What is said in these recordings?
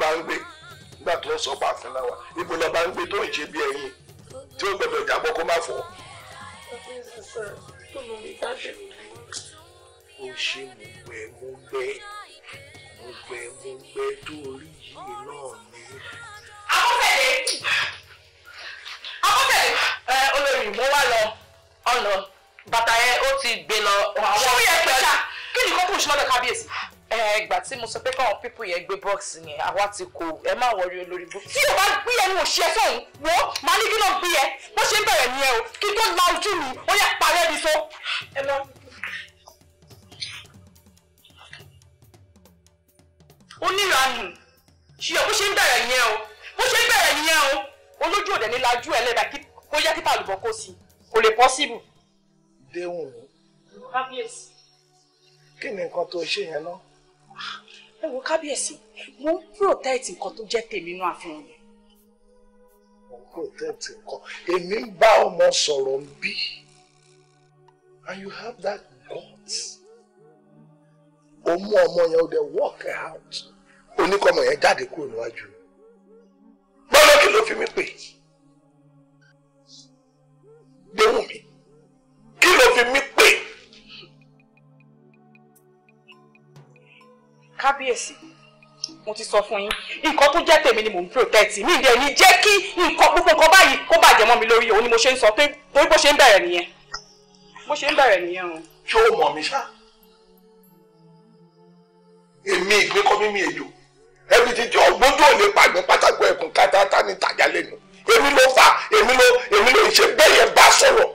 lọ́ba ń gbé nígbà tó ń sọ pàfin láwa ibo lọ́ba ń gbé tó ń ṣe bí ẹyin tí ó gbọdọ̀ jábọ́ kó má fọ́. ó ṣe mo gbẹ mo gbẹ mo gbẹ mo gbẹ tó orí yìí náà ni. akọ́fẹ̀lẹ̀ akọ́fẹ̀lẹ̀ olórí mo wá lọ ọ̀nà bàtà yẹn ó ti gbé lọ ṣé ó yẹ pé ṣá kí ni kókó ìṣúná bẹ kábíyèsí ẹgbà tí mo sọ pé káwọn pípù yẹn gbé bọ́ọ̀sì yẹn àwa ti kó ẹ má wọrí olórí bú. tí o bá gbé ẹnu òṣìṣẹ́ sọ̀hún wo màá ní kí náà gbé ẹ bó ṣe ń bẹ̀rẹ̀ nìyẹn o kí tó la ojú mi ó yẹ parẹ́ mi so. ẹ lọ. oníranù ṣìyẹ bó ṣe ń bẹ̀rẹ̀ nìyẹn o bó ṣe ń bẹ̀rẹ̀ nìyẹn o olójú òde ní lajú ẹ lẹ́dà kó yẹ kí tàlùbọ̀ kó sí kò lè pọ́síbù. déhùn mi. kí ni nǹkan tó ṣe yẹn náà ẹ wo kábíyèsí mo ń protect nǹkan tó jẹ́ tèmi inú àfihàn yẹn. mo ń protect nǹkan èmi ń bá ọmọ sọ̀rọ̀ ń bí and you have that guts o mú ọmọ yẹn o dẹ̀ work out oníkọmọ yẹn jáde kúrò níwájú bọ́lá kí ló fi mí pè déhùn mi kí ló fi mí pè. kábíyèsí mo ti sọ fún yín nǹkan tó jẹ́ tèmi ni mò ń protect mi ìdẹ̀ ní jẹ́ kí nǹkan gbogbo nǹkan báyìí kó bàjẹ́ mọ́ mi lórí òun ni mo ṣe ń sọ pé torí bó ṣe ń bẹ̀rẹ̀ nìyẹn bó ṣe ń bẹ̀rẹ̀ nìyẹn o. ṣé o mọ̀ mi ṣá èmi ìgbékọ́ mímí èdò ẹbí ti jọ gbójú òní pàgbẹ́ pátákó ẹ̀kún kátátá ní tàjà lẹ́nu èmi ló fà èmi ló èmi ló ṣe bẹ́ẹ̀ bá sọ̀rọ̀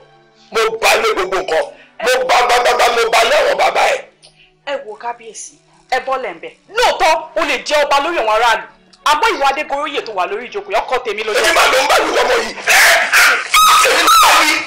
mo ba lé gbogbo nǹkan mo ba ba ba mo ba lẹ́wọ̀n bàbá ẹ̀. ẹ wo kábíyèsí ẹbọ lẹ́ǹbẹ̀ lóòótọ́ o lè jẹ́ ọba lórí àwọn aráàlú àmọ́ ìwà adégoróyè tó wà lórí ìjókòó ọkọ tèmi lójú. èmi máa ló ń bá ìwọ ọmọ yìí.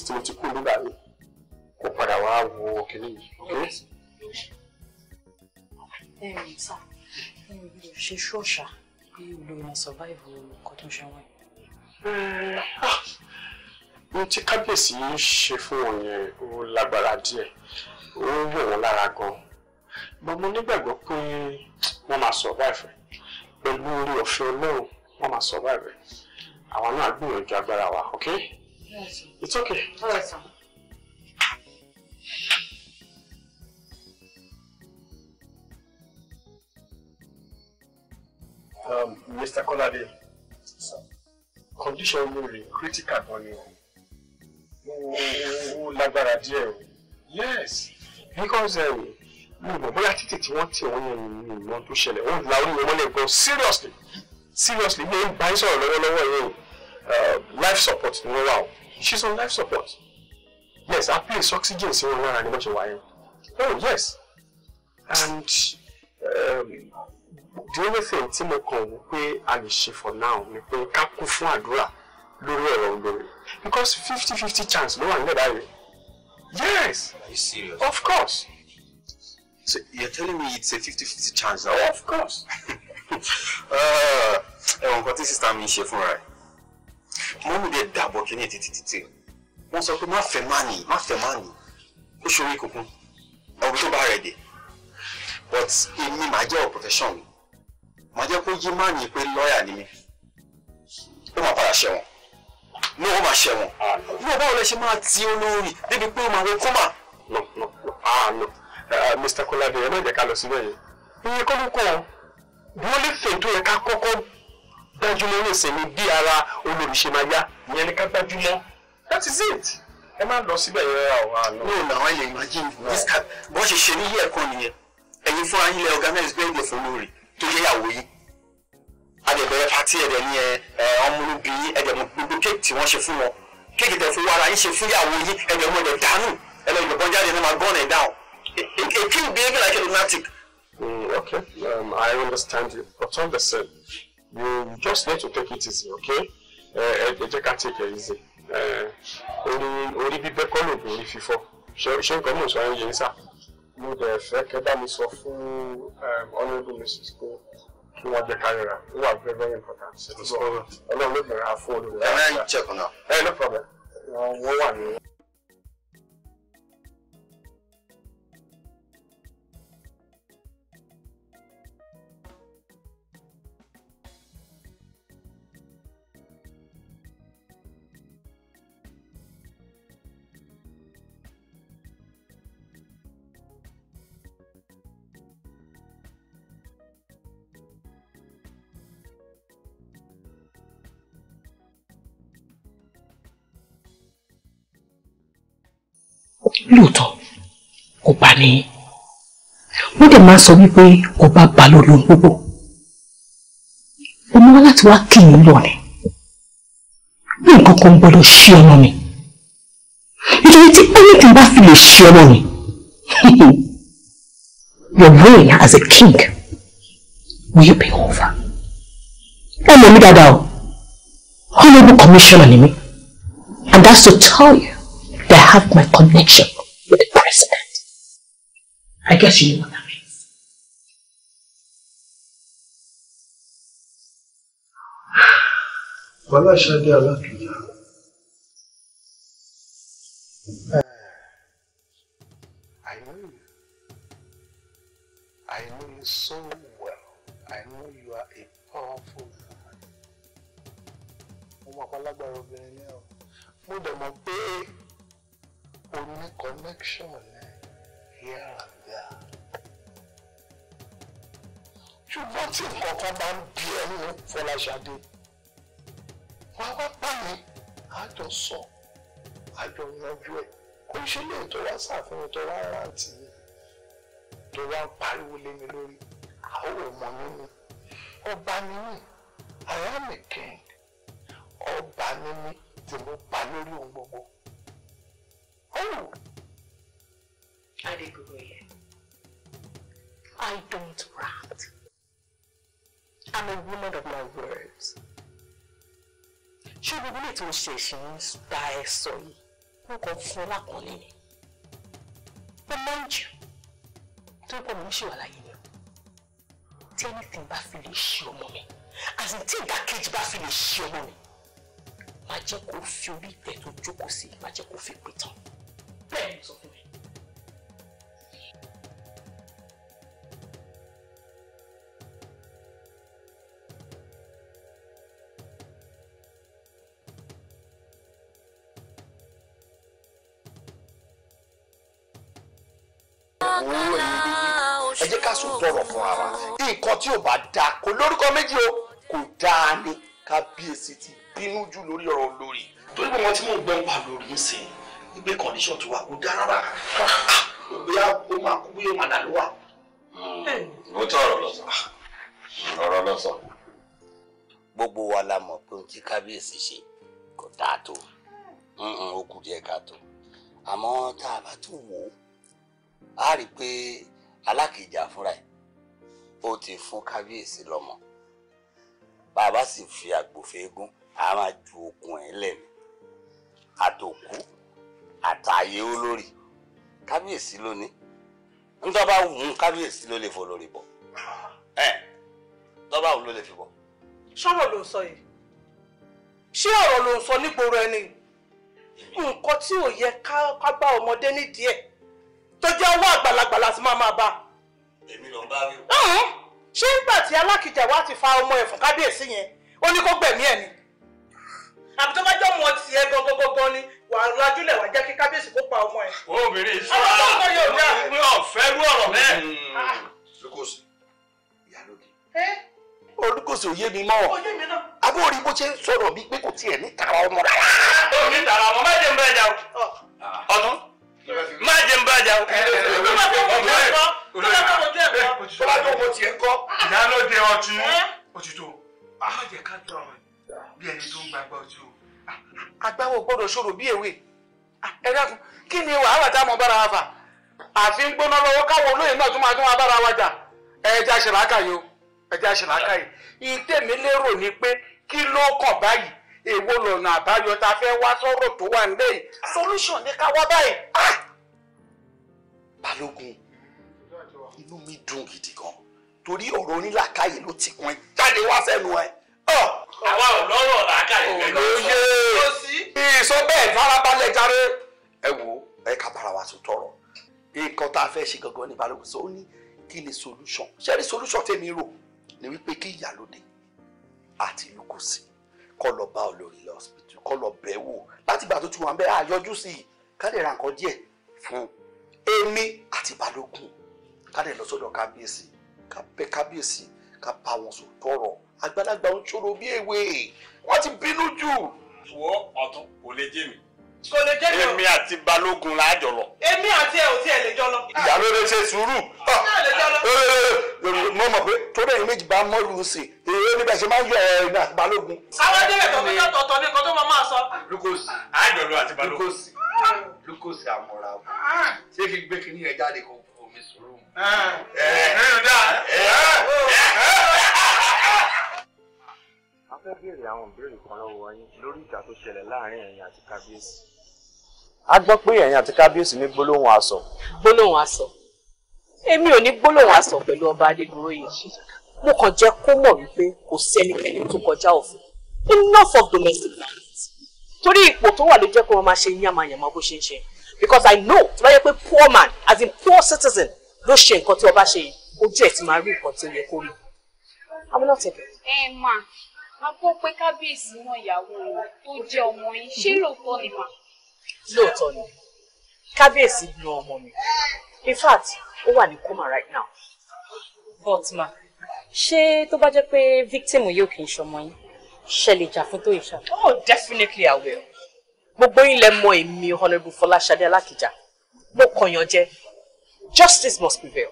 office tí mo ti kú nígbà yìí kó padà wá wo kìnní yìí ok. ẹ̀yin sá ṣe ṣọ́ọ̀ṣà bí olóyún survive nǹkan tó ń ṣe wọ́n. Hmm, ah, ohun tí kábíyèsí ń ṣe fún wọn yẹn ó lágbára díẹ̀ ó wọ̀ wọ́n lára gan-an bọ́n mo nígbàgbọ́ pé wọ́n máa survive pẹ̀lú orí ọ̀fẹ́ ọlọ́run wọ́n máa survive àwọn náà gbìyànjú agbára wa ok. Yes, it's okay. All right, sir. Um, Mr. Kolade, condition mi rè critical gan ni o. Ó lágbára díẹ̀ o. Yes, because eh, mi mọ̀ bóyá títì tí wọ́n tì wọ́n yẹn mi mọ̀ tó ṣẹlẹ̀. Ó la orí wọn mọ́lẹ̀ gan seriously seriously mi ò bá ń sọ̀rọ̀ lọ́wọ́lọ́wọ́ yẹn o. Eh, life support ni wọ́n wà o she's on life support yes i place oxygen sí wọn and ni wọ́n ṣe wáyé oh yes and um, the only thing Timo, can kàn wò pé for now ni pé ká kún fún àdúrà lórí ọ̀rọ̀ olórí because fifty fifty chance no one nílẹ̀ báyìí yes are you serious of course. So you're telling me it's a 50-50 chance now? of course. Uh, Ẹ̀wọ̀n nǹkan tí sísá mi ń ṣe fúnra right mo ń lè dàbọ̀ kí ní títí títí wọ́n sọ pé má fẹ́ má nì má fẹ́ má nì ó ṣòro ìkókún ọ̀rọ̀ tó bá rẹ̀ dé but èmi màá jẹ́ ọ̀ profession mi màá jẹ́ kó yí má nì pé lọ́ọ̀yà ni mi ó máa padà ṣẹ̀wọ̀n ní ó máa ṣẹ̀wọ̀n ní ọba ọ̀lẹ́ ṣe máa ti olórí débi pé ó máa wọ kọ́mà. ah no uh, Mr. Kolade ẹ má jẹ́ ká lọ síbẹ̀ yẹn iye kọ́lùkọ́ bí wọ́n lè fètò ẹ̀ka kọ́kọ́ gbájúmọ́ ní ìsinmi bí ara olùṣe ìyẹn ni ká gbájúmọ́ that is it ẹ má lọ síbẹ̀ yẹn ra ọ̀hún àná. mi ò lọ àwọn ilẹ̀ imagine this cat bó ṣe ṣe níyì ẹ̀kọ́ nìyẹn ẹ̀yin fún ayé ilẹ̀ organize bẹ́ẹ̀ lè fún lórí tó yẹ ìyàwó yìí adẹ̀bẹ̀rẹ̀ pati ẹ̀dẹ̀ ni ẹ̀ ọmọlúbi ẹ̀dẹ̀ mọ gbogbo kéèkì tí wọ́n ṣe fún wọn kéèkì tẹ̀ fún wàrà you just need to take it easy okay ẹ jẹ́ ká take it easy orí orí bíbẹ́ kọ́ lóògùn orí fífọ́ ṣé ṣé nǹkan mò ń sọ ayé yẹn sá mo dẹ̀ fẹ́ kẹ́ bá mi sọ fún um, honourable mrs kó kí wọ́n jẹ́ kárìíra ó wà very very important ọlọ́run ló bẹ̀rẹ̀ àfọ́ olùwẹ̀. can I check now? ẹ no problem wọ́n wà ní. lóòótọ́ ọba ni wọ́n dẹ̀ máa sọ wípé ọba bá lórí ohun gbogbo ọmọ wa láti wá kì í lọ ni bí nǹkan kan gbọ́dọ̀ ṣe ọmọ mi nítorí tí anything bá fi lè ṣe ọmọ mi your reign as a king will be over ọmọ mi dáadáa o honourable commissioner ni mi and that's to tell you. They have my connection with the president. I guess you know what that means. Bọ́lá Ṣadé Alákìyà. I know you. I know you so well. I know you are a powerful woman. Mo mọ̀ pálágbára obìnrin náà. Mo dẹ̀ mọ̀ pé. Only connection here and there. ṣùgbọ́n tí nǹkan kan bá ń bí ẹ nínú Fọláṣadé wá wá báyìí àjọ sọ àjọ yanjú ẹ kó ń ṣe léè tó wá ṣàfihàn tó wá rántí tó wá pariwo lé mi lórí àwọn ọmọ nínú ọba nínú àyàmì kẹ́hìn ọba nínú tí mo pa lórí ohun gbogbo. Oh, Adegoye, I don't rat. I'm a woman of my words. Ṣé gbogbo ilé tí mo ṣe ṣì ń gba ẹ sọ yìí? Mo kàn fún lákùnrin ni. come mọ̀ ń jù tó you? Tell me ṣèwà about ni. your anything as in take that cage, fi lè your ọmọ Magic máa jẹ́ kó fi orí ìtẹ́ tó jókòó sí, máa jẹ́ kó bẹ́ẹ̀ ni sọ fún mi. ẹ jẹ́ ká sùn tọrọ fún ara nǹkan tí ò bá da kò lórúkọ méjì o kò dáa ni kábíyèsí ti bínú jù lórí ọ̀rọ̀ olórí torí pé wọn tí mò ń gbẹ́ ń pa lórí ń sìn gbé condition tiwa kò dá rárá bóyá ó máa kú bóyá ó máa dàlú wa. mo hmm, tọ ọ̀rọ̀ lọ sọ ọ̀rọ̀ lọ sọ. gbogbo wa la mọ̀ pé ohun tí kábíyèsí ṣe kò dáa tó hmm, ó kù díẹ̀ káàtó àmọ́ tá a bá tún wò ó a rí i pé alákìjà fúnra ẹ̀ ó ti fún kábíyèsí lọ́mọ bàbá sì fi àgbòfin eégún a máa ju okùn ẹ̀ lẹ́nu àtòkù àtàyè olórí kábíyèsí ló ní nítorí bá wù ú kábíyèsí ló lè fọ lórí bọ ẹ tọ́ba òun ló lè fi bọ. sọ̀rọ̀ ló ń sọ yìí ṣé ọ̀rọ̀ ló ń sọ nígboro ẹni nǹkan tí ò yẹ ká bá ọmọdé nídìí ẹ̀ tó jẹ́ owó àgbàlagbà láti máa máa bá. èmi ló ń bá rí o. ṣé nígbà tí alákìjà wa ti fa ọmọ ẹ̀ fún kábíyèsí yẹn ó ní kó gbẹ̀mí ẹ̀ ni àbí tó bá jọ mọ tiẹ̀ gangan gangan ni wà lajúlẹ̀ wà jẹ́ kí kábíyèsí kó pa ọmọ ẹ̀. obìnrin sọ ọ́ ọmọ yóò dá pé ọ̀fẹ́ rú ọ̀rọ̀ bẹ́ẹ̀. lukosi ìyálóde. olùkóso òye mi mọ́ ọ abóorí bó ṣe ń sọ̀rọ̀ mi pé kò tiẹ̀ ní tara ọmọ rárá. ó ní tara ọmọ má jẹ́ ń bá ẹja o ọ̀tún má jẹ́ ń bá ẹja o. bọ́lá tó mo tiẹ̀ ń kọ́. ìyálóde ọtí ó ti tó. má jẹ́ ká tọ̀ bí ẹni tó ń gbàgbọ́ ọtí o. agbáwo gbọdọ ṣòro bí èwe ẹ dákun kí ni wàhálà tá a mọ bára wa fà àfi ń gbóná lọ́wọ́ káwọn olóyè náà tún máa tún wá bára wa jà ẹja ṣèlákà yìí o ẹja ṣèlákà yìí ìtẹ̀mí lérò ni pé kí ló kàn báyìí èwo àbáyọ tá a fẹ́ wá sọ́rọ̀ tó wà solution àwa ò lọ́rọ̀ làákà ìgbẹ́ lọ́sọ̀ ló sí. ìsọ bẹ́ẹ̀ farabalẹ̀ járe ẹ wo ẹ ká bára wa sùn tọrọ nǹkan tá a fẹ́ ṣe gangan ní balógun sọ ó ní kí ni solution ṣé ní solution tèmi rò ni wípé kí ìyálóde àti ìlú kò sí kọ́ lọ bá olórí lọ hospital kọ́ lọ bẹ̀ wò láti ìgbà tó ti wà ń bẹ́ àyọjú sí i ká lè ra nǹkan díẹ̀ fún èmi àti balógun ká lè lọ sọ́dọ̀ kábíyèsí ká bẹ̀ kábíyèsí ká bá wọn sùn tọrọ àgbàlagbà ń ṣòro bí èwe wọ́n ti bínú jù. ìwọ ọ̀tún kò lè jẹ́ mi. kò lè jẹ́ mi o. èmi àti balógun la jọ lọ. èmi àti ẹ ò tí ẹ lè jọ lọ. ìyàwó rẹ ṣe sùúrù. mo mọ̀ pé tó bẹ́ẹ̀ méjì bá mọ́lù sí i èyí níbẹ̀ ṣe máa ń yọ ẹ̀rọ ìgbà àti balógun. àwọn débẹ̀ tó fi tọ̀tọ̀ ní nǹkan tó máa máa sọ. lukosi àjọlọ àti balógun. lukosi lukosi àmọ́ra ṣé kí gbé kinní yẹn jáde kó omi sùúrù. ẹ ẹ ẹ ẹ ẹ fẹ́ béèrè àwọn ìbéèrè kan lọ́wọ́ yín lórí ìjà tó ṣẹlẹ̀ láàrin ẹ̀yin àti kábíyèsí. a gbọ́ pé ẹ̀yin àti kábíyèsí ní gbólóhùn asọ̀. gbólóhùn asọ̀ èmi ò ní gbólóhùn asọ̀ pẹ̀lú ọba adédúróyè mo kàn jẹ́ kó mọ̀ wípé kò sí ẹnikẹ́ni tó kọjá òfin enough of domestic violence torí ipò tó wà ló jẹ́ kó wọn máa ṣe yàmàyàmà bó ṣe ń ṣe because I know tí wọ́n yẹ pé poor man as in poor citizen ló ṣe nǹkan tí ọba ṣe yìí ojú ẹ̀ ti máa rí nǹkan tí ó yẹ kó rí. I'm not a gbọ́ pé kábíyèsí mọ ìyàwó rẹ̀ tó jẹ́ ọmọ yín ṣé lóòótọ́ ni mà. lóòótọ́ ni kábíyèsí nu ọmọ mi in fact ó wà ní coma right now. but ma ṣé tó bá jẹ́ pé victim yóò kì í ṣọmọ yín ṣe lè jà fún Tóyìnṣà. oh definitely i will gbogbo yín lẹ mọ èmi honourable Fọláṣadé Alákìjà mo kọyàn jẹ justice must prevail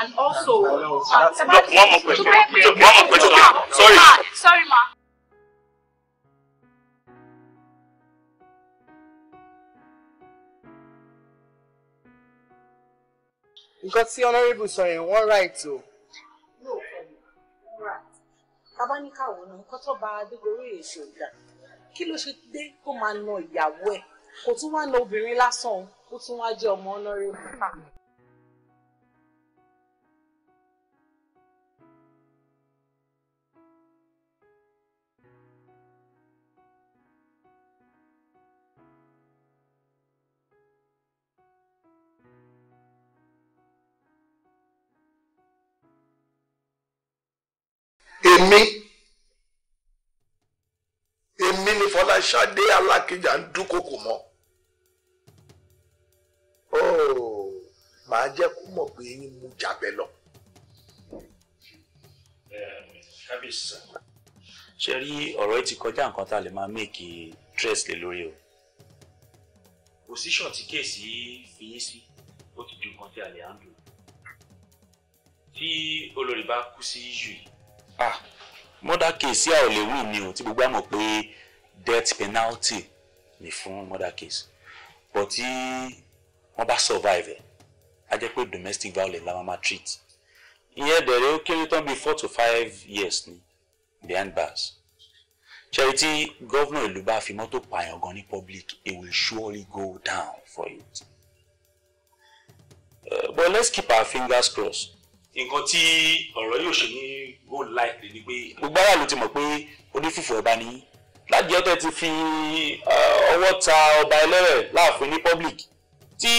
and also. Oh, uh, no, one more question. One more question. Sorry. Sorry, ma. You got honourable sọ yẹn wọ́n right o. lóòótọ́ ni wọ́n right tábà ní káwọn náà nǹkan tó bá adégorí èsì ọ̀gá kí come ṣe dé kó máa na ìyàwó ẹ̀ kò song. wá na obìnrin lásán ó tún èmi èmi ni Fọláṣadé Alákìjà ń dúnkòkò mọ́ ooo oh, màá jẹ́ kó mọ̀ pé yín mú jàbẹ́ lọ. kábíyèsí ṣe rí ọ̀rọ̀ yìí ti kọjá nǹkan tá a lè máa méèkì dress lé lórí o position tí kéèsì fi yín sí ó ti ju nǹkan tí a lè handle tí olórí bá kú sí yìí ah murder case yà ò lè wí ni o tí gbogbo àmọ̀ pé death penalty ni fún murder case but tí wọ́n bá survive ẹ̀ á jẹ́ pé domestic violence la máa ma treat ìyẹn dẹ̀rẹ̀ ó kéré tán bíi four to five years ni behind bars ṣẹ́rí tí gọ́vnà ìlú bá fi mọ́tò pààyàn gan ní public it will surely go down for it uh, but let's keep our fingers crossed nǹkan tí ọ̀rọ̀ yóò ṣe ní goal láìpẹ́ ni pé. gbogbo aráàlú ti mọ̀ pé onífùfù ọba ni láti ọtẹ ti fi ọwọ́ ta ọba ẹlẹ́rẹ̀ láàfin ní public tí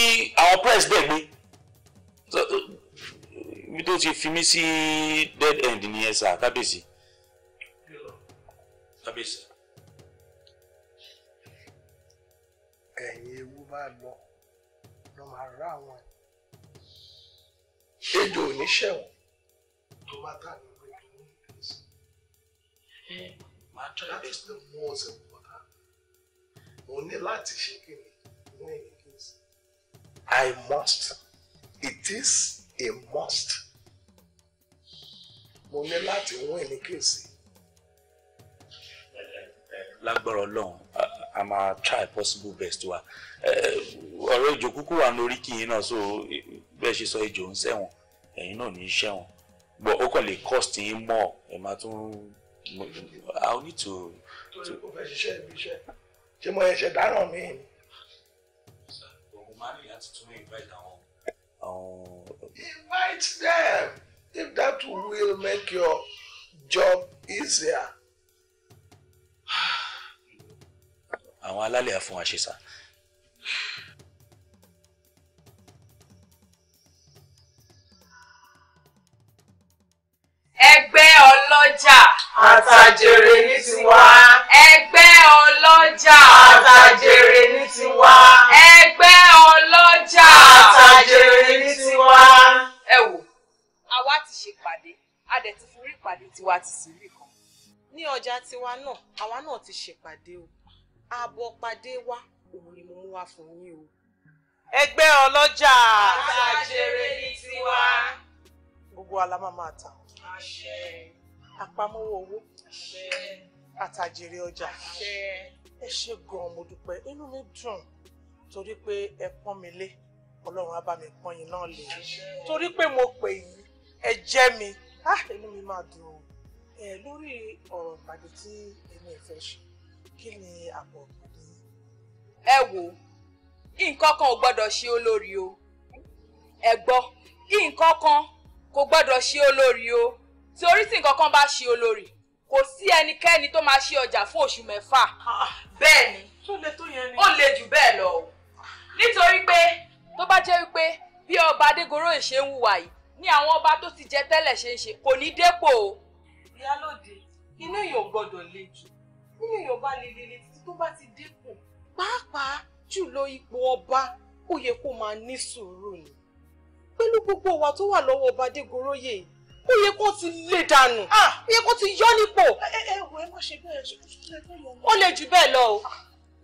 àwọn press dẹ̀ gbé ibi tó ti fi mí sí dead end ní ẹ̀sà kábíyèsí. kábíyèsí. ẹ̀yin ewu bá lọ. ejò oníṣẹ̀wọ̀n tó bá tà ní ìwé tó ń bẹ̀rẹ̀ máa tọ́ that is the most important. mo ní láti ṣe kí ni mo ní I must it is a must. mo ní láti wọ́n ẹni lágbára ọlọ́run a máa try possible best wa ọ̀rọ̀ ìjò kúkú lórí kìnyín náà so bẹ́ẹ̀ ṣe sọ ìjò ń sẹ́wọ̀n ẹ̀yin náà ní iṣẹ́ wọn but ó kàn lè cost yín mọ́ ẹ̀ máa tún i need to. torí kò fẹ́ ṣiṣẹ́ ibi iṣẹ́ ṣé mo ẹ̀ṣẹ̀ dáràn mí ni. òun máa ń lè láti tún invite àwọn. invite them if that will make your job easier. àwọn alálẹ̀ àfọ̀n àṣeṣà. ẹgbẹ́ ọlọ́jà. àtàjèrè ní tiwa. ẹgbẹ́ ọlọ́jà. àtàjèrè ní tiwa. ẹgbẹ́ ọlọ́jà. àtàjèrè ní tiwa. ẹ wò àwa ti ṣèpàdé a dẹ̀ ti fi rí ìpàdé tiwa ti sì rí kan. ní ọjà tiwa náà àwa náà ti ṣèpàdé o ààbọ̀ pàdé wa òun ni mo mú wá fún yín o. ẹgbẹ́ ọlọ́jà. àtàjèrè ní tiwa. gbogbo alámàmá àtàwọn àpamọ́wọ́ owó àtàjèrè ọjà ẹ ṣe gan-an mo dúpẹ́ inú mi dùn torí pé ẹ pọ́n mi lé ọlọ́run á bá mi pọ́n yín náà lé torí pé mo pè yín ẹ jẹ́ mi ah, inú mi máa dùn o ẹ lórí ọ̀rọ̀ ìpàdé tí èmi ẹ̀ fẹ́ ṣe kí ni àbọ̀ ìpàdé yín. ẹ wo nǹkan kan ò gbọ́dọ̀ ṣe olórí o ẹ gbọ́ nǹkan kan kò gbọ́dọ̀ ṣe olórí o tí orísìí kankan bá ṣe olórí kò sí ẹnikẹ́ni tó máa ṣe ọjà fún oṣù mẹ́fà. Ah, bẹ́ẹ̀ ni ó le jù bẹ́ẹ̀ lọ o nítorí pé tó bá jẹ́ wípé bí ọba adégoróyè ṣe ń hùwà yìí ni àwọn ọba tó ti jẹ tẹ́lẹ̀ ṣe ń ṣe kò ní dépò o. ìyálòde inú èèyàn gbọ́dọ̀ le jù nínú èèyàn bá le lele títí tó bá ti dépò pàápàá jùlọ ipò ọba ó yẹ kó máa ní sùúrù ni pẹ̀lú gbogbo ọ̀wà tó wà lọ́wọ́ ọba adégoróyè ó yẹ kó ti lè dànù ah! ó yẹ kó ti yọ nípò. ẹ ẹ wò ẹ má ṣe bẹ́ẹ̀ ó lè jù bẹ́ẹ̀ lọ o.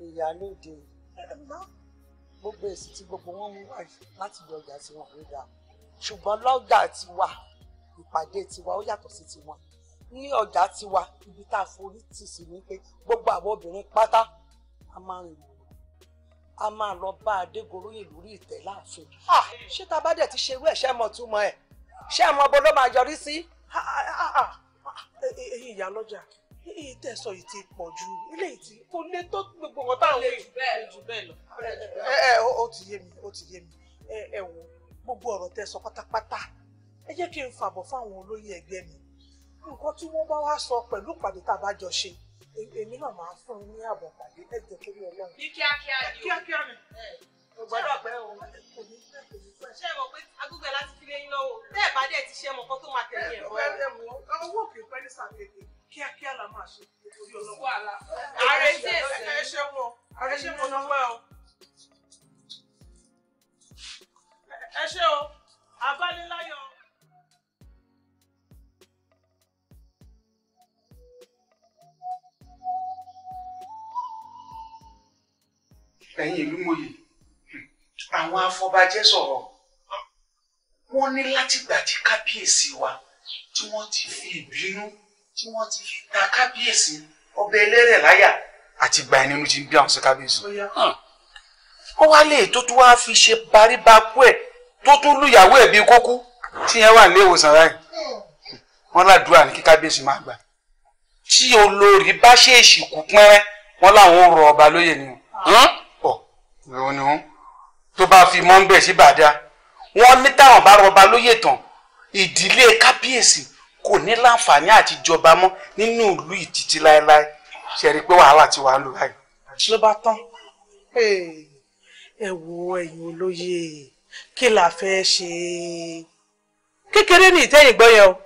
ìyálóde gbogbo èsì tí gbogbo wọn mú wáyé láti yọ ọjà tiwọn ló dáa ṣùgbọ́n lọ́jà tiwa ìpàdé tiwa ó yàtọ̀ sí tiwọn ní ọjà tiwa ibi tá a forí tì sí ni pé gbogbo àwọn obìnrin pátá a máa ń lò a máa lọ bá adégoróyè lórí ìtẹ́ láàfin ṣé tá a bá dẹ̀ ti ṣerú ẹ̀ ṣẹ́ mọ̀ túmọ̀ ẹ̀ ṣẹ́ mọ̀ bó ló máa yọrí sí e, e, e, ìyá lọ́jà èyí tẹ́ sọ yìí ti pọ̀ jù eléyìí tí kò lè tó gbogbo nǹkan táwọn èèyàn jù bẹ́ẹ̀ lọ. ẹ ẹ ó ti yé mi ó ti yé mi ẹ wo gbogbo ọ̀rọ̀ tẹ́ sọ pátápátá ẹ jẹ́ kí n fàbọ̀ fáwọn olóyè ẹgbẹ́ mi nǹkan tí wọ́n bá wá sọ pẹ̀lú ìpàdé tá a bá jọ ṣe èmi náà máa fún un ní àbọ̀ pàdé ẹ̀jẹ̀ tó ní ọlọ́run. ní kíákíá ni o kíákíá ni o gbọ́dọ̀ pẹ́ o. kò ní pẹ́ kò ní pẹ́. ṣé ẹ mọ̀ pé agúgbẹ láti fi léyìn lọ́wọ́ bẹ́ẹ̀ bá dẹ̀ ti ṣe mọ̀ kó tó máa tẹ̀lé ẹ̀rọ. ẹ ẹ mọ owó kì í pẹ́ ní sàkéde kíákíá la máa ṣe nítorí ọlọ́run. ààrẹ ṣe é ṣe wọn ààrẹ ṣe wọn náwó ẹ o. ẹ ṣe o abániláyọ̀. ẹ̀yin ìlú mòye àwọn afọbajẹ sọ̀rọ̀ wọ́n ní látìgbà tí kábíyèsí wa tí wọ́n ti fi ìbínú tí wọ́n ti fi ta kábíyèsí ọbẹ̀ ẹlẹ́rẹ̀ láyà àti gba ẹni inú ti ń bí àwọn sí kábíyèsí. ó wá lè tó tún wáá fi ṣe paríbakú ẹ̀ tó tún lùyàwó ẹ̀ bíi kókú tí yẹn wà nílé ìwòsàn ráì wọ́n ládùúrà ní kí kábíyèsí máa gbà tí olórí bá ṣèèṣì kú pẹ́rẹ́ wọ́n láwọn ò rọ ọba lóyè nìyẹn ronú tó bá fi mọ́ ń bẹ̀ sí bàdá wọ́n ní táwọn bá rọba lóyè tán ìdílé kábíyèsí kò ní láǹfààní àti jọba mọ́ nínú ìlú ìtìtì láéláé ṣe rí pé wàhálà ti wà lù báyìí. ló bá tán ẹ wo ẹ̀yin olóyè kí la fẹ́ ṣe kékeré ní ìtẹ́yìn gbọ́ yẹn o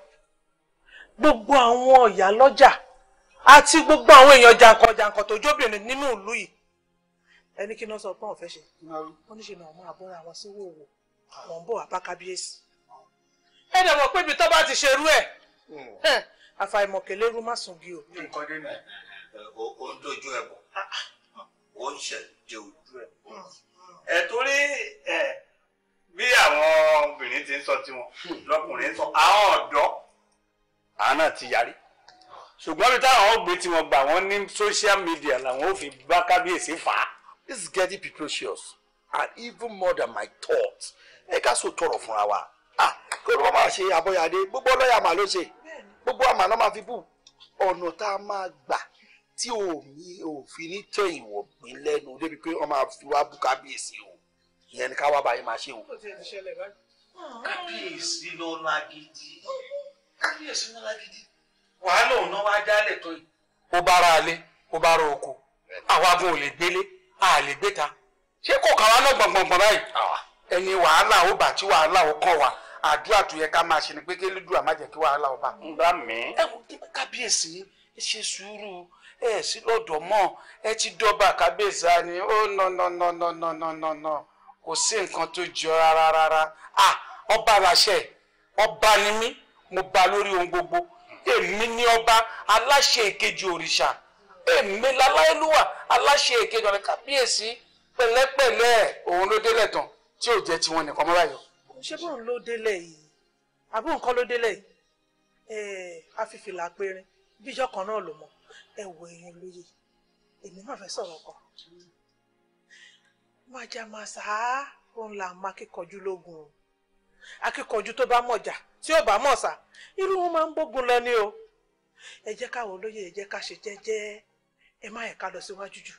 gbogbo àwọn ọ̀yà lọ́jà àti gbogbo àwọn èèyàn jàǹkànjàǹkàn tó jóbìnrin nínú ìlú yìí ẹni kí náà sọ pé òun fẹ́ ṣe wọ́n níṣe náà máa bọ́ra àwọn sí wòwò wọ́n ń bọ̀ wá bá kábíyèsí. ẹ dẹ̀ mọ̀ pé ibi tó bá ti ṣerú ẹ̀ hmm. àfàìmọ̀kẹ́lẹ́rú má sùn bí o. nǹkan dé nìyẹn ó ń dojú ẹ̀ bọ̀ ó ah, ah. ń ṣẹ̀jẹ̀ ojú ẹ̀ bọ̀ hmm, hmm. ẹ̀ torí ẹ̀ bí àwọn obìnrin ti ń sọ tiwọn lọkùnrin sọ àwọn ọ̀dọ́ àwọn náà ti yarí ṣùgbọ́n bí táwọn ó tiwọn gbà wọ́n ní social media làwọn ó fi bá kábíyèsí fà this is getting precocious and even more than my thoughts ẹ ká so tọrọ fúnra wa ah kí olùkọ́ máa aboyade. àbọ̀yàdé gbogbo ọlọ́yà máa ló ṣe gbogbo àmà náà máa fi bù ọ̀nà tá a máa gbà tí òfin ní tẹ̀yìn wọ̀ mí lẹ́nu débi pé wọ́n máa fi wá bú kábíyèsí o ìyẹn ni ká wá báyìí máa ṣe o. kábíyèsí ló lágídí kábíyèsí ló lágídí wàhálà òun náà wá dálẹ̀ tó yìí. ó bára alé ó bára oko àwa gan ò lè a lè gbé ta ṣé kò kà wá lọ gbọ̀ngbọ̀ngbọ̀n báyìí ẹni wàhálà ó bà tí wàhálà ó kàn wá àdúrà tó yẹ ká máa ṣe ni pé kí elédùà má jẹ́ kí wàhálà ó bà. ń bá mi. ẹ wo kábíyèsí ẹ ṣe sùúrù ẹ sí lọ́dọ̀ mọ́ ẹ ti dọ́ba kábíyèsí á ní ó nà nà nà nà nà nà nà nà kò sí nǹkan tó jọ rárá rárá à ọba aláṣẹ ọba ni mí mo ba lórí ohun gbogbo èmi ni ọba aláṣẹ ìkejì òrìṣà èmi láláìlúwà aláṣẹ èkejì ọ̀rẹ́ kábíyèsí pẹ̀lẹ́pẹ̀lẹ́ òun ló délẹ̀ tán tí ò jẹ́ tiwọn nìkan mọ́ra yọ. ṣé bóun ló délẹ̀ yìí àbó nǹkan ló délẹ̀ yìí ẹ̀ẹ́ bíjọ́ kan náà ló ẹ wọ èèyàn èmi fẹ́ sọ̀rọ̀ kan. òun là mọ lógun o tó bá ẹ má yẹ ká lọ síwájú jù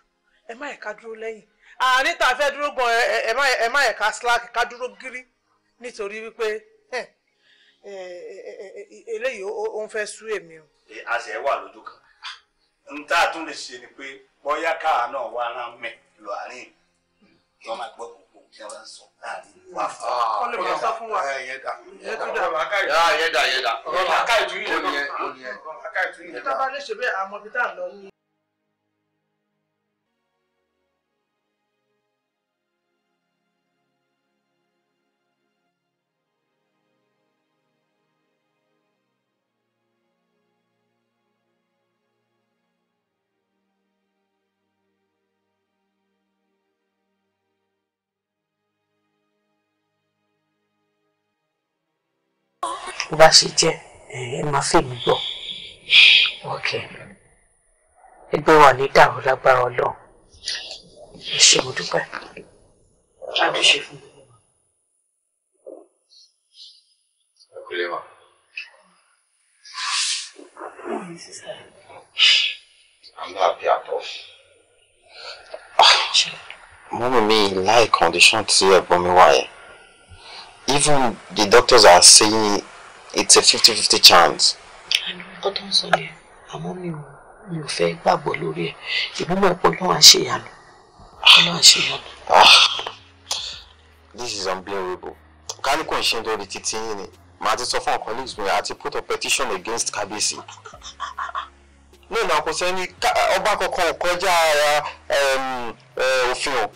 ẹ má yẹ ká dúró lẹ́yìn àárín tá a fẹ́ dúró gan ẹ má yẹ ká slack ká dúró gírí nítorí wípé eléyìí ó ń fẹ́ sú èmi o. a sì ẹ wà lójú kan n tá a tún lè ṣe ni pé bóyá káà náà wá rán mẹ lọ àárín yìí wọn máa gbọ́ gbogbo tí wọn bá ń sọ láàrin wà fún wa. kọ́ lè máa sá fún wa yẹ dà yẹ dà yẹ dà yẹ dà ọ̀rọ̀ làákàyè tún yìí lọ nìyẹn ọ̀rọ̀ làákàyè tún yìí lọ. ìjọba lè ṣe bẹ́ẹ̀ àmọ́ bí tá à ń lọ yín. bó bá ṣe jẹ́ eh, ẹ máa fèmí gbọ́. ẹgbẹ́ wa ní dàrú lágbára ọlọ́run ẹ ṣé mo dúpẹ́. àdúṣe fún mi. láì condition tí ẹ̀gbọ́n mi wà yẹn. Even the doctors are saying it's a fifty fifty chance. àná nǹkan tó ń sọ yẹn àmọ́ mi ò mi ò fẹ́ gbàgbọ́ lórí ẹ̀ ìbúmọ̀ ẹ̀pọ̀ lọ́wọ́ àṣeyànú lọ́wọ́ this is unbelievable kálíkò ń ṣe lórí títí yín ni màá ti sọ fún ọkàn put a petition against kábíyèsí ní ìlànà kò sẹ́ni ọba kankan kọjá um, um, òfin o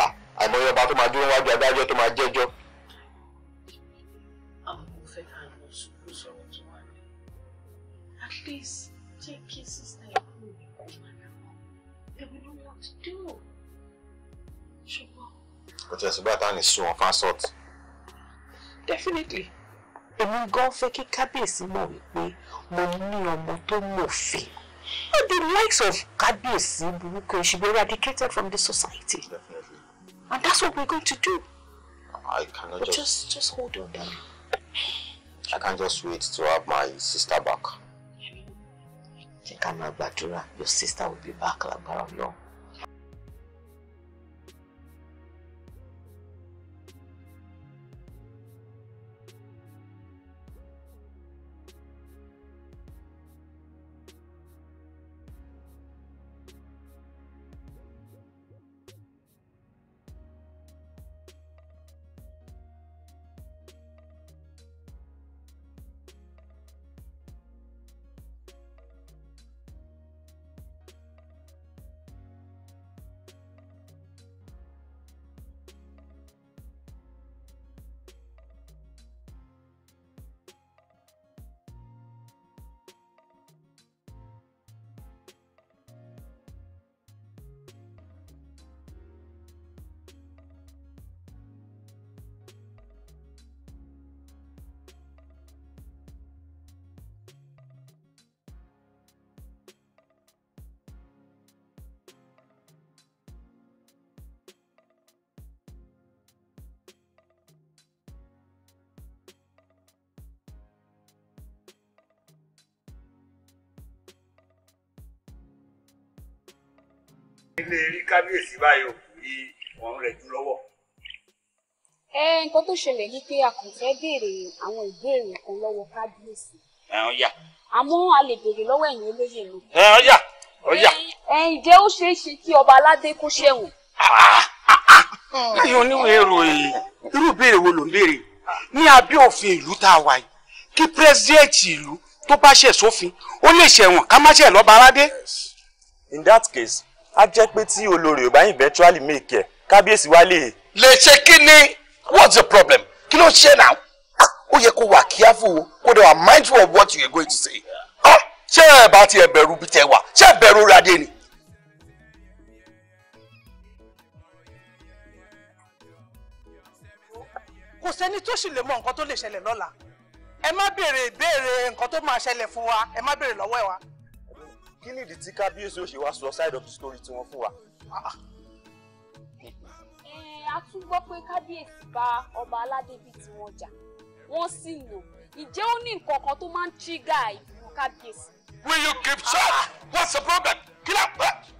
ah, àìmọye ọba tó máa dúró wájú adájọ́ tó máa jẹ́jọ́. Please, take cases that are cool Then we know what to do. Ṣùgbọ́n. Kò tẹ̀ sí bàtà ní sun ọ̀fà sọ́ọ̀tì. Definitely. Èmi gan fẹ́ kí kábíyèsí mọ̀ wípé mo ní ọmọ tó mọ̀fin. Not the likes of kábíyèsí burúkú should be eradicated from the society. Definitely. And that's what we're going to do. I cannot just... Just, just hold on, darling. I can't just wait to have my sister back jẹ́ ká máa gbàdúrà your sister will be back lágbára ọlọ́run. kábíyèsí báyìí ò rí wọn rẹ̀ jù lọ́wọ́. ẹ nǹkan tó ṣẹlẹ̀ ni pé a kò fẹ́ béèrè àwọn ìbéèrè kan lọ́wọ́ kábíyèsí. ẹ ọ yà. àmọ́ a lè béèrè lọ́wọ́ ẹ̀yin olóyè mi. ẹ ọ yà ọ yà. ẹ ǹjẹ́ ó ṣeé ṣe kí ọba aládé kó ṣẹ̀wọ̀n. ẹ̀yin oníwèé ìròyìn irú ìbéèrè wo ló ń béèrè ní abẹ́ òfin ìlú tá a wà yìí kí pírẹsidẹ́ǹtì ìlú tó bá ṣẹ̀ sófin ó lè ṣẹ̀wọ̀n ká má ṣẹ̀ lọ́ba aládé. in that case á jẹ́ pé tí olórí ò bá eventually make ẹ̀ kábíyèsí wá lè. lè ṣe kí ni what's the problem kí ló ṣe náà ó yẹ kó wà careful o kó dẹ̀ wà mindful of what you are going to say ah! ṣé ẹ bá tiẹ̀ bẹ̀rù bí tẹ wà ṣé ẹ bẹ̀rù rádé ni. kò sẹ́ni tó sì lè mọ nǹkan tó lè ṣẹlẹ̀ lọ́la ẹ má béèrè ìbéèrè nǹkan tó máa ṣẹlẹ̀ fún wa ẹ má béèrè lọ́wọ́ ẹ wa kí nìdí tí kábíyèsí ó ṣe wá sọ side of the story tí wọ́n fún wa. Ah, eh, a tún gbọ́ pé kábíyèsí bá ọba aládé bíi tiwọn jà wọ́n sì lò ìjẹ́ ó ní nǹkan kan tó máa ń trigger ìbínú kábíyèsí. will you keep short? Ah! what's the problem? kí ló ń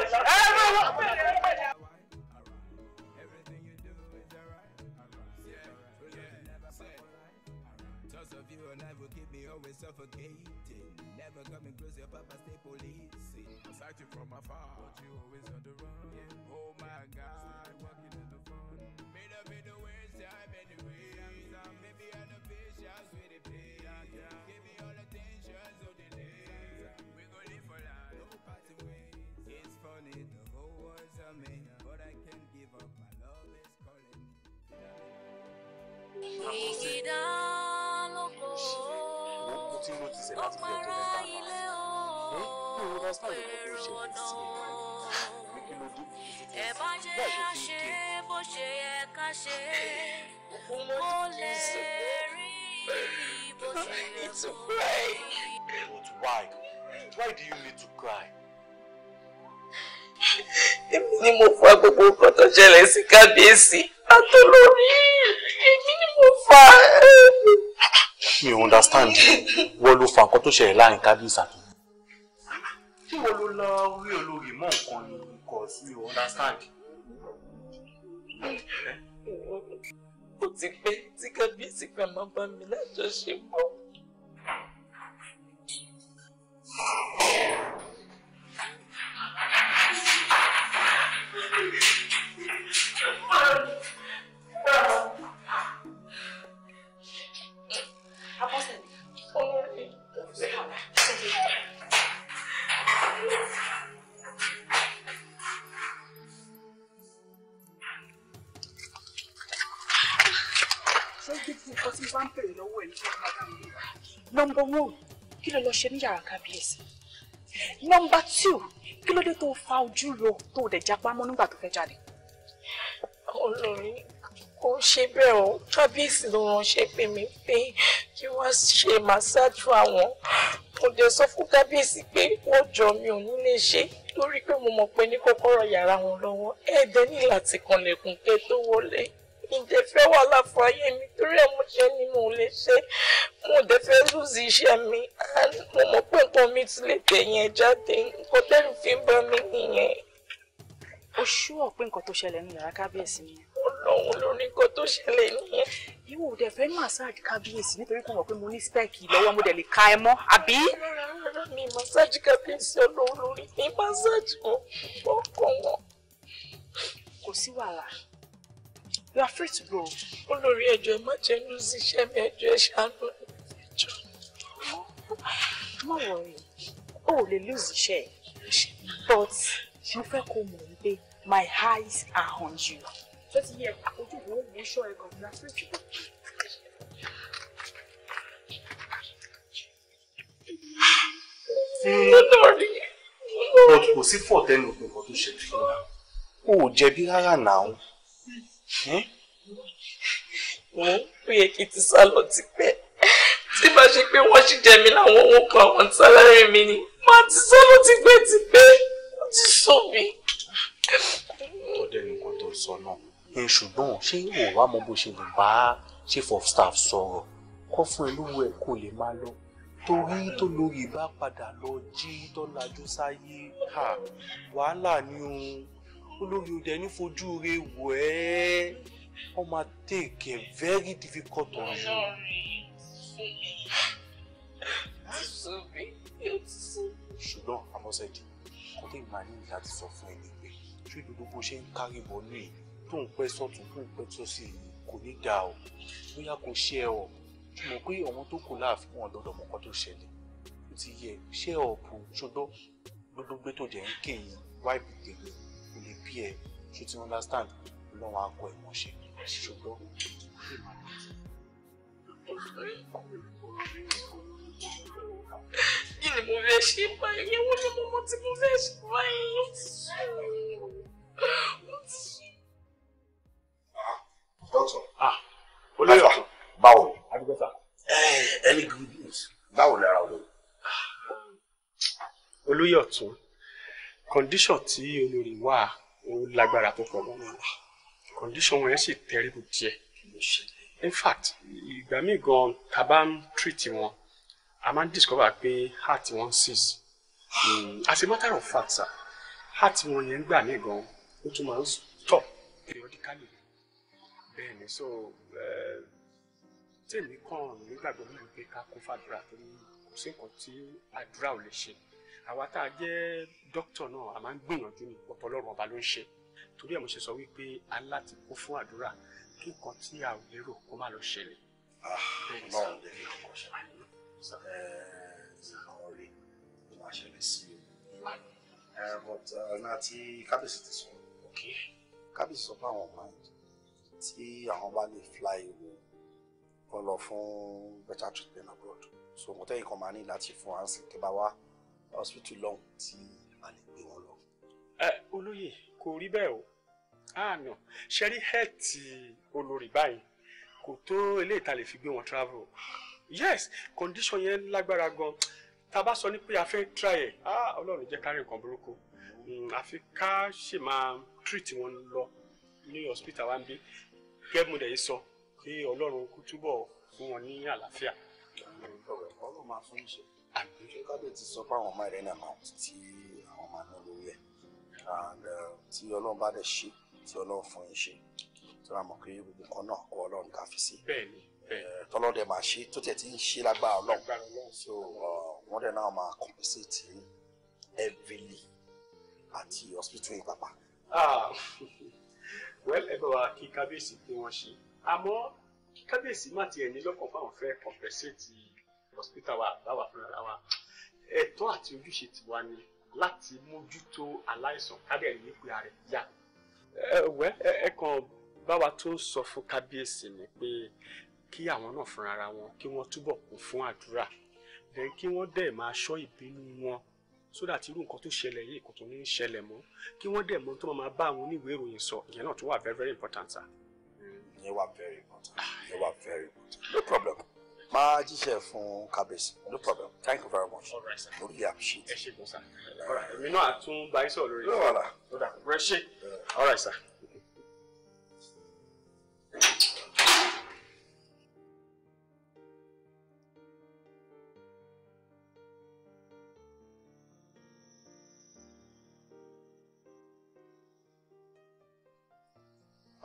ṣẹlẹ̀ sí ẹ kí ló dé ṣe àṣe bó ṣe yẹ ká ṣe ó lè rí bó ṣe yẹ kó rí. But why? Why do you need to cry? Èmi ni mo fa gbogbo nǹkan tó ṣẹlẹ̀ sí kábíyèsí látọ̀lórí. Èmi ni mo fa. Mi ò understand. Wọ́n ló fa nǹkan tó ṣẹlẹ̀ láàrin kábíyèsí àti ṣé wo ló lọ rí olórí mọ́ nǹkan ni because you understand. ó ti pẹ́ tí kábíyèsí kan máa bá mi lájọṣepọ̀. Thank you. ṣe ní yàrá kábíyèsí nọ́mbà two kí ló dé tó fa ojú ro tó dẹ̀ jápá mọ́ nígbà tó fẹ́ jáde. olórí kò ṣe bẹ́ẹ̀ o kábíyèsí ló ránṣẹ́ pè mí pé kí wọ́n ṣe màsáàjù àwọn mo dẹ̀ sọ fún kábíyèsí pé wọ́n jọ mi ò ní lè ṣe torí pé mo mọ̀ pé ní kọ́kọ́rọ́ yàrá wọn lọ́wọ́ ẹ̀ẹ́dẹ́ ní láti kanlẹ̀kùn kẹ́ tó wọlé mi jẹ fẹ́ wàhálà fún ayé mi torí ẹ̀ mo ṣe ni mo lè ṣe mo dẹ̀ fẹ́ lùzì iṣẹ́ mi mo mọ̀ pé nǹkan mi ti lè tẹ̀yìn ẹ̀ jáde nǹkan tẹ́lẹ̀ fi ń bá mi nìyẹn. o ṣú ọ pé nǹkan tó ṣẹlẹ̀ ní yàrá kábíyèsí ni. ọlọ́run lórí nǹkan tó ṣẹlẹ̀ nìyẹn. ìwọ ò dẹ̀ fẹ́ màsáàjì kábíyèsí nítorí kò mọ̀ pé mo ní spẹ́ẹ̀kì lọ́wọ́ mo dẹ̀ lè ka ẹ mọ́ àbí. rárá mi màsáàjì kábíyèsí ọlọ́run you are free to go. olórí ẹjọ ẹ má jẹ ń lùsí iṣẹ́ mi ẹjọ ẹ ṣàánú ẹjọ. má o ò lè lùsí but you fẹ́ kó mọ̀ wípé my eyes are on you. tó ti yẹ ojú wo mo ṣọ́ ẹ gan-an but kò sí fọ̀tẹ́nu òpin kan tó ṣe jù lọ. o ò jẹ̀bi rárá náà mo hmm? hmm? ó yẹ kí n ti sá lọ tipẹ́ tí bá ṣe pé wọ́n ṣì jẹ mí láwọn owó kan àwọn sálárì mi ni má ti sá lọ tipẹ́ tipẹ́ ó ti sọ mi. ọdẹ nìkan tó sọ náà ẹ ṣùgbọ́n ṣé ìwọ wa mọ bó ṣe lè bá chief of staff sọ̀rọ̀ kọ́ fún ẹlúwo ẹ̀ kó lè máa lọ torí tó lórí bá padà lọ jí tọ́lajú sáyé wàhálà ni òun olórí òde ní fojú rẹ wọ ẹ wọn máa take a very difficult on you. ṣùgbọ́n àmọ́sẹ̀dì kò lè máa ní ìyá ti sọ fún ẹni pé ṣé ìdodo bó ṣe ń kárí bọ̀ ní èyí tó ń pẹ́ sọ́tún tó ń pẹ́ sọ́sì yìí kò ní dà o bóyá kò ṣe ẹ ọ mọ̀ pé àwọn tó kù láàfin wọn lọ́dọ̀ mọ̀kọ́ tó ṣẹlẹ̀ ó ti yẹ ṣé ọ̀pọ̀ ṣọdọ́ gbogbo gbé tó jẹ́ ń kéyìn wáìpù tèmi bí ẹ ṣe ti understand lọ́wọ́ akọ ẹ̀mọ́ ṣùgbọ́n. kí ni mo fẹ́ ṣe báyìí wọ́n ní mo mọ tí mo fẹ́ ṣe báyìí ah, doctor. ah olóyè ọ̀tún. báwo ni. adúgbòsà. Eh, any good news. báwo ni ara olóyè. Ah. olóyè ọ̀tún condition tí olórí wà ó lágbára tó pọ̀ mọ́ condition wọn yẹn sì terrible díẹ̀ in fact ìgbà míì gan ta bá ń treat wọn a máa ń discover pé heart wọn seize hmm, as a matter of fact sir heart wọn yẹn gbà míì gan ó tún máa ń stop periodically bẹ́ẹ̀ ni so eh, tèmi kàn nígbàgbọ́ mi pé ká kó fàdúrà tó ní kò sí nǹkan tí àdúrà ò lè ṣe àwa tá a jẹ́ dókítà náà a máa ń gbìyànjú ní ọ̀pọ̀ ọlọ́run ọba ló ń ṣe torí ẹ̀ mo ṣe sọ wípé aláti kó fún àdúrà kí nǹkan tí a ò lérò kó má lọ ṣẹlẹ̀. Ah, bẹ́ẹ̀ ni sọ bẹ́ẹ̀ ni kò ṣẹlẹ̀ nǹkan rẹ̀ ló máa ṣẹlẹ̀ sí o. Eh, but eh, náà tí kábíyèsí ti sọ kábíyèsí sọ pé àwọn ọmọ tí àwọn bá lè fly wọ wọn lọ fún better treatment abroad so mo tẹ́yìn kan máa ní láti fún hansi tí bá wá hospital lọ́hùn tí a lè gbé wọn lọ. ẹ olóyè kò rí bẹ́ẹ̀ o àná ṣe rí hẹ́ẹ̀tì olórí báyìí kò tó eléyìí tá lè fi gbé wọn travel yes condition yẹn lágbára gan tá a bá sọ ní pé a fẹ́ try ẹ̀ ah ọlọ́run jẹ́ kárí nǹkan burúkú àfi hmm, ká ṣì máa treat wọn lọ ní hospital wa ń bí gẹ́gùn dẹ̀ yìí sọ pé ọlọ́run kú túbọ̀ fún wọn ní àlàáfíà. ọlọ́run máa fún ìṣe tọ́lọ́dẹ uh, eh, máa ṣe tó tẹ̀ tí ń ṣe lágbára ọlọ́run so uh, wọ́n dẹ̀ náà máa compensate yín àti hospital yìí pàpà. Ah, well ẹgbẹ́ wa kí kábíyèsí pé wọ́n ṣe àmọ́ kí kábíyèsí má tiẹ̀ ní lọ́kàn fáwọn fẹ́ compensate hospital wa báwa fúnra wa ẹ̀tọ́ àti ojúṣe tiwa ni láti mójútó aláìsàn kádẹ̀ ní pé yá. ẹ ẹ kàn báwa tó sọ fún kábíyèsí ni pé kí àwọn náà fúnra wọn kí wọ́n túbọ̀ kún fún àdúrà then kí wọ́n dẹ̀ máa ṣọ́ ìbínú wọn sódà tí irú nǹkan tó ṣẹlẹ̀ yìí kò tún ní ṣẹlẹ̀ mọ́ kí wọ́n dẹ̀ mọ tó máa bá àwọn oníwèé ìròyìn sọ ìyẹn náà tó wà very very important. Mm, ìyẹn wà very important ìyẹn wà very important no problem máa jíṣẹ́ fún kábíyèsí no problem thank you very much all right sir really appreciate it. ẹ ṣe kò sá ọ̀rọ̀ èmi náà tún bá yín sọ̀rọ̀ lórí rẹ̀ ọ̀dà rẹ̀ ṣe all right sir. Uh,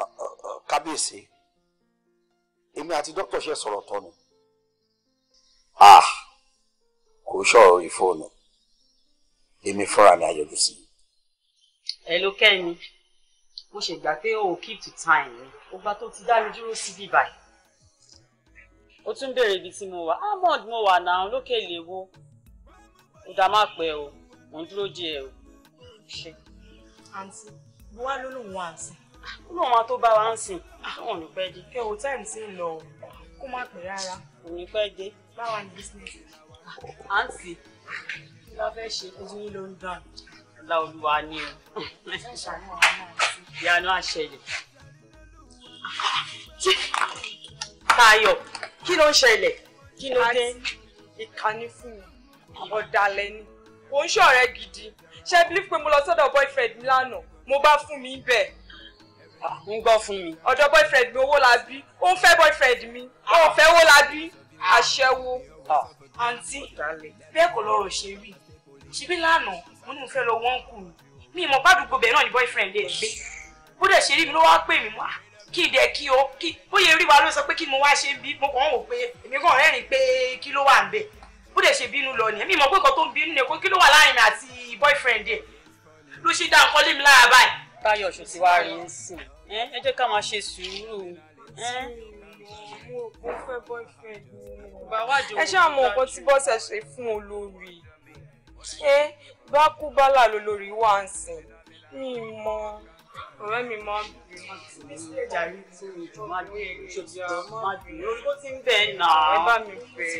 uh, uh, kábíyèsí èmi àti dókítà ṣe sọ̀rọ̀ tọ́nu. ah kò sọ̀rọ̀ orí èmi fúnra mi ayọ̀dù sí. ẹ ló kẹ́mi mo ṣègbà pé o keep to time ni ọgbà tó ti dá mi dúró síbí tún béèrè ibi tí mo wà mo wà náà lókè léwo ó dá má pẹ́ o ń o ṣe. àǹtí mo wá lónìí wọn àǹtí. Ah, tó bá wa ń sìn àwọn ah, o báwa ní business. àǹtí kí la fẹ́ ṣe ojú yín ló ń dán. ọlá olúwa ni o. ìyanu àṣẹlẹ̀. Táyọ̀ kí ló ń ṣẹlẹ̀? kí ló dé? ìkànnì fún mi ọ̀dàlẹ̀ ni kò ń ṣọ̀rẹ́ gidi ṣe believe pé mo lọ sọ́dọ̀ boyfriend mi lánàá mo bá fún mi bẹ́ẹ̀ ah, ń gbọ́ fún mi. ọ̀dọ̀ boyfriend mi owó la bí ó ń fẹ́ boyfriend mi ó ń fẹ́ owó la bí aṣẹ́wó àǹtí bẹ́ẹ̀ kọ́ lọ́rọ̀ ṣe rí ṣebí lánàá mo ní mo fẹ́ lọ wọ́n kù mí mi ìmọ̀ bàdúgbò bẹ́ẹ̀ náà ni boyfriend ẹ̀ gbé bó dẹ̀ ṣe rí mi ló wá pè mí wá ah, kí n dẹ̀ kí o kí bóyá rí wa ló sọ pé kí mo wá ṣe bí mo kàn wò pé èmi kàn rẹ́rìn pé kí ló wà ń bẹ̀ bó dẹ̀ ṣe bínú lọ nìyẹn mi ìmọ̀ pé nǹkan tó ń bínú ni kí ló wà láàrin mi àti boyfriend ẹ̀ ló ṣe dá nǹkan lé mi lára báyìí. táyọ̀ ṣòṣì wá rí ń sìn ẹ jẹ́ ká máa ṣe sùúrù mú boyfriend ẹ ṣáà mọ nǹkan tí bọ́sẹ̀ ṣe fún olórí ṣé bá kú bálà lólórí wà ń sìn mí mọ ọ̀rẹ́ mi máa ń bì í jàre tí mi jọ máa ní ẹni tó ti máa bì í tí ń bẹ̀ náà ẹ bá mi fẹ́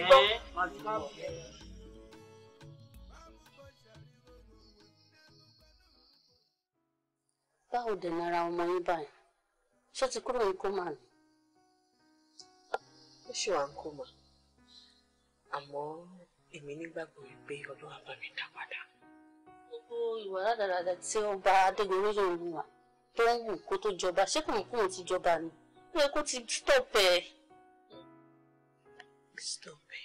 báwo dẹ̀ nara ọmọ yín báyìí ṣó ti kúrò ní kó máa lò ṣé wàá ń kó mà àmọ́ èmi nígbàgbọ́ wípé ọlọ́run á bá mi dá padà. gbogbo ìwà rádaràda tí ọba adégorí yóò wù wá tó ń wù kó tó jọba ṣé kò ń kó òun ti jọba ni ó yẹ kó ti stop ẹ. stop ẹ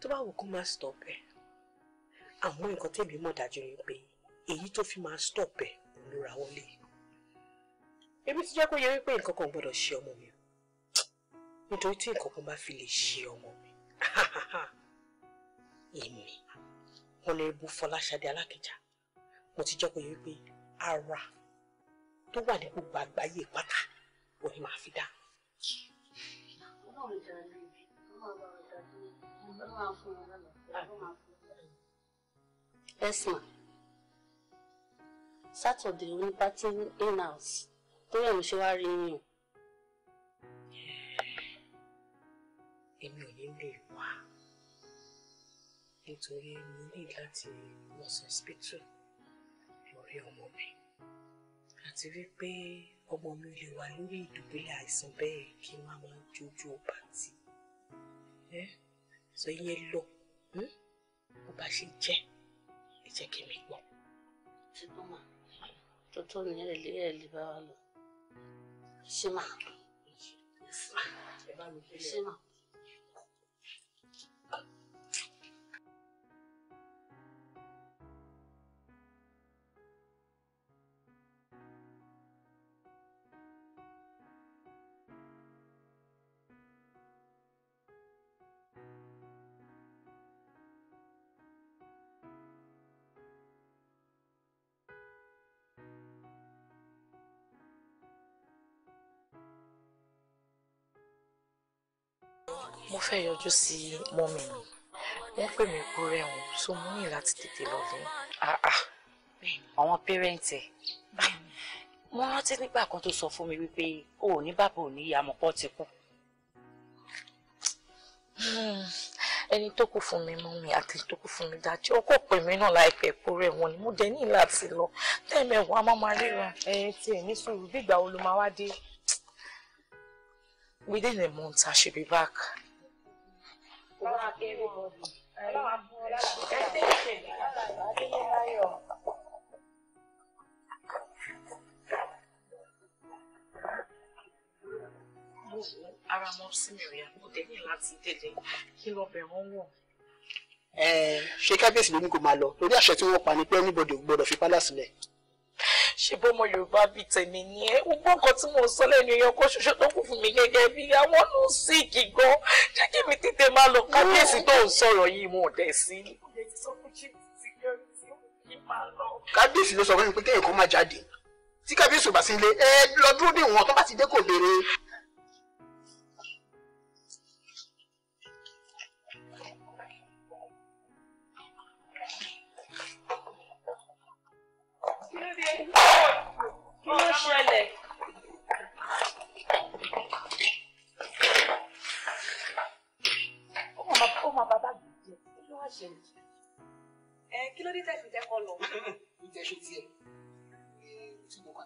tó bá wù kó má stop ẹ àmọ́ nǹkan tèmi mọ̀ dájú ni pé èyí tó fi máa stop ẹ ló ra wọlé èmi ti jẹ́ kó yẹ wípé nǹkan kan gbọ́dọ̀ ṣe ọmọ mi nítorí tí nǹkan kan bá fi lè ṣe ọmọ mi èmi wọn lè bu Fọláṣadé Alákìjà mo ti jẹ́ kó wípé ara tó wà ní gbogbo àgbáyé pátá wọn ni màá fi dá. Yes, ma'am. Saturday, we party in house. Tó yẹ mo ṣe wá rí yín o. èmi ò ní lè wá nítorí mo ní láti lọ sí hospital ọmọ mi àti wípé ọmọ mi lè wà lórí ìdùbúlẹ̀ àìsàn bẹ́ẹ̀ kí n má máa jójú ọba tì ẹ́ sọ yẹn lọ hm? bó bá ṣe jẹ́ ẹ jẹ́ kí mi gbọ́. ṣé kò mà tó tó lè lè lè bá wa lọ ṣé mà ṣé mà. mo fẹ́ yọjú sí mọ́mì mi wọ́n pè mí kú rẹ̀wọ̀n so mo ní láti tètè lọ́lé ah, ah. àwọn pẹ́rẹ́ǹtì ẹ̀ mo rántí nígbà kan tó sọ fún mi wípé o ò ní bàbá ò ní ìyá àmọ́pọ̀ ti kú hmm. ẹni tó kù fún mi mọ́mì àti tó kù fún mi dájú ọkọ̀ pè mí náà láìpẹ́ kú rẹ̀wọ̀n ni mo dẹ̀ ní láti lọ tẹ́ẹ̀mẹ̀wọ̀ a máa máa ríra. ẹ tiẹ̀ ní sùúrù bí ìgbà wo ló máa wá dé. Within a month, I should be back kó wá kéré mọ́ bí. ọlọ́wà fún ọ lára é ṣe lára ìbádélé láyọ̀. ara mọ sí mi rèé mo tẹ ní láti tẹ̀lé kí lọbẹ wọn wọ. ṣé kábíyèsí ló ní kó máa lọ lórí àṣẹ tí wọ́n pa ni pé anybody gbọ́dọ̀ fi pálá sílẹ̀ ṣe bọ́mọ yorùbá bíi tèmi ni ẹ ó gbọ́ nǹkan tí mò ń sọ lẹ́nu èèyàn kan ṣoṣo tó kù fún mi gẹ́gẹ́ bí àwọn ló sí ìkí gan kí mi tètè máa lọ kábíyèsí tó ń sọ̀rọ̀ yìí mo dẹ̀ sí. kábíyèsí ló sọ fún mi pé kéèyàn kan máa jáde tí kábíyèsí ò bá sí ilé ẹ lọ dúró dé wọn tó bá ti dé kò béèrè. Thank you kí ló ṣẹlẹ̀. ó máa bàbá gbé jẹ kí ló wá ṣẹlẹ̀. ẹ kí ló dé tẹ̀sí tẹ́kọ̀ lọ. ní tẹ̀sí tiẹ̀ tí mo kà.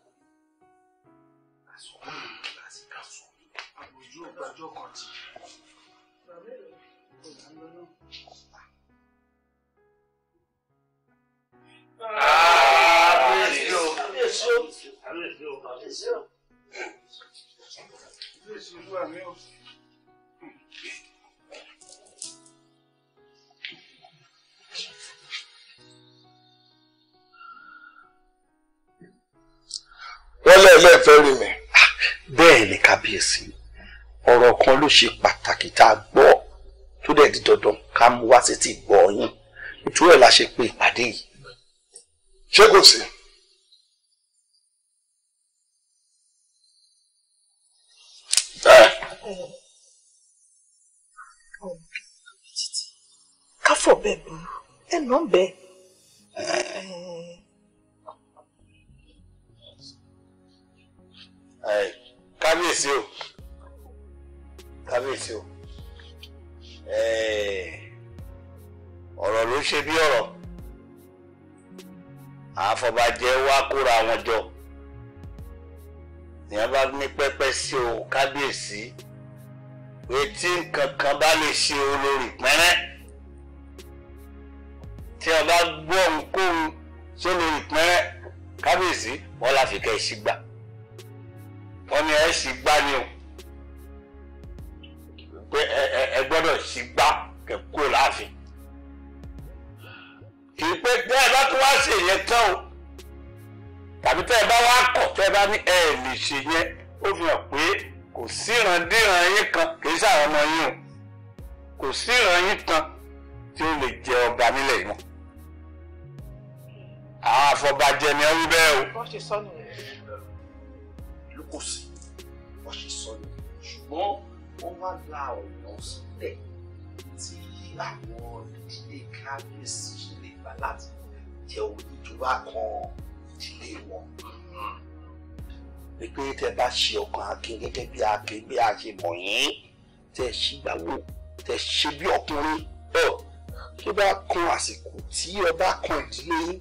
àsùnwó mi ní kíláàsì ká sùn kan ti. Ah! kábíyèsí o. kábíyèsí o. kábíyèsí o. kábíyèsí olúwa mi o. wọ́n lẹ́ẹ̀lẹ́ fẹ́ rí mi. bẹ́ẹ̀ ni kábíyèsí ọ̀rọ̀ kan ló ṣe pàtàkì tá a gbọ́ tó dẹ̀ di dandan ká mú wá sí ti gbọ́ yín nítorí ẹ̀ la ṣe pé ìpàdé yìí. ṣé kò sí. fọ̀ bẹ́ẹ̀ bí ẹ nà ń bẹ́ẹ̀. kábíyèsí o kábíyèsí o ọ̀rọ̀ ló ṣe bí ọ̀rọ̀ àfọ̀bàjẹ́ wá kóra wọn jọ èèyàn bá ní pẹ́pẹ́ sí o kábíyèsí pé tí nǹkan kan bá lè ṣe olórí pẹ́rẹ́ tí wọn bá gbọ́ ohunkóhun sólo ìpínrẹ́ kábíyèsí wọn la fi kẹ́ ẹ sí gbà wọn ni ẹ sì gbà ni o pé ẹ gbọ́dọ̀ sí gbà kẹ́ kúrò láàfin kì í pé tẹ́ ẹ bá tún wá sí ìyẹn tán o tàbí tẹ́ ẹ bá wá kọ̀ tẹ́ ẹ bá ní ẹ lè ṣe yẹn ó fi hàn pé kò sí ìrandíran yín kan kì í ṣàwọn ọmọ yín o kò sí ìran yín kan tí ó lè jẹ ọba nílẹ̀ yìí mọ́ àwọn ni wọ́n wí bẹ́ẹ̀ o. wọ́n ṣe sọ nìyẹn. ìlú kò sí wọ́n ṣe sọ nìyẹn ṣùgbọ́n wọ́n wá la ọ̀nà sílẹ̀ tí àwọn ìdílé kábíyèsí lè gbà láti jẹ́ olùjọba kan ìdílé wọn. pé tẹ bá ṣe ọkàn akin gẹ́gẹ́ bí akin bí a ṣe mọ̀ yín tẹ ṣìgbàwò tẹ ṣe bí ọkùnrin ṣé bá kan àsìkò tí ọba kan ìdílé yín.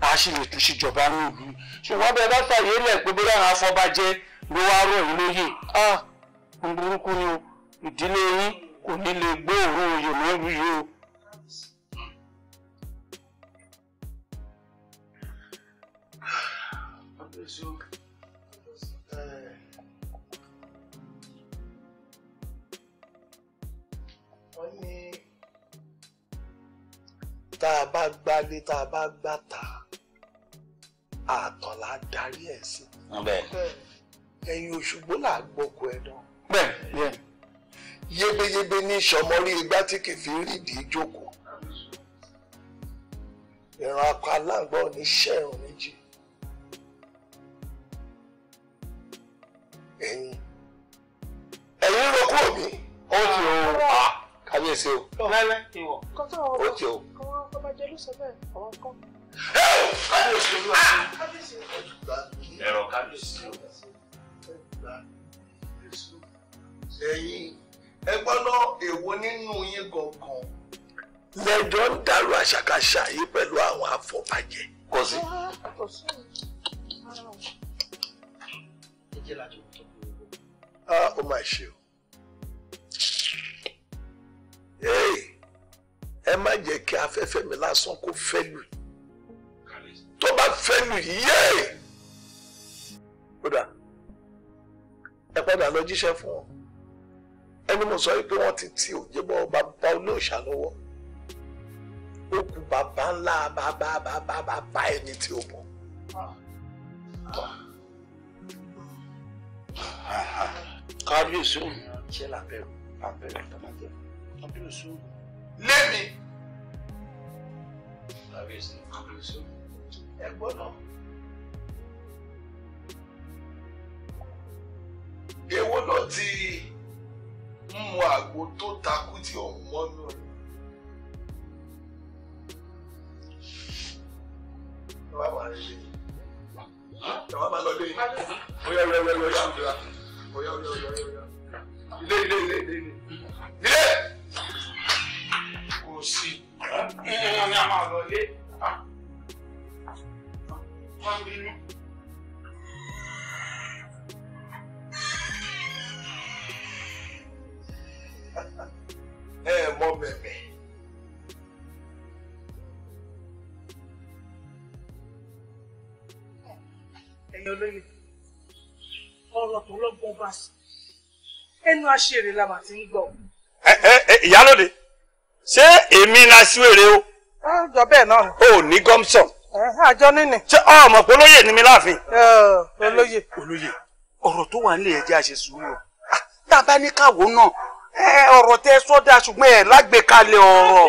a sì lè tún ṣèjọba ní ìlú ṣùgbọ́n bẹ́ẹ̀ bá fàyè lẹ̀ pé bóyá àwọn afọbajẹ ló wá rọ̀ yín lóye ah ń burúkú ni o ìdílé yín kò ní lè gbóòórùn oyè mẹ́rù yìí o. wọ́n ní tá a bá gbálé tá a bá gbàtà àtàn là á darí ẹ̀ sí. Ah, ẹ̀yìn òṣùgbó là á gbọ́kọ ẹ̀ dán. bẹ́ẹ̀ yébéyébé ní sọmọrí igbá tí kì í fi rídìí jókòó ìran akọ aláǹgbá ò ní ṣẹ̀rùn méjì ẹ̀yìn ẹ̀yìn ló kúrò mí ó ti o ah! kábíyèsí o lẹ́lẹ́ ìwọ̀ ó ti o. àwọn ọkọ̀ bàjẹ́ ló sọ bẹ́ẹ̀ àwọn kan kábíyèsí olúwa ẹ̀rọ kábíyèsí ẹ̀yin ẹ gbọ́dọ̀ èwo nínú yín gangan lẹ́jọ́ ń dàrú àṣàkáṣà yìí pẹ̀lú àwọn afọbajẹ kò sí. Ah, ó máa ṣe o. ẹ má jẹ́ kí afẹ́fẹ́ mi lásán kó fẹ́ lù yìí tó bá fẹ́ lù yéè kódà ẹ padà lọ jíṣẹ́ fún wọn ẹni mo sọ pé wọ́n ti ti òjébọ bàbá olóòṣà lọ́wọ́ ó kù bàbá ńlá bàbá bàbá bàbá ẹni tí ó bọ̀. kábíyèsí òun ṣe làbẹ̀rù àbẹ̀rù àtàmàjẹ kábíyèsí òun. lẹ́mi. kábíyèsí kábíyèsí òun ẹ̀gbọ́n náà. èwo ló ti ń mu àgbo tó takú tí ò ń mọ́nú rẹ̀. ẹ wá máa rẹ̀ ẹ wá máa lọ lé yìí. ó yá ó yá ó yá ó yá ó yá ó yá ó yá ó yá ilé ilé ilé ilé ilé ilé kò sí. ẹ ẹ ní a máa lọ lé. Hey, ń bínú. ẹ ẹ mọ bẹ̀bẹ̀. ẹ̀yin olóyè ọ̀rọ̀ tó lọ́gbọ́n bá sí ẹnu aṣèrè la màá ti ń gbọ́. ìyálòde ṣé èmi la ṣúwèrè o. Ah, jabe, náà. Oh, ni ní àjọ nínì. ṣé ọmọ pé olóyè ni mi láàfin. olóyè. olóyè ọ̀rọ̀ tó wà nílé ẹ̀jẹ̀ àṣẹ sùúrù ah, tá a bá ní káwọ́ náà ọ̀rọ̀ tẹ sọ́dà ṣùgbọ́n ẹ̀ lágbèkalẹ̀ ọ̀rọ̀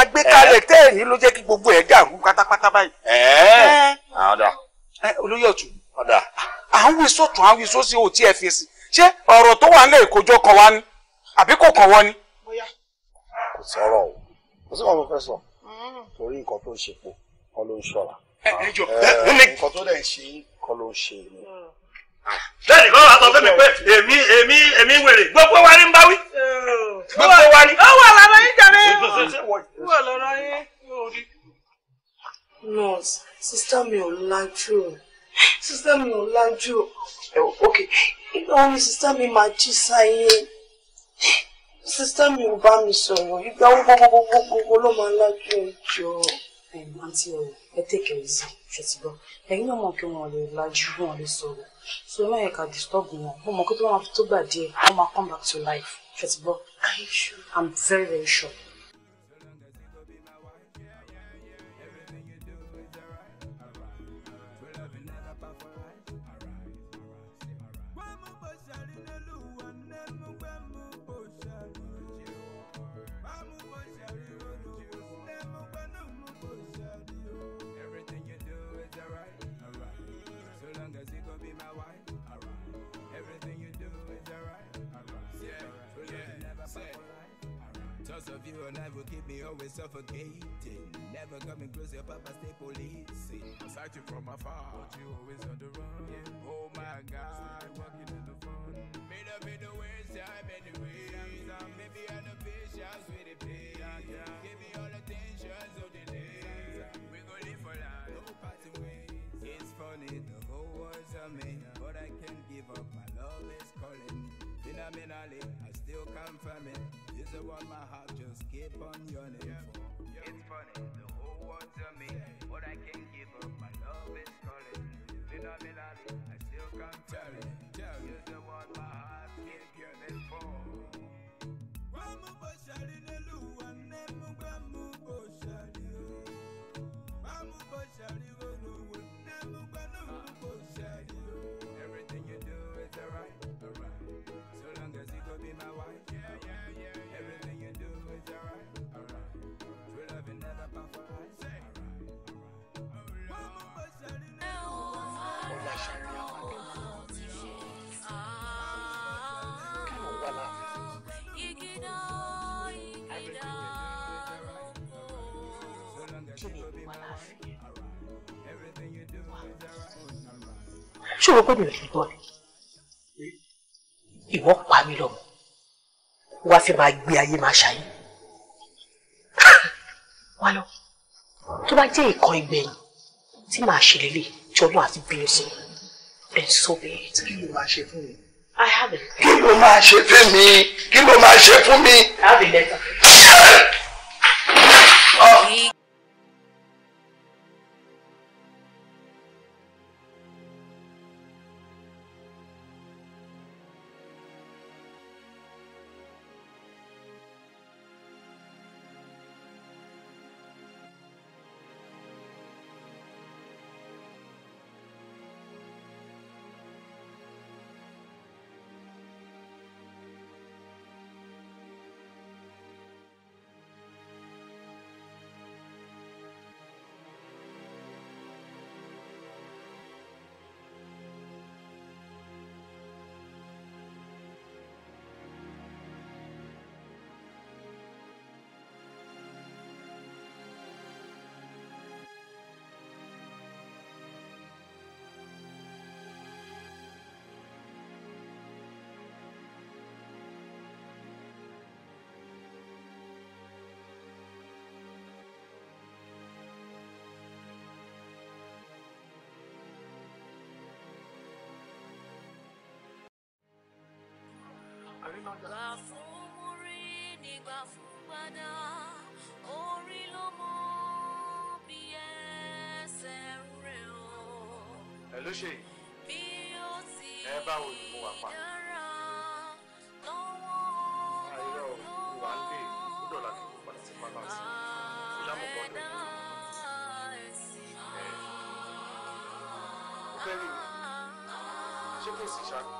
àgbékalẹ̀ tẹ́ ẹ̀ ní ló jẹ́ kí gbogbo ẹ̀ dàrú pátápátá báyìí. ọ̀dà. olóyè ọ̀tún. ọ̀dà. à ń wí sọ̀tún à ń wí sósì ò tí ẹ fèsì ṣé ọ̀rọ̀ tó wà nílẹ̀ ìkójọ kan wá ni àbí kò kàn wọ́n ni. kò sọ̀rọ̀ o kò sí ọ̀rọ̀ fẹ́ sọ mm. torí nǹkan tó ń ṣe pọ̀ kọ́ ló ń ṣọ́ra. ẹ ẹ jọ ẹ ní. nǹkan tó dẹ̀ ń ṣe kọ́ ló ń ṣe ni. bẹ́ẹ̀ni kọ́ wa sọ fún mi pé èmi èmi èmi wèrè gbogbo wa ni ń bá wí. gbogbo wa ni. ó wà lára yín jàre. ó wà lára yín. nurse sista mi ò lajú sista mi ò lajú ok ìgbà wo ni sista mi máa jí sáyé sista mi ò bá mi sọ̀rọ̀ ìgbà wo gbogbogbogbogbò ló máa lajú ẹjọ́. Um, àǹtí ọ̀rọ̀ ẹ tèkè ẹ̀zì ṣètìgbọ́ ẹ̀yin náà mọ̀ kí wọn lè lajú wọn lè sọ̀rọ̀ so ẹ má yẹ ká disturb wọn mo mọ̀ pé tó máa fi tó gbà díẹ̀ wọ́n máa come back to life ṣètìgbọ́ I'm very very sure. me always suffocating. Never coming close, your papa stay policing. I sight you from afar, but you always on the run. Yeah. Oh my God, so walking in the fun. Made up in the worst time anyway. Sometimes me I'm the patience with the pain. Yeah, yeah. Give me all the attention, so the Yeah. We gon' live for life, no parting ways. It's funny, the whole world's a me, but I can't give up. My love is calling. Phenomenally, I still come from it. This is what my heart just escape on your name. Yeah. It's funny, the whole world's amazing. ṣòro pé mi ò ṣùgbọ́n ni ìwọ pa mí lọ́mọ wá fẹ́ máa gbé ayé máa ṣàyè wá lọ tó bá jẹ́ ìkan ìgbẹ̀yìn tí màá ṣe lélẹ̀ tí ọlọ́run àti bínú sí then so be it. kí ló máa ṣe fún mi. I have a kí ló máa ṣe fún mi kí ló máa ṣe fún mi. orin náà jà. gbà fún múrí nígbà fún gbàdá orí ló mọ bí ẹsẹ̀ rẹ̀ o. ẹ ló ṣe bí ó ti ẹ lọ́wọ́ lọ́wọ́ wà ẹ̀sìn. ẹ ṣé kò sí ṣáà.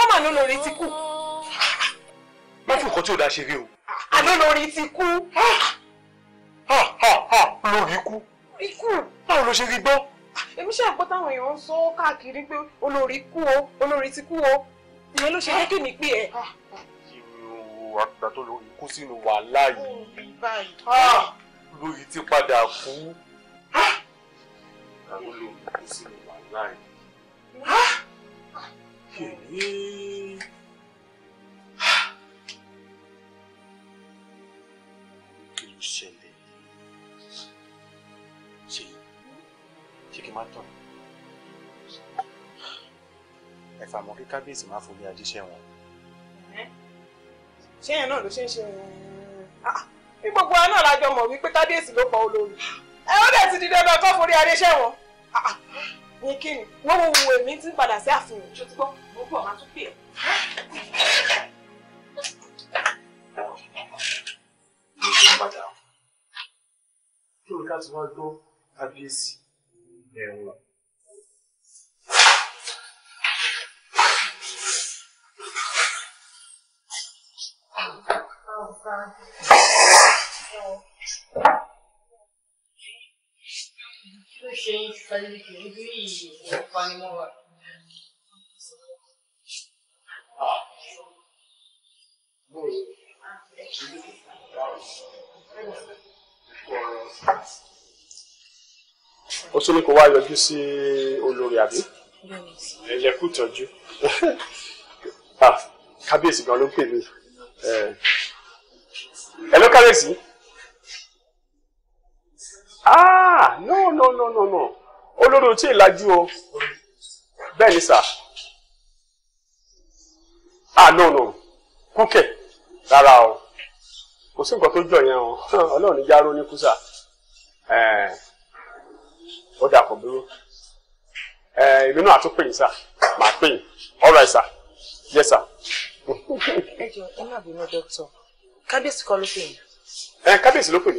ọmọ àná lórí ti kú. má fi nǹkan tí ò dáa ṣe rí o. àná lórí ti kú. lórí ikú. ikú. báwo ló ṣe rí gbọ́. èmi ṣe àgbọ́ táwọn èèyàn ń sọ káàkiri pé olórí kú o olórí ti kú o ìyẹn ló ṣe jẹ́ kí mi pè ẹ́. àgbà tó lórí ikú sínú wàhálà yìí lórí ti padà kú. àgbà lórí ikú sínú wàhálà yìí kí ló ṣẹlẹ̀ ṣe ṣe kí n má tọ̀ ẹ̀fà mọ́ kí kábíyèsí má forí adíṣẹ́ wọn. ṣé yẹn náà ló ṣe ń ṣe ní gbogbo ẹ náà lájọ mọ̀ wípé kábíyèsí ló pọ̀ olórí ẹ ó dẹ̀ ti di dandan kó forí adíṣẹ́ wọn ní kí ni wọ́n wo èmi ti ń padà sí àfihàn ṣó ti gbọ́. não vou, mas o quê? Por caso voltou a vice se é dela. Gente, fazendo tudo e o pai morre. ó tún ní kó wá yọjú sí olórí àbí ẹyẹ kú tọ́jú ah, kábíyèsí gan ló ń pè mí ẹ eh. ló kábíyèsí ah no no no no no olórí ò tí ì lajú o bẹ́ẹ̀ ni sà ah no no kúkẹ́. Okay. rárá o kò sí nǹkan tó jọ yẹn o ọlọ́run ní járó ní kúsà ó dà kò burú èmi náà àtúpè yín sà màá pè yín all sà ẹ jọ ẹ má bínú kábíyèsí ló pè ẹ kábíyèsí ló pè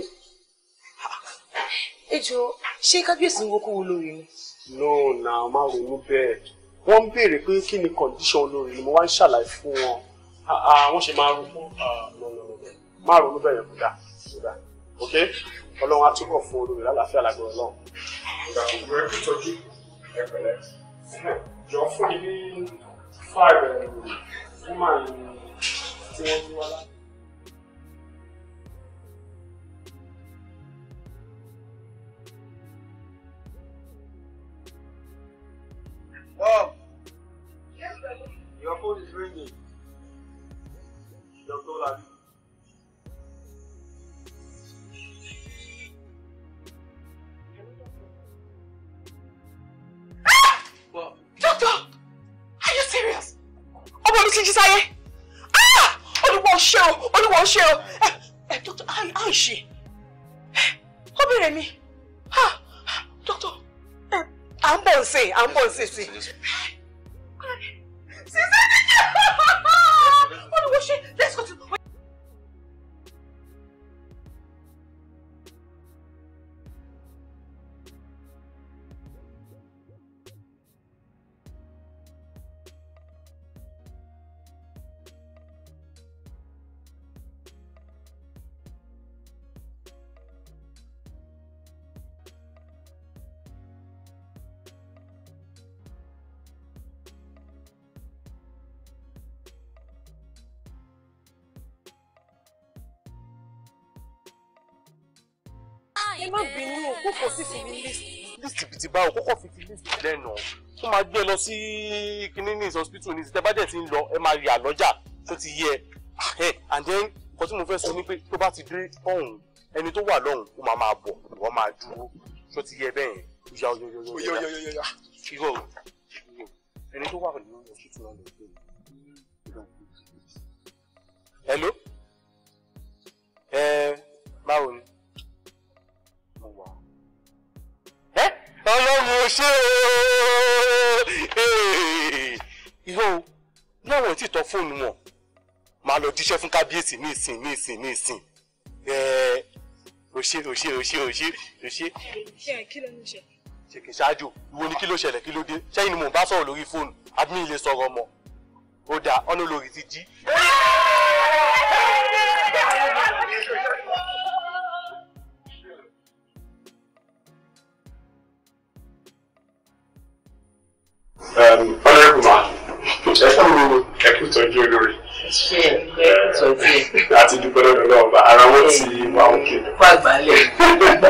ẹ jọ ṣé kábíyèsí ń wo lórí mi. no pé kí ni olórí ni mo wá ń fún wọn. àwọn ah, ah, ṣe máa ronú ah, máa ronú bẹ́ẹ̀ yẹn kó dà kó dà ok ọlọ́run á túbọ̀ fún olórí lálàáfíà lágbára ọlọ́run. ìgbà gbogbo ẹ kí tọ́jú ẹ pẹ̀lẹ́ jọ fún mi ní fáìlì ẹ̀ ní fún tí wọ́n ti wá láti. ti bá òkókò fífi lísì lẹ́nu ó máa gbé lọ sí kinní ní hospital ní ìsìtẹ́ bá dẹ̀ ti ń lọ ẹ máa rí àlọ́jà tó ti yẹ ẹ and then nǹkan tí mo fẹ́ sọ ni pé tó bá ti dé ọ̀hún ẹni tó wà lọ́hùn ó máa máa bọ̀ wọ́n máa dúró tó ti yẹ bẹ́ẹ̀ yá o yá yá yá yá irọ́ ẹni tó wà ní hospital náà lọ sí hello ẹ. Eh, ṣe ooo irọ́ o láwọn ò tí tọ́ fóònù wọn máa lọ díṣẹ́ fún kábíyèsí ní ìsìn ní ìsìn ní ìsìn ẹ̀ẹ́ òṣè òṣè òṣè òṣè òṣè. ṣèkè ṣáájú ìwo ni kí ló ṣẹlẹ̀ kí ló dé sẹ́yìn ni mò ń bá sọ̀rọ̀ lórí fóònù àbí mi ì lè sọ̀rọ̀ mọ́ ó dáa olórí ti jí. ọlọ́run um, ma ẹ fún mi ní ẹkú tọ́jú olórí. ṣe ẹkú tọ́jú ẹ. Uh, àti dúpẹ́ lọ́dọ̀ náà ọba ara wọn ti wà òkè. kó àgbálẹ̀.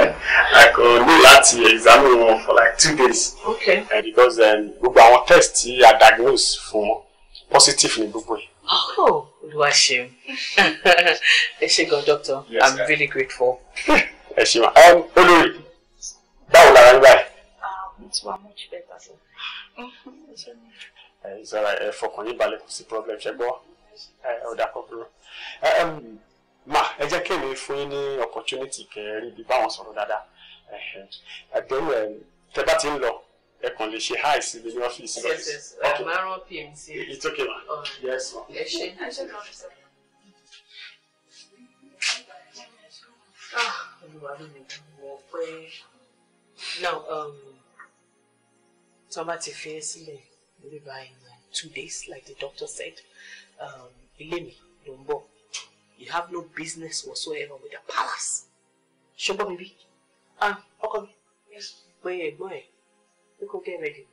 a kò ní láti examine wọn for like two days. okay. Uh, because um, gbogbo um, àwọn test tí a diagnose fún wọn positive ni gbogbo ẹ̀. oh olúwa ṣeun ẹ ṣé gan doctor i'm really grateful. ẹ ṣe ma um, olórí báwo lára ń báyìí àǹtí wa much better sọ. ẹ ìsọra ẹ fọkàn yín balẹ̀ kò sí problem ṣe gbọ́ eh, ẹ ọ̀dà kọ̀ọ̀kan eh, ma ẹ jẹ́ kí èmi fún yín ní opportunity kẹrin bí báwọn sọ̀rọ̀ dáadáa ẹgbẹ́rún eh, ẹ tẹ bá ti ń lọ ẹ kàn lè ṣe hi sí mi ní ọ́fíìsì lọ́fíìsì. yes yes ẹ máa rán pm sí i. it's okay ma. yes ma. ẹ ṣe ẹ ṣe kàn sọ. ah olùwàlú mi wọ pé now. Um, tí wọ́n bá ti fi ẹ́ sílẹ̀ lórí báyìí two days like the doctor said um, ilé mi ló ń bọ̀ you have no business whatsoever with the palace ṣùgbọ́n mi bí ah, ọkọ mi pé ẹ̀gbọ́n ẹ̀ pé kò get ready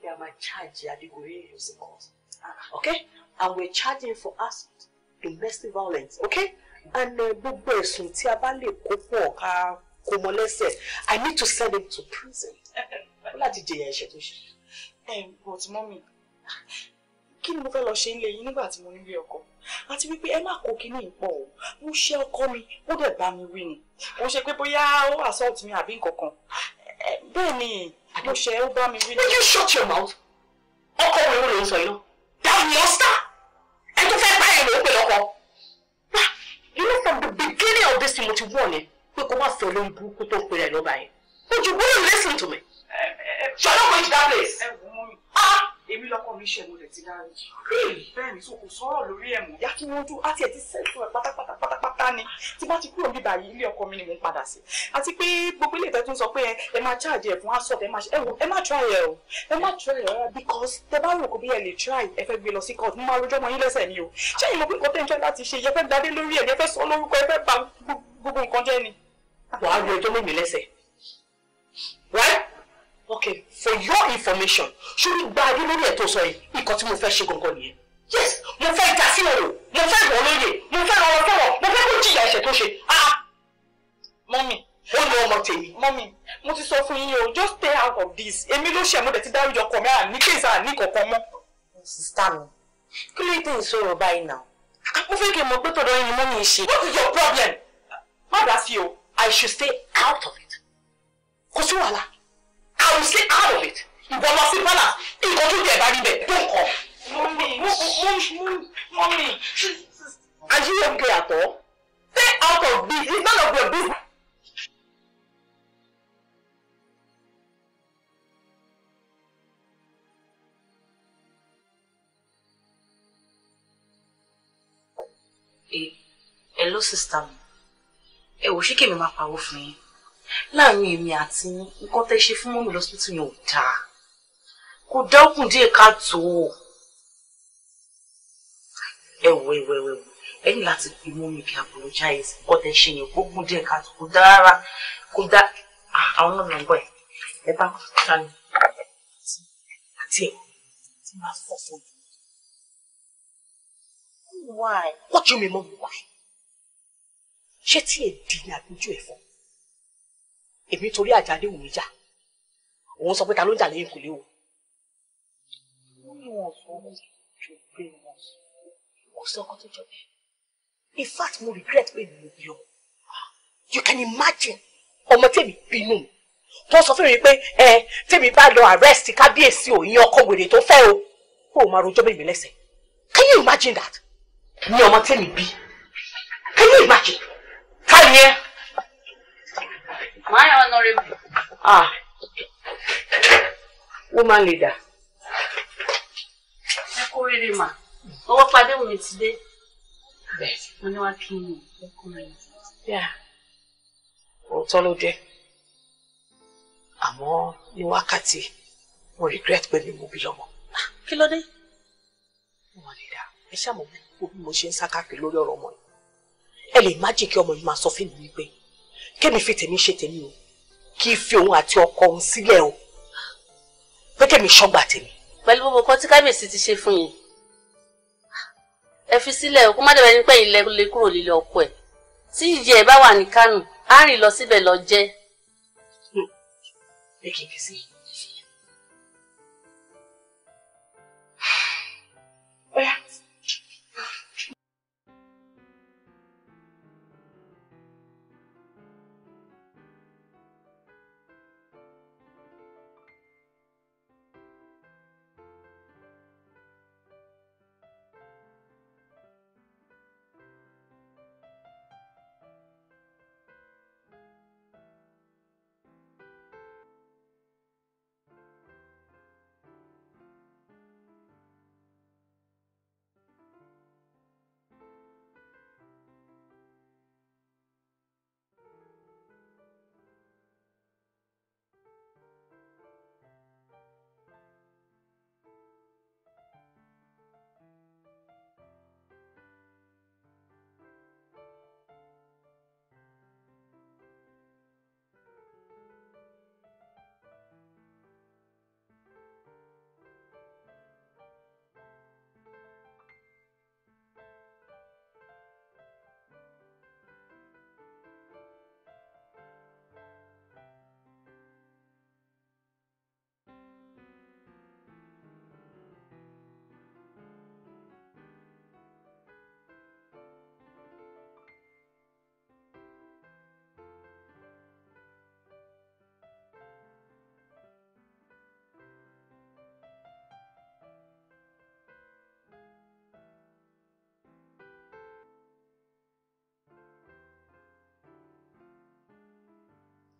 pé a máa charge adigunrin èèyàn sí court ah. okay and we're charging for assault domestic violence okay and uh, gbogbo ẹ̀sùn tí a bá lè kó pọ̀ ká kó mọ lẹ́sẹ̀ I need to send him to prison. Eh, láti jẹyà ẹ̀ṣẹ̀ tó ṣe. but mọ́mì kí ni mo fẹ́ lọ ṣe ń lé yín nígbà tí mo ní rí ọkọ àti wípé ẹ má kó kinní ìpọ̀ o mo ṣe ọkọ mi ó dẹ̀ bá mi wí ni mo ṣe pé bóyá ó assault mi àbí nǹkan kan bẹ́ẹ̀ ni mo ṣe ó bá mi wí ni. you shut your mouth ọkọ wo ló ń sọ yìí lọ that monster ẹ tó fẹ́ bá ẹ lò ó pè lọ́kọ. you know from the beginning of this thing mo ti wọ̀ ni pé kó má fẹ́ olóyún burúkú tó ń lọ́ba yẹn. would you go and to me ṣọlá kò ní that place. ẹ wò mọ mi èmi lọkọ mi ṣe mo lè ti dárí jì. bẹ́ẹ̀ ni so kò sọ̀rọ̀ lórí ẹ̀ mọ́. yàtí wọ́n dún àti ẹ̀ ti sẹ́ẹ̀tù ẹ̀ pátápátá pátápátá ni tí bá ti kúrò ní bíbá yìí ilé ọkọ mi ni mo ń padà sí. àti pé gbogbo ilé ìtọ́jú ń sọ pé ẹ máa charge ẹ̀ fún assault ẹ máa try ẹ o ẹ má try ẹ rárá because tẹ bá rò kó bí ẹ lè try ẹ fẹ́ gbé lọ sí court mo máa rojọ́ mọ́ yín lẹ́sẹ̀ ni o ṣé ìmọ̀ pé nǹkan tẹ́ ń fẹ́ láti ṣe ẹ fẹ́ gbadé lórí ẹ̀ ẹ fẹ́ sọ lórúkọ ẹ fẹ́ bà gbogbo nǹkan jẹ́ ni. wàá gbé tó okay for your information should we adé lórí ẹ̀ tó sọ yìí nǹkan tí mo fẹ́ ṣe gangan yes mo fẹ́ ìta it òrò mo fẹ́ ìwọ lóye mo fẹ́ ọ̀rọ̀ fọ̀rọ̀ mo fẹ́ kó jìyà ẹ̀ṣẹ̀ tó ṣe ah mọ́mì ó lọ ọmọ tèmi. mọ́mì mo ti sọ fún yín o just stay out of this èmi ló ṣe àmọ́dẹ̀ tí dáríjọ ọkọ mi à ní kéèsì à ní kọ̀ọ̀kan mọ́. sista mi kí ló dé ìṣòro báyìí náà mo fẹ́ kí n mọ pé tọ̀dọ̀ yín mọ́mì ń ṣe. what is your problem? má dá sí o i should stay out of it kò sí wàhálà I will stay out of it. Ìwọ lọ sí palace. Nǹkan tó jẹ́ ìbárí bẹ̀ tó ń kọ. Mọ́mí, mọ́mí, Are you okay at all? Stay out of this. It's none of your business. Hello, sister. Ẹ wò ṣé kèmi máa pawó fún yín láàrin èmi àti yín nǹkan tẹ́ ṣe fún mọ́mí lọ́sítítù yẹn ò dáa kò dá díẹ̀ ká tó o ẹwọ ẹwọ ẹwọ ẹwọ ẹ̀yìn láti pe mọ́mí kí apologize nǹkan tẹ́ ṣe yẹn kó gùn díẹ̀ ká tó kò dá rárá kò dá ah, àwọn náà nọ́mbà ẹ ẹ bá kúta ni àti ẹ ti máa fọ fún mi. Why? What do you mean, Mom? Why? Ṣé tí èdè ni àgbójú ẹ̀fọ́? èmi torí àjáde òun jà òun sọ pé ta ló ń jà lẹ́yìn kùlé o. wọ́n ní wọn sọ wọ́n jù pé wọ́n kò sí ọkọ tó jọ bẹ́ẹ̀ in fact mo regret pé mi ò bí ọ you can imagine ọmọ tèmi bínú tó sọ fún mi pé ẹ tèmi bá lọ arrest kábíyèsí òyìn ọkọ wèrè tó fẹ́ o kó o máa rojọ́ bẹ́ẹ̀ mi lẹ́sẹ̀ can you imagine that ní ọmọ tèmi bí can you imagine ká yẹn. My honorable. Ah. Woman leader. Ẹ kú rere mà. Owó padé mi ti dé. Mo ní wá kí ni ọkùnrin. Òótọ́ ló jẹ́. Àmọ́ ní wákàtí mo regret pé mi mú bí lọ́mọ. Ah, kí ló dé? Woman leader, ẹ ṣàmọ̀ bí mo ṣe ń sá káàkiri lórí ọ̀rọ̀ ọmọ yìí. Ẹ lè má jì kí ọmọ yìí máa kémi fi tèmi ṣe tèmi o kí n fi òun àti ọkọ òun sílẹ̀ o pé kémi ṣọ́gbà tèmi. pẹ̀lú gbogbo nǹkan tí kábíyèsí ti ṣe fún yín ẹ fi sílẹ̀ o kó má dẹ̀bẹ̀ ní pẹ̀yìn lẹ́kulẹ̀ kúrò lílẹ̀ ọkọ ẹ̀ tí ìjì ẹ̀ bá wà ní Kánò á lọ síbẹ̀ lọ jẹ́. Hmm. ẹ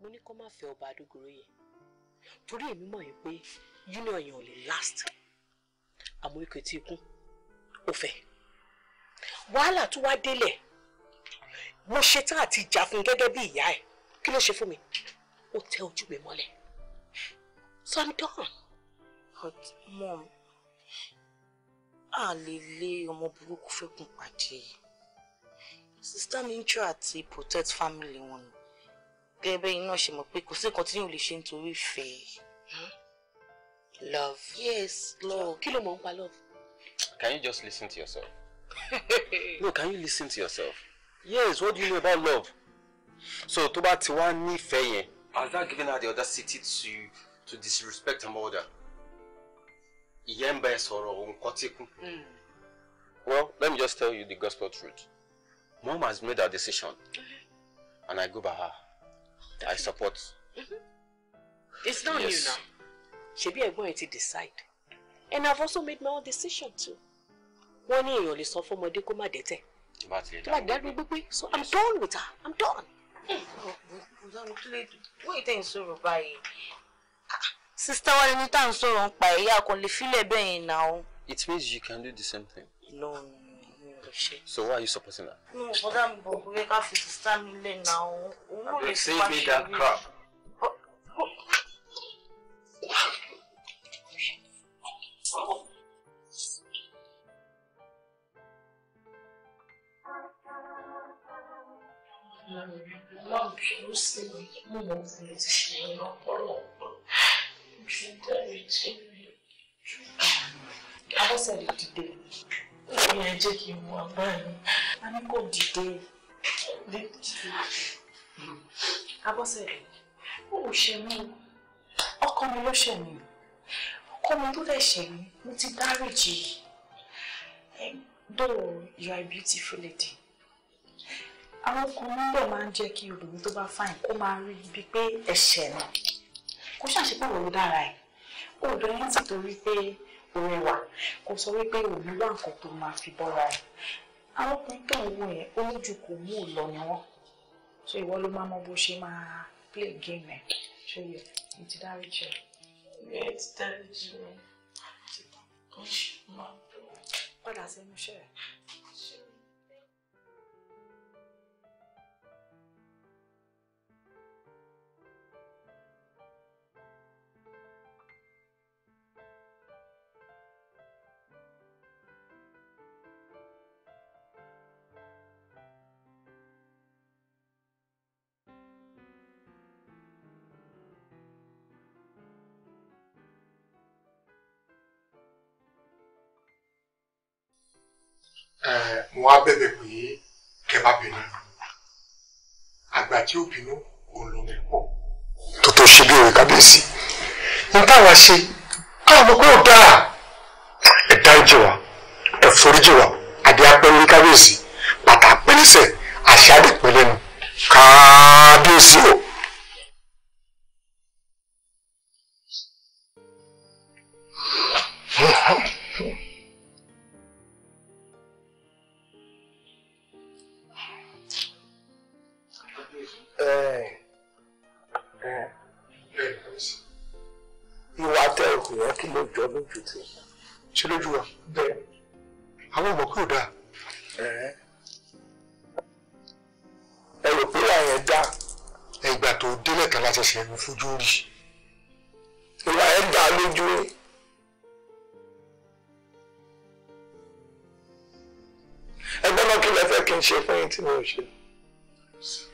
mo ní kó má fẹ́ ọba àdúgbò yẹn torí èmi mọ̀ yín pé union yẹn ò lè last àmọ́ ikú tí kún ó fẹ́ wàhálà tó wá délẹ̀ mo ṣetán àti jà fún gẹ́gẹ́ bí ìyá ẹ̀ kí ló ṣe fún mi ó tẹ ojú mi mọ́lẹ̀ so I'm done. but mom a lè lé ọmọ burúkú fẹ́kùn pàdé yìí sista mi ń try àti protect family wọn ni gẹ́gẹ́ bẹ́yìn náà ṣe mọ̀ pé kò sí nǹkan tí yóò lè ṣe nítorí ìfẹ́ hmm? love. yes love kí ló mọ̀ nípa love. can you just listen to yourself. no can you listen to yourself. yes what do you know about love. so tó bá ti wá nífẹ̀ẹ́ yẹn. has that given her the audacity to to disrespect her mother. ìyẹn ń bá ẹ sọ̀rọ̀ òun kọ́ tíkun. Hmm. well let me just tell you the gospel truth. mom has made her decision and I go by her. I support. Mm-hmm. It's not yes. you now. Shebi, ẹ̀gbọ́n ẹ ti decide. And I've also made my own decision too. One year èèyàn suffer sọ fún ọmọdé kó má dẹ́tẹ̀. Tó bá dá gbogbo pé so I'm done with her. I'm done. Wọ́n ìtẹ̀ you sọ̀rọ̀ báyìí. Sista wa ni tá à ń sọ̀rọ̀ ń pa ẹ̀yà kan It means you can do the same thing. No so why are you supporting her. no bọ́dá mi bọ̀ pé to fi sísá mi lẹ̀ náà òun ò lè fi pàṣẹ rí. Love you, see me. You know, you see me. You should tell me. Abọ́sẹ̀lẹ̀ dìde ìyá ẹ jẹ́ kí n wà báyìí a ní kò dìde abọ́sẹ̀lẹ̀ ó ò ṣe mí ọkọ mi ló ṣẹ̀ mí ọkọ mi ló dẹ̀ ṣẹ̀ mí mo ti dáríjì though you are a beautiful lady àwọn ọkùnrin náà máa ń jẹ́ kí obìnrin tó bá fáìn kó máa rí ibi pé ẹ̀ṣẹ̀ náà kó ṣàṣepọ̀ lórí dára ẹ̀ òòdó yẹn ti torí pé rẹwà kò sọ wípé òun wá nǹkan tó máa fi bọ́ra ẹ̀ àwọn ọkùnrin tó ń wọ ẹ̀ ó lójú kò mú ò lọ ni wọ́n so ìwọ ló máa mọ bó ṣe máa play game ẹ̀ ṣe yẹ ní ti dárí jẹ. ẹ ti dárí jẹ ọ ti bá ṣe máa bọ̀. padà sẹ́nu iṣẹ́ rẹ̀. mo wá bẹ̀bẹ̀ pé kẹ́ bá bínú àgbà tí ó bínú òun ló ń pọ̀. tó tó ṣe bí òwe kábíyèsí ní táwa ṣe káwọn ọmọ kúrò dáa ẹ dáríjì wá ẹ foríjì wá apẹ́lẹ́ kábíyèsí pàtàkì pẹ́lẹ́sẹ̀ àṣà àdìpẹ́lẹ́nu kábíyèsí o. ṣe lójú wa. bẹ́ẹ̀ àwọn ọmọ kúrò dáa. ẹ rò pé wà yẹn dáa. ẹgbà tó délẹ̀ kan láti ṣe ń fojú rí. ìwà ẹ̀ dáa lójú rí. ẹgbẹ́ náà kí lẹ fẹ́ kí n ṣe fún yín tí mi ṣe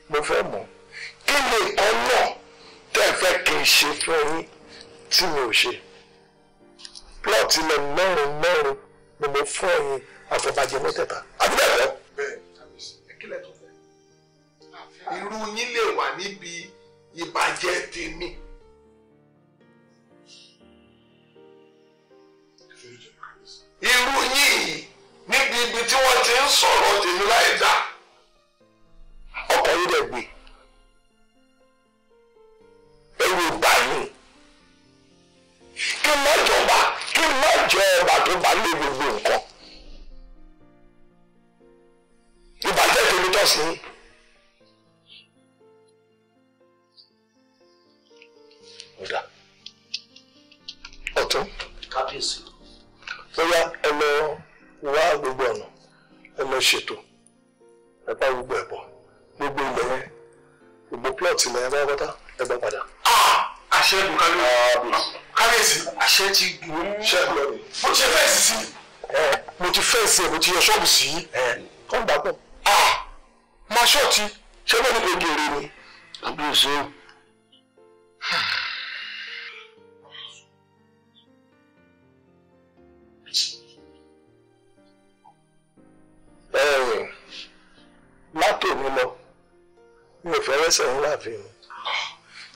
mo fẹ́ mọ̀ kí ni nǹkan náà tẹ́ fẹ́ kí n ṣe fún yín tí mi ṣe àròtilẹ̀ mẹ́rin mẹ́rin ni mo fún ẹ̀yin àfọ̀bàjẹ́ mẹ́tẹ̀ẹ̀ta àti bẹ́ẹ̀ lọ. irú yín lè wà níbi ìbàjẹ́ tèmi. irú yín yìí níbi ibi tí wọ́n ti ń sọ̀rọ̀ tèmi láì dá. ọkọ̀ yín dẹ̀ gbé ẹ̀rù ìbá. ṣe é. ọ̀dà ọ̀tún. kábíyèsí. bóyá ẹ lọ wá gbogbo ọ̀nà ẹ lọ ṣètò ẹ bá gbogbo ẹ̀ bọ̀ gbogbo ilẹ̀ yẹn gbogbo plọ̀tì ilẹ̀ yẹn bá bọ́tà ẹ bá padà. Ah! àṣẹ ìlú kábíyèsí ah, kábíyèsí àṣẹ ti gùn ún. ṣẹ́ẹ̀kì lọ́ọ̀dì. mo ti fẹ́ẹ̀sì sí i. mo ti fẹ́ẹ̀sì ẹ̀ mo ti yọ ṣọ́ọ̀bù sí i. kọ́ ń dà pọ̀ ṣọ́ọ̀tì ṣé bẹ́ẹ̀ ni kò abuso ni. àbúrò látòmí lọ mi ò fẹ́rẹ́ sẹ́yìn láàfin mi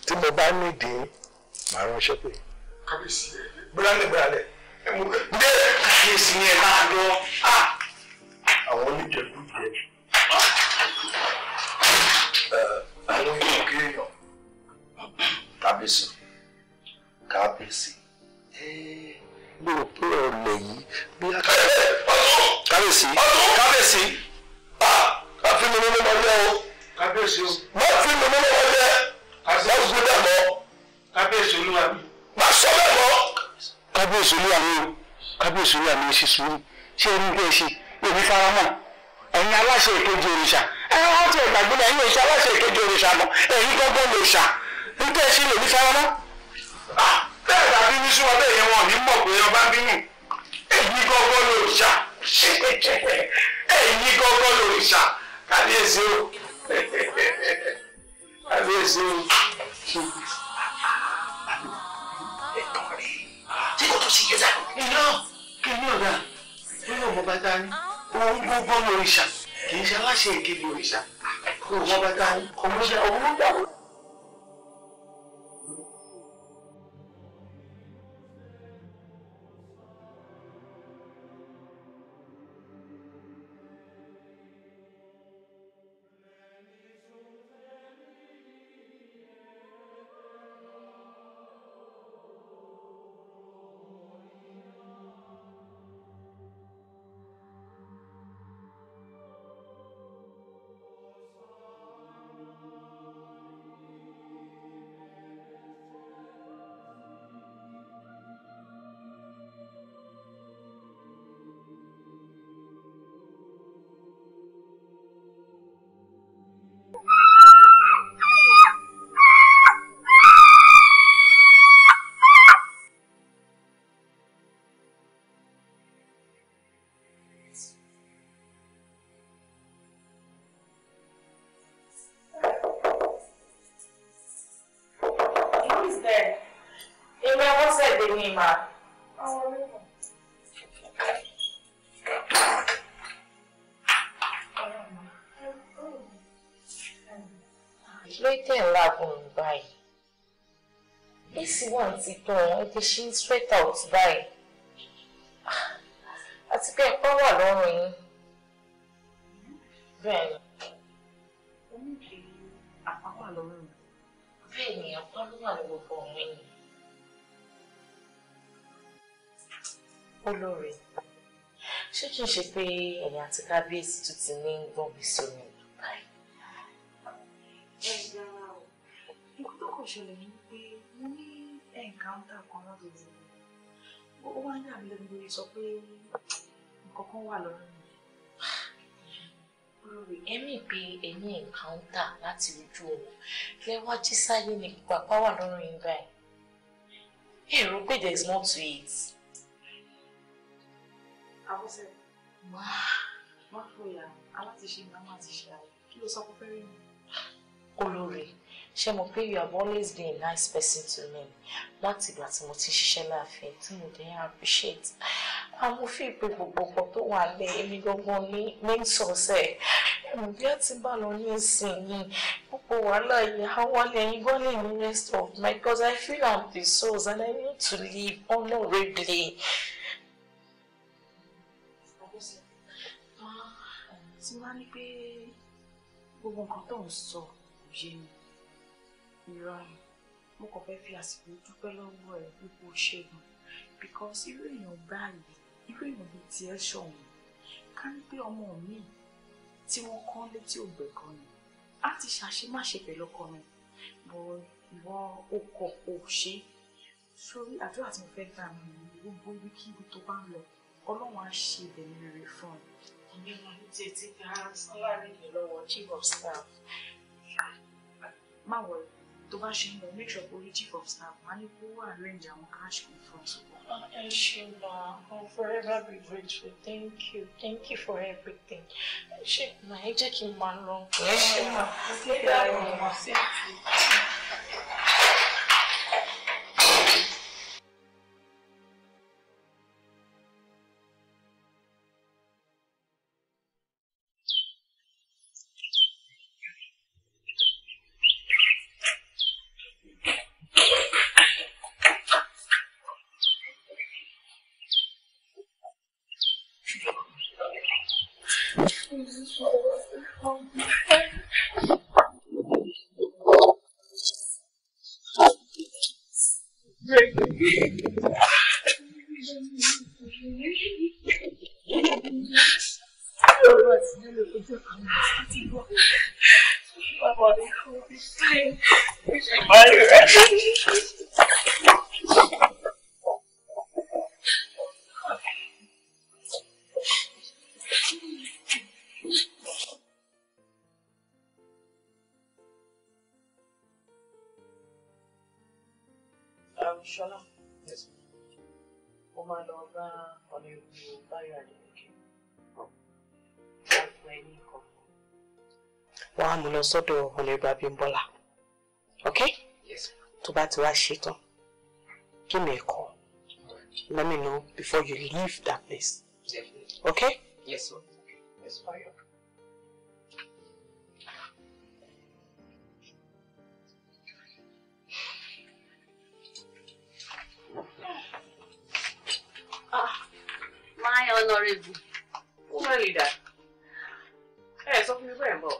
tí mo bá nídìí màá ránṣẹ́ pé. kábíyèsí bírálẹ̀ bírálẹ̀ ẹ mú bẹ́ẹ̀. kábíyèsí ni ẹ máa lọ. Ah! àwọn oníjẹ̀kújẹ. kábíyèsí kábíyèsí mo rò pé ọ̀lẹ̀ yìí bí a. kábíyèsí kábíyèsí ká ah! fi mi nínú ọmọdé o. kábíyèsí o. má fi mi nínú ọmọdé. o. má gbọ́dọ̀ mọ́. kábíyèsí olúwa mi. má sọ bẹ́ẹ̀ mọ́. kábíyèsí olúwa mi o kábíyèsí olúwa mi ṣe sùúrù ṣé ẹni bí ṣe èmi fara mọ́ ẹ̀yin aláṣẹ ìkejì òrìṣà ẹ̀ wọ́n ti ẹ̀gbàgbọ́n ẹ̀yin aláṣẹ ìkejì òrìṣà mọ́ ẹ̀yin gbọ́gbọ́n lòṣà nígbà ẹṣin lèmi sára mọ́. bẹ́ẹ̀ bá bínú sí wọn bẹ́ẹ̀ yẹn wọn ò ní mọ̀ pé ọba bínú èyí gọ́gọ́ ló ṣá èyí gọ́gọ́ ló ṣá kábíyèsí o kábíyèsí o. ẹ̀tọ́ rẹ̀ tí kò tó sí yẹn sáré. iná kí ni ọ̀dà nínú ọmọ bàtà ni òun gbogbo lórí ṣá kì í ṣe aláṣẹ ìkéde òrìṣà òun ọmọ bàtà ni ọmọ bàtà òun ló dàrú. tẹ̀lé mi mà. lóyún tẹ̀ ń làágùn báyìí èsì wà ti tán ẹ ti ṣí straight out báyìí àti pé ẹ̀pá wà lọ́rùn yín bẹ́ẹ̀ ni. bẹ́ẹ̀ ni ẹ̀pá ló wà ní gbogbo ọ̀hún yìí. olóore ṣé kìí ṣe pé ẹ̀yin àti kábíyèsí tún ti ní gbọ̀ngbì sómi ìlú báyìí. ẹ̀yà nǹkan tó kàn ṣẹlẹ̀ ni pé mo ní ẹ̀ǹkáńtà kan láti wò ó wá ní àbílẹ̀gbẹ̀rẹ̀ sọ pé nǹkan kan wà lọ́rùn mi. olórí ẹ̀mí pé ẹ̀yin ẹ̀ǹkáńtà láti ojú oòrùn lẹ́wọ́ jísáyé ni pàpá wà lọ́rùn yín báyìí. èrò pé there is more to it àbọ̀sẹ̀ wá wá fòyà aláṣẹṣe ni àwọn àtiṣe àyè kí ló sọ pé fẹ́ mi. olórí ṣé mo pé you have always been a nice person to me láti ìgbà tí mo ti ṣiṣẹ́ láàfin tí mo dẹ̀ appreciate àwọn fi ìpè gbogbo ọkọ tó wà lẹ èmi gbogbo ní main source ẹ bí a ti bá lọ ní ìsinyìí gbogbo wàhálà yìí á wálé ẹyin gbọ́dọ̀ ní rest of my cause i feel I'm the source and i need to live honorably. tí wàá ní pé gbogbo nǹkan tó ń sọ kò yé mi ìrọ̀rùn mo kàn fẹ́ fi àsìkò dúpẹ́ lọ́wọ́ ẹ̀ gbogbo ṣẹ́gun because irú èèyàn báyìí irú èèyàn bíi tiẹ̀ ṣọ̀hún ká ní pé ọmọ mi tí wọ́n kán létí ògbẹ́ kan ni á ti ṣàṣemáṣe pẹ̀lú ọkọ mi bọ̀ ìwọ okọ̀ ò ṣe sórí àdúrà tí mo fẹ́ gbà mí gbogbo ibikíbi tó bá ń lọ ọlọ́run á ṣe ìbẹ̀rẹ̀ rere fún ọ má wọrí tó bá ṣe ń lọ make sure orí chief of staff wà ní kó wà arrange àwọn cash conference. ẹ ṣe ma i'm forever be grateful thank you thank you for everything ṣe ma ẹ jẹ́ kí n máa lọ. ẹ ṣe ma ẹ ṣe ma ṣe ti. sọ́dọ̀ honorable Abímbọ́lá ok yes tó bá ti wá ṣe tán give me a call let me know before you leave that place Definitely. ok yes sir yes fire. Ah, my honorable. Who married that? Hey, something is going on.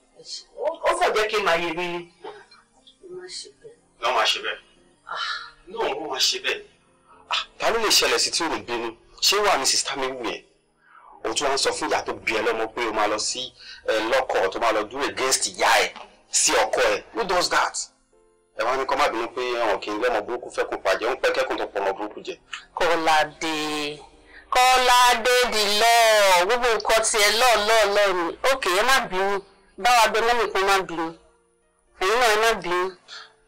ó kàn jẹ́ kí n máa yẹ mí ni. náà máa ṣe bẹ́ẹ̀. náà wọ́n máa ṣe bẹ́ẹ̀. Ah. Ah, ta ló lè ṣẹlẹ̀ sí tí ò ń bínú ṣé wà ní sista mi wù yẹn o tún wá ń sọ fún ìyá tó bí ẹ lọ́mọ pé o máa lọ sí lọ́kọ̀ tó máa lọ dúró against ìyá ẹ sí ọkọ ẹ who does that ẹ wá ní kọ́ má bínú pé ẹ̀wọ̀n kì í lọ́mọ burúkú fẹ́kùn pàjẹ́ ń pẹ́ kẹ́kùn tó pọ̀ ọmọ burúkú jẹ. kọ́ládé kọ́ládé di lọ́ọ̀ gbogbo nǹkan tiẹ̀ lọ́ọ̀ lọ́ọ̀ lọ́ọ̀ ni ókè ẹ má bínú báwa gbé mọ́mí kan má bínú ẹ̀yin náà má bínú.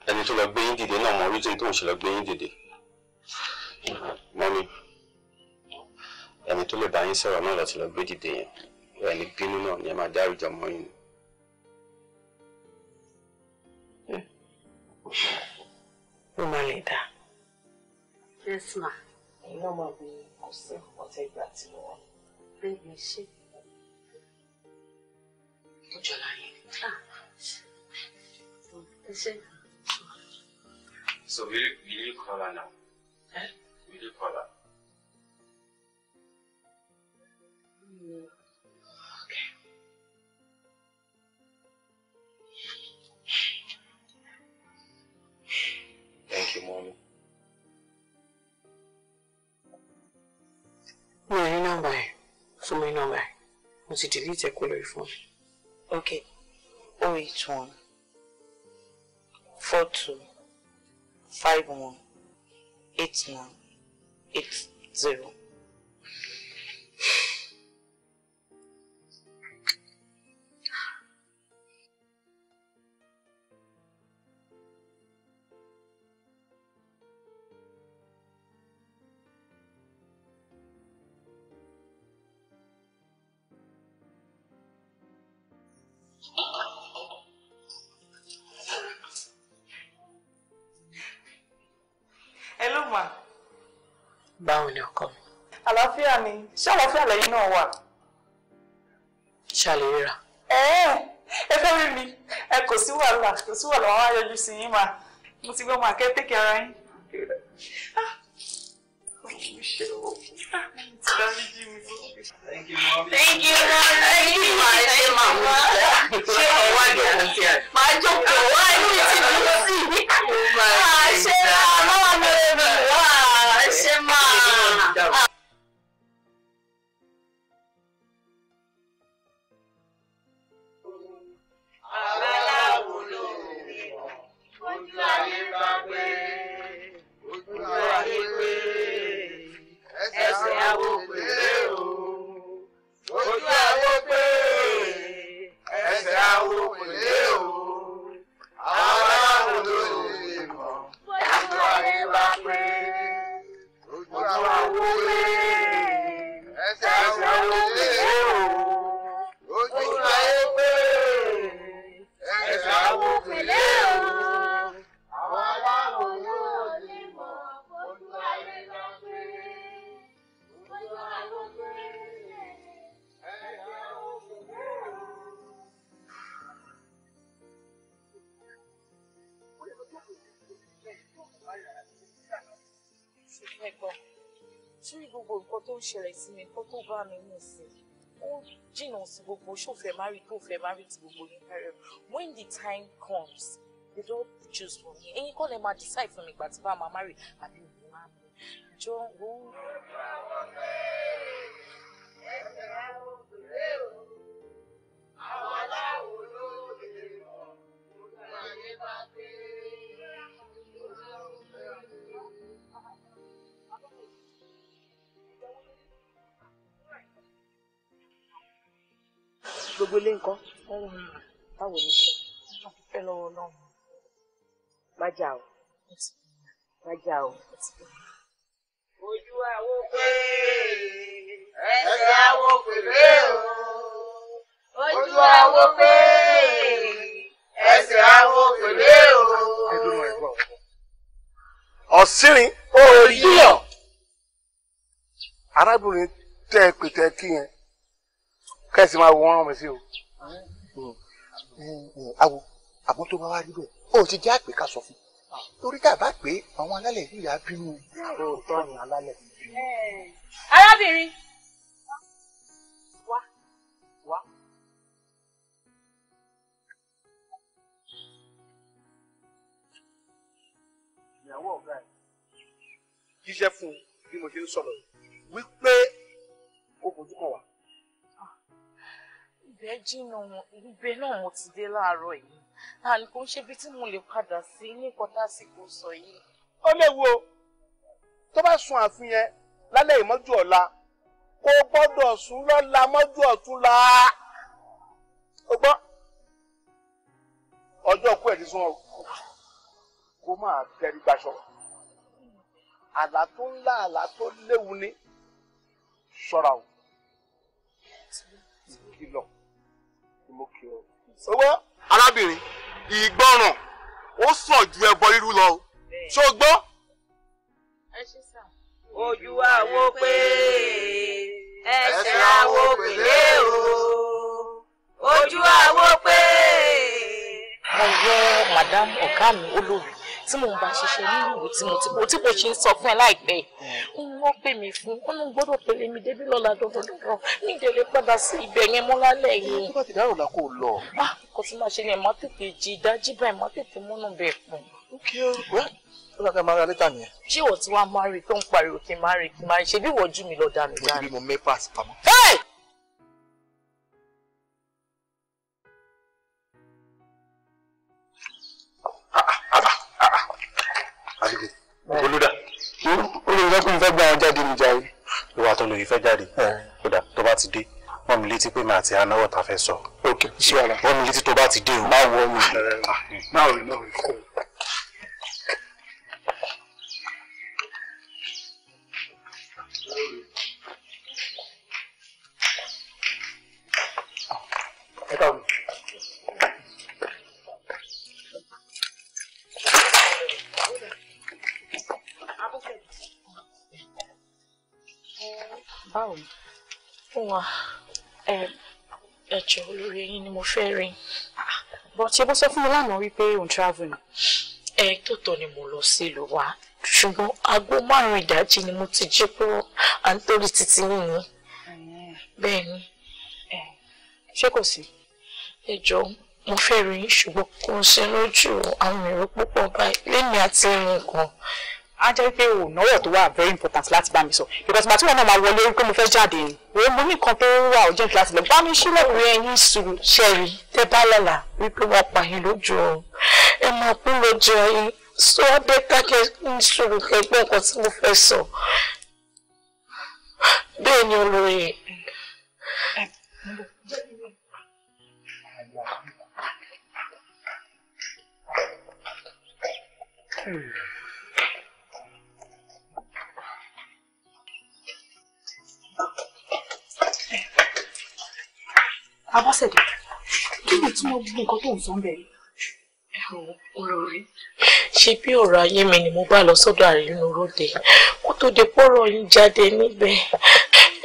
ẹni tó lọ gbé yín dìde náà mọ oríṣi tó ń ṣe lọ gbé yín dìde mọ́mí ẹni tó lè bá yín sọ̀rọ̀ náà lọ sí lọ gbé dìde yẹn ẹni bínú náà ni ẹ máa dáríjọ mọ́ yín. ó máa lè dá. yes ma. ẹ̀yin náà máa bí kò sí ọ̀tẹ̀ ìgbà tí wọ́n. bẹ́ẹ̀ ni ṣe jọra So will you, will you call her now? Will you call her? Mm. Okay. Thank you, mommy. Mi ò rí nọ́mbà ẹ̀, fún mi nọ́mbà ẹ̀, mo ti delete ẹ̀ kó lórí fóònù. Okay. 081 42 51 89 80. ṣàlàáfíà lẹ́yìn náà wà. ṣàlè rà. ẹ ẹ fẹ́ rí mi ẹ kò sí wàhálà kò sí wàhálà wọn á yọjú sí yín máa mo ti gbọ́ máa kẹ́ tẹ́kẹ̀ ara yín. Ah, ah, Thank you, Mommy. Thank you, Mommy. Thank you, Mommy. Ṣé màmá ṣe ọwọ́ àjọ̀wọ̀ tí a. Màá jókòó wá ní ti dúró sí i. Ṣé màmá mi rẹ̀ mi wá. mi ní ìsìn ó jìnnà sí gbogbo ṣòfẹ́ mari tó fẹ́ mari ti gbogbo yín pẹ́rẹ́ when the time comes they don't choose for me ẹ̀yin kọ́ lè máa decide fún mi ìgbà tí bá máa mari àbí òun máa mi jọ wọ́n. gbogbo ilé nǹkan báwo ni sọ ẹ lọ́wọ́ lọ́wọ́ má jà o má jà o. ojú àwo pé ẹsẹ̀ àwo pèlè o ojú àwo pé ẹsẹ̀ àwo pèlè o. ọ̀sìnrin òòyì ọ̀ arábìnrin tẹ́ ẹ pè kí yẹn kẹ́sì máa wo wọ́n rán mi sí o. àwo àmọ́ tó bá wá rí bẹ́ẹ̀ ó ti jẹ́ àpè ká sọ fún torí tá a bá pé àwọn alálẹ̀ yìí á bínú òótọ́ ni alálẹ̀. arábìnrin wá wá. ìyàwó ọ̀gá jíṣẹ́ fún bí mo ṣe ń sọ̀rọ̀ wípé ó fojú kàn wá ibẹ̀ jìnnà wọn ibẹ̀ náà mo ti dé láàárọ̀ yìí and kò ń ṣe bí tí mo lè padà sí ní kọtà sí kò sọ yìí. ó léwu o tó bá sun ààfin yẹn lálẹ́ ìmọ́jú ọ̀la kò gbọ́dọ̀ sùn lọ́la mọ́jú ọ̀túnla ó gbọ́ ọjọ́ kú ẹ̀ ti sún ọ kó máa tẹ́rí gbaṣọ àlá tó ńlá àlá tó léwu ni ṣọ́ra o ìkìlọ̀ sọwọ́ arábìnrin ìgbọràn ó sàn ju ẹbọ rírú lọ o ṣó gbọ́. ojú àwo pé ẹsẹ̀ àwo pèlè o ojú àwo pé. mo yọ madam ọ̀ká mi olórí tí mò ń bá ṣiṣẹ́ nílùú tí mo ti bò tí mo ṣe ń sọ fún ẹ láìpẹ́ yìí mm. wọ́n pè mí fún wọn ló gbọ́dọ̀ pèlè mi débi lọ́la dọ́dọ̀dọ́dọ̀ mi ìdílé padà sí ibẹ̀ yẹn mọ́ lálẹ́ yìí. tó bá la kó lọ. Ah, kò tún máa ṣe ni màá tètè jí dájú báyìí màá tètè múnú bẹ̀ fún. ok well ó bá ká máa ra lẹ́tà nìyẹn. ṣé ìwọ ìwà àtọ́lò yìí fẹ́ jáde kódà tó bá ti dé wọ́n mi létí pé màá ti anáwọ̀ ta fẹ́ sọ. ok sí wàhálà wọ́n mi létí tó bá ti dé o. máa wọ ọmọ rẹ máa rìn náà rìn kọ́. wà ẹ̀jẹ̀ olórí yín ni mo fẹ́ rí bọ́ tí ẹ bá sọ fún mi lánàá wípé òun travel ni. ẹ tó tọ́ ni mo lọ sí ìlú wa ṣùgbọ́n aago márùn-ún ìdájí ni mo ti jí kúrò à ń torí títí nìyí bẹ́ẹ̀ ni. ṣé kò sí. ẹ mo fẹ́ rí ṣùgbọ́n kò ń ṣe lójú àwọn èrò púpọ̀ báyìí lẹ́mìí àti ẹ̀rìn kan á jẹ́ pé o náwó tó wà very important láti bá mi sọ because màtí wọn náà máa wọlé pé mo fẹ́ jáde ni wo mo ní nǹkan tó wà ó jẹ́ láti lọ bá mi sílẹ̀ orí ẹyin sùúrù ṣẹ́rí tẹ́ bá lọ́la wípé wọ́n pa yín lójú ọ ẹ máa kú lójú ọyìn sọ ọdẹ kákẹ́ ń sùúrù kẹgbẹ́ nǹkan tí mo fẹ́ sọ bẹ́ẹ̀ ni olóyè. Hmm. Abọ́sẹ̀dé, kí ni túmọ̀ gbogbo nǹkan tó ń sọ bẹ̀rẹ̀? Ọ̀rọ̀ rí. Ṣé bí ọ̀rọ̀ ayé mi ni mo bá lọ sọ́dọ̀ àrínú ròde? Kó tó di pọ́rọ̀ yín jáde níbẹ̀.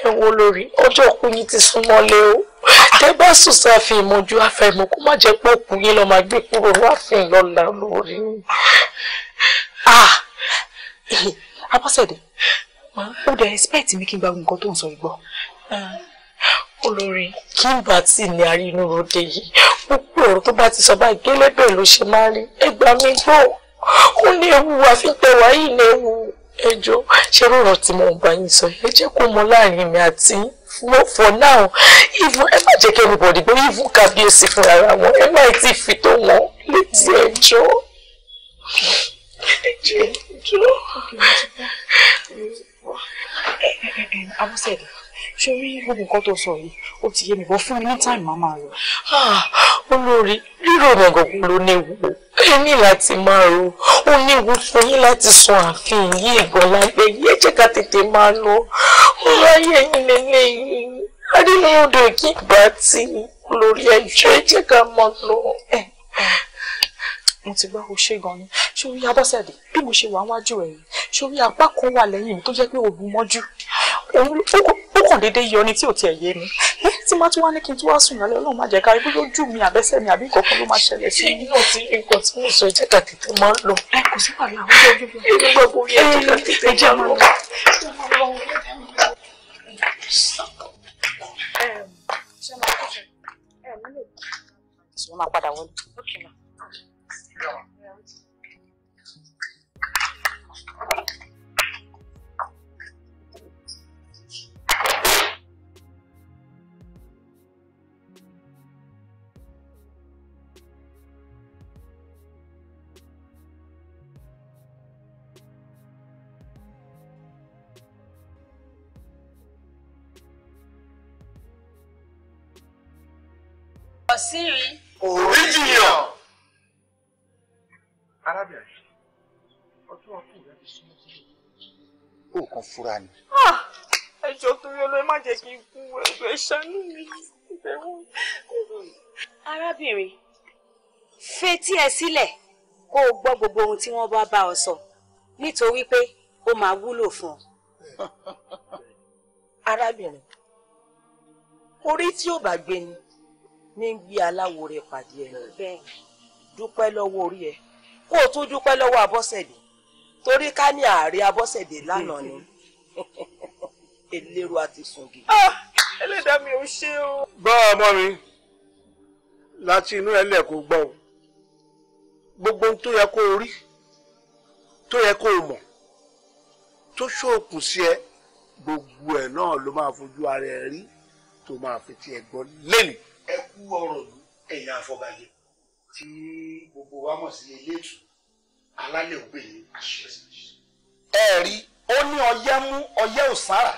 Ẹ wo lórí, ọjọ́ òkú yín ti súnmọ́ lé o. Tẹ́ bá sùn sáfin ìmọ̀jú afẹ́mu kó má jẹ́ pé òkú yín lọ máa gbé kúrò láàfin lọ́la lórí. Abọ́sẹ̀dé, ó dẹ̀ expect mi kí n gba nǹkan tó ń sọ ìgbọ́ olórí kímbàtì ni arínú òde yìí púpọ̀ ọ̀rọ̀ tó bá ti sọ báyìí gẹ́lẹ́bẹ̀ ló ṣe máa rí ẹgbàá mi gbọ́ ó ní ewu àfitẹ̀wá yìí ní ewu ẹjọ́ ṣé rọ̀rọ̀ tí mo bá yín sọ ẹ jẹ́ kó mọ láàrin mi àti for now even ẹ má jẹ́ kí anybody go even kábíyèsí fúnra wọn ẹ má ti fi tó wọn létí ẹjọ́ ẹjọ́ ẹjọ́. abúṣẹ́dì ṣe rí gbogbo nǹkan tó sọ yìí ó ti yé mi bọ́ fún mi ní táìmù máa máa lọ. Ah, olórí rírò gbọ̀ngàn ló léwu ẹ ní láti máa ro ó léwu fún yín láti sọ àfihàn yí ìbọn lágbẹ́ yìí ẹ jẹ́ ká tètè máa lọ ó ráyè yín lélẹ́yìn adínúdò kí ìgbà tí lórí ẹjọ́ ẹ jẹ́ ká máa lọ. Eh, eh. mo ti gbọ́ o ṣe gan ni ṣé orí abọ́sẹ̀dé bí mo ṣe wà wájú ẹ̀ yìí ṣé orí apá kan wà lẹ́yìn mi tó jẹ́ pé òògùn mọ́jú ó kàn déédéé yọ ni tí ò tiẹ̀ yé mi tí má tún wá ní kí n tún wá sùn lálẹ́ ọlọ́run má jẹ́ kárí bóyá ojú mi àbẹ́sẹ̀ mi àbí kankan ló máa ṣẹlẹ̀ sí mi. yóò ti nǹkan tí mo sọ jẹ́ ká tètè máa lọ. ẹ kò sí wàhálà àwọn ọjọ́ bíbí ẹ nígbà bóyá ẹ jẹ́ ká tètè jẹ́ lọ. ṣé máa padà wọlé. sírí. Original. arábìnrin ọdún ọdún rẹ ti súnmọ́ sílẹ̀. ó kàn fura ni. Ah, ẹ jọ̀ọ́ torí olóyè má jẹ́ kí n kú ẹgbẹ́ ṣàánú mi ìbẹ̀wò. arábìnrin fetí ẹ sílẹ̀ kó o gbọ́ gbogbo ohun tí wọ́n bá bá ọ sọ nítorí pé ó máa wúlò fún ọ. arábìnrin orí tí ò bá gbé ni ní gbé aláwo rẹ pàdé ẹ bẹ́ẹ̀ dúpẹ́ lọ́wọ́ orí ẹ kó o tún dúpẹ́ lọ́wọ́ abọ́sẹ̀dé torí ká ní ààrẹ abọ́sẹ̀dé lánàá ni eléru àti sùngi. Ah, ẹlẹ́dàá mi ò ṣe o. gbọ́ ọmọ mi láti inú ẹlẹ́ kò gbọ́ o gbogbo ohun tó yẹ kó o rí tó yẹ kó o mọ̀ tó ṣóòkùn sí ẹ gbogbo ẹ náà ló máa fojú ara ẹ rí tó máa fi tiẹ̀ gbọ́ lẹ́nu ẹ kú ọrọ̀ ìlú ẹ̀yìn àfọ̀bàyẹ tí gbogbo wa mọ̀ sí ilé ètò alálẹ̀ ògbè ní àṣẹ. ẹ rí ó ní ọyẹ mú ọyẹ òsára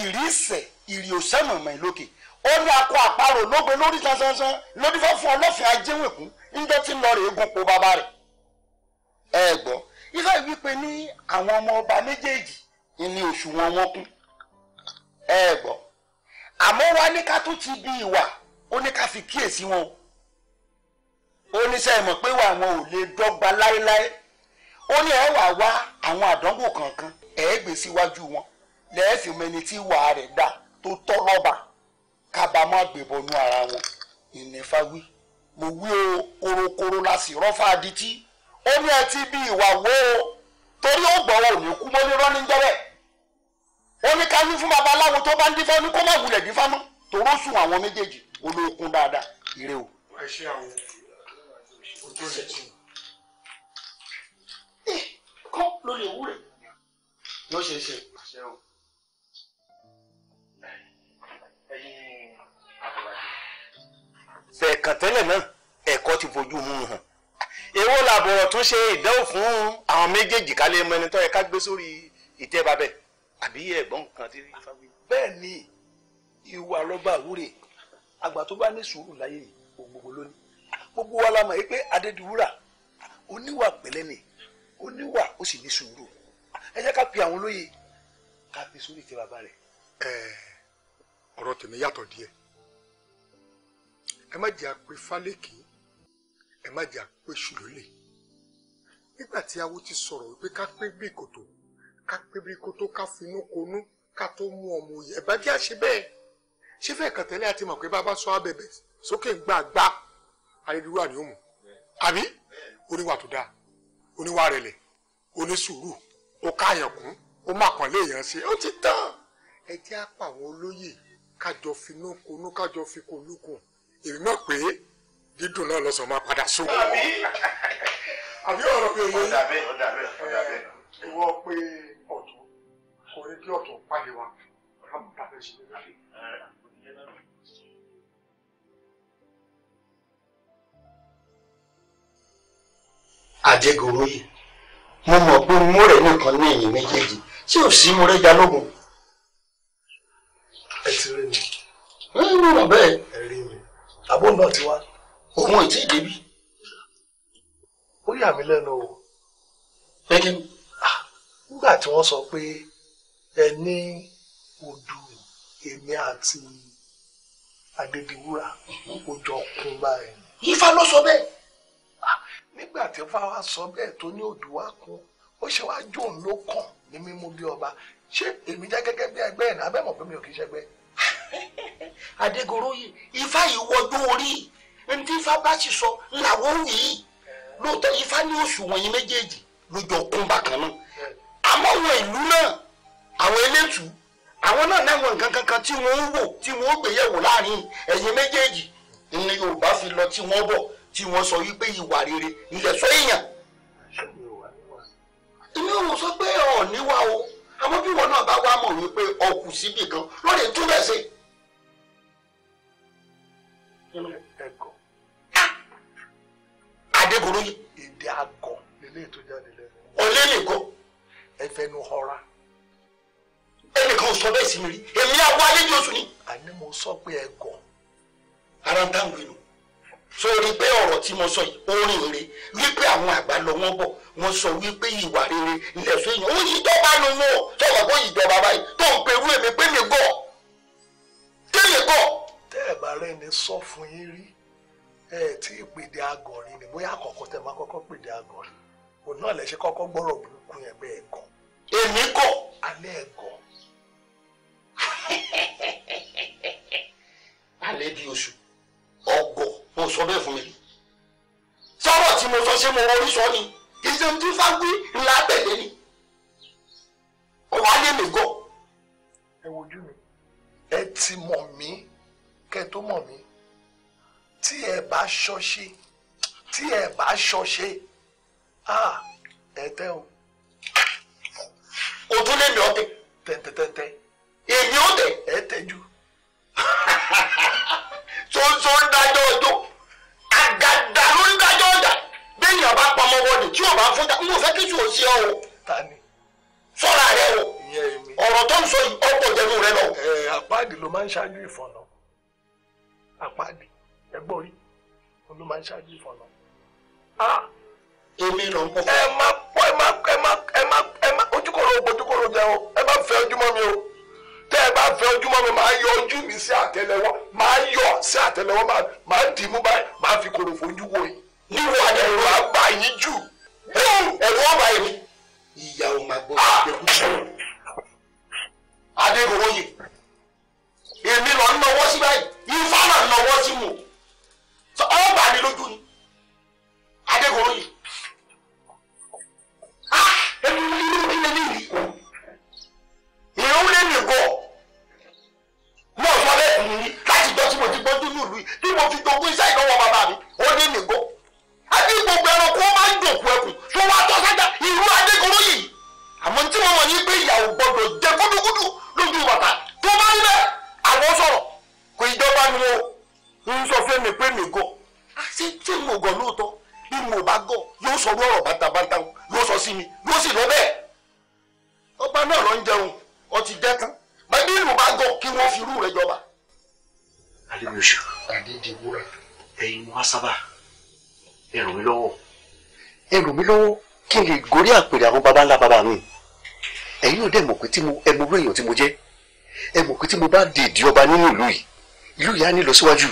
ìrí ìsẹ̀ ìrì òsẹ́mọ̀mọ̀ ìlókè ó ní akọ àparò lógbe lórí sansansan lórí fọ́fún ọlọ́fẹ́ ajéwèkún níjọ́ tí ń lọ rèé gun po bàbá rẹ̀ ẹ gbọ́ ifá yìí wípé ní àwọn ọmọ ọba méjèèjì ní oṣù wọn wọn kún ẹ gbọ́ àmọ́ wa ní ká tún ti bí ìwà ó ní ká fi kíyèsí wọn ó ní sẹ́yìn mọ̀ pé wà wọn ò lè dọ́gba láéláé ó ní ẹ wà wá àwọn àdánwò kankan ẹ gbé síwájú wọn lẹ́ẹ̀fì mẹni tí ìwà rẹ̀ dá tó tọ́ lọ́ba kábàámọ̀ àgbèbọnú ara wọn ìnẹ́fà wí mo wí o korokoro la sì rọ́fà adití ó ní ẹ ti bí ìwà wo torí ó gbọ́wọ́ òní kú mọ́ ní rọ́níjẹ́rẹ́ ó ní ká wí fún babaláwo tó bá ń dífá ní kó má wulẹ̀ dífá mọ́ toró sùn àwọn méjèèjì olókun dáadáa ire o. ẹ ṣe àwọn ojú rẹ jù. kọ́ ló lè wúrẹ̀ yóò ṣe é ṣe. fẹ̀ẹ̀kàn tẹ́lẹ̀ náà ẹ̀kọ́ ti fojú mú hàn èwo làbọ̀rọ̀ tún ṣe ìdánwò fún àwọn méjèèjì ká lè mọ ẹni tó yẹ ká gbé sórí ìtẹ́ babẹ́ àbí ẹ̀gbọ́n kan ti fa wí. bẹ́ẹ̀ ni ìwà lọ́ba àwúrè àgbà tó bá ní sùúrù láyé yìí òun gbogbo lónìí gbogbo wa la mọ̀ yìí pé adédìwúrà oníwà pẹ̀lẹ́ ni oníwà ó sì ní sùúrù ẹ jẹ́ ká pe àwọn olóye ká fi sórí ìtẹ́ bàbá rẹ̀. ẹ ọ̀rọ̀ tèmi yàtọ̀ díẹ̀ ẹ má jẹ́ àpè fálékì ẹ má jẹ́ àpè ṣùlọ́lẹ̀ nígbà tí awo ti sọ̀rọ̀ wípé ká pín bí kòtò ká pébí kó tó ká finú konú ká tó mú ọmọ òye ẹ̀ bá jẹ́ àṣẹ bẹ́ẹ̀ ṣé fẹ́ẹ̀ kàn tẹ́lẹ̀ àti mọ̀ pé bàbá sọ abẹ̀bẹ̀ sókè ń gbàgbà ayélujára ni ó mú àbí oníwà tó dáa oníwà rẹ̀lẹ̀ onísùúrù ó káàyàn kún ó má kàn léèyàn ṣe ó ti tán ẹ jẹ́ àpà àwọn olóyè kájọ finú konú kájọ fi kó lukùn èmi mọ̀ pé dídùn náà lọ́sàn máa padà sóko àbí ọ̀rọ̀ pé olóyè ó dàbẹ́ ó dàbẹ́ ó dàbẹ́ ìwọ pé kí ọ̀tọ̀ pàdé wa ọlọ́run bá fẹ́ ṣe ní láti. àdégoro mo mọ̀ pé mo rẹ̀ nìkan ní ẹ̀yìn méjèèjì tí ò sí mo rẹ̀ jalógun. ẹ ti rí mi. ẹ ń rò bẹ́ẹ̀. ẹ rí mi. àbó náà ti wá. òun ò tí ì débi. ó yà mí lẹ́nu o. pé kí ni. Ah, nígbà tí wọ́n sọ pé ẹ ní odù èmi àti adédiwúrà ó jọ kún báyìí. ifá ló sọ bẹ́ẹ̀. Ah, nígbà tí ifá wa sọ bẹ́ẹ̀ tó ní odù wa kún ó ṣe wá jó òun ló kàn ní mímú bí ọba ṣé èmi jẹ́ gẹ́gẹ́ bí ẹgbẹ́ ẹ̀ náà abẹ́mọ̀ pé mi ò kì í ṣẹgbẹ́. adégoróyè ifá yìí wọjú orí ntí ifá bá sì sọ làwọn ò yìí lóòótọ́ ifá ní oṣù wọ̀nyí méjèèjì ló kún bákan náà àmọ́ wọn ìlú náà àwọn elétù àwọn náà náwọn nǹkan kankan tí wọ́n ń wò tí wọ́n ó gbéyẹ̀wò láàrin ẹ̀yin méjèèjì ni Yorùbá fi lọ tí wọ́n bọ̀ tí wọ́n sọ wípé ìwà rere ilẹ̀ sọ èèyàn. ilé òun sọ pé ọ̀ọ́ni wa o àmọ́ bí wọn náà bá wá mọ̀ wípé ọkù síbì kan lóde túbẹ̀ sí. Adégoróyè. Èdè àgọ̀ lélẹ́yìn tó jáde lẹ́nu. Ọlẹ́lẹ̀ gan. Ẹ fẹnu họra ẹnìkan sọ bẹ́ẹ̀ sí mi rí èmi àwọn àlejò oṣù ni. àní mo sọ pé ẹ gọ̀ ara ń dáhùn inú sórí pé ọ̀rọ̀ tí mo sọ yìí orin rere wípé àwọn àgbà lọ wọ́n bọ̀ wọ́n sọ wípé ìwà rere ilẹ̀ sọ èèyàn ó yíjọba nu mọ́ sọ̀rọ̀ pé ìjọba báyìí tó ń perú èmi pé mi gọ̀ kéèyàn gọ̀. tẹ́ ẹ̀ bá rẹ̀ ni sọ fún yín rí ẹ tí ìpèdè agọ̀rin ni bóyá àkọ́kọ́ tẹ́ máa kọ́kọ́ pèdè agọ̀rin òun náà lẹ ṣe kọ́kọ́ gbọ́rọ̀ burúkú yẹn bẹ́ẹ̀ gan. èmi gọ̀. alẹ́ gọ̀ mọ̀lẹ́bí oṣù ọgọ̀ mo sọ bẹ́ẹ̀ fún mi sọ́rọ̀ tí mo sọ ṣé mo rọrí sọ ni ìṣe tí fáwí ńlá tẹ̀lé ni ọ̀wá lé mi gọ̀. ẹ wojú mi ẹ ti mọ̀ mí kẹ́ ẹ tó mọ̀ mí tí ẹ bá ṣọṣe tí ẹ bá ṣọṣe ẹ tẹ́ o. o tún lé mi ọtẹ. tẹ́ntẹ́tẹ́ntẹ́ èmi ò tẹ̀ ẹ́ tẹ́jú tóńtó ń dájọ́ ọjọ́ àgàdà ló ń dájọ́ ọjà bẹ́ẹ̀ni ọba pamọ́ wọlé tí ọba fún ta n ò fẹ́ kí sùn sí ọ o sọ́ra rẹ o ọ̀rọ̀ tó ń sọ yìí ọ̀pọ̀ jẹ́nu rẹ lọ. àpáàdì ló máa ń ṣáájú ìfọ̀nà àpáàdì ẹgbọ́n rí ló máa ń ṣáájú ìfọ̀nà. èmi ló ń bọ̀. ẹ má pọ ẹ má ẹ má ẹ má ojúkòrò ojúkòrò jẹ o ẹ má fẹ́ ojúmọ́ mi o tẹ́ bá fẹ́ ojú mi máa yọ ojú mi sí àtẹ́lẹwọ́ máa yọ sí àtẹ́lẹwọ́ máa dì í mú báyìí máa fi kòròfò ojú wo yìí. níwọ̀ àdá ẹ̀rọ àgbà yìí jù ẹ̀rọ ọ̀bà yìí. ìyàwó máa gbọ́ adéhòòyè èmi lọ nọwọ́ sí báyìí ifá náà nọwọ́ sí mu ọ̀bà mi lójú ni adéhòòyè ah èmi ló ń kí lè ní ìlú ìrún lé nìkan ọgbọ́n ìsọlé ìlú rí láti jọ tí mo ti gbójú ní ìlú yìí bí mo fi dogun iṣẹ́ ìdánwò bàbá mi ó ní nìgó. àti gbogbo ẹranko ó máa ń dòkú ẹkùn tó wá tọ́ sájà ìlú adékòrò yìí. àmọ́ tí mo mọ̀ ní pé ìyàwó gbọ́dọ̀ jẹ gúdúgúdú lójú bàtà tó bá rí bẹ́ẹ̀ àwọn sọ̀rọ̀ kò ìjọba ni o ń sọ fún mi pé mi gọ̀ ṣé ṣé mo gọ̀ lóòótọ́ bí mo bá gọ̀ yóò sọ lọ́rọ̀ bàtàbàtà yóò sọ sí mi yóò sì lọ bẹ́ẹ̀ ọba náà ló ń jẹun ọtí jẹ́ tán bẹ́ẹ̀ bí ìlú bá gọ̀ kí wọ́n fi irú rẹ̀ jọba. adébíyọsù adédèwúrà ẹ̀yin wá sábà ẹ ràn mí lọ́wọ́ ẹ ràn mí lọ́wọ́ kí n lè gorí àpèrè àwọn baba ńlá baba mi ẹ̀yin ò dẹ̀ mọ̀ pé tí mo ẹ mọ̀ orí èèyàn tí mo jẹ́ ẹ mọ̀ pé tí mo bá dèdè ọba nínú ìlú yìí ìlú yìí á ní ìlọsíwájú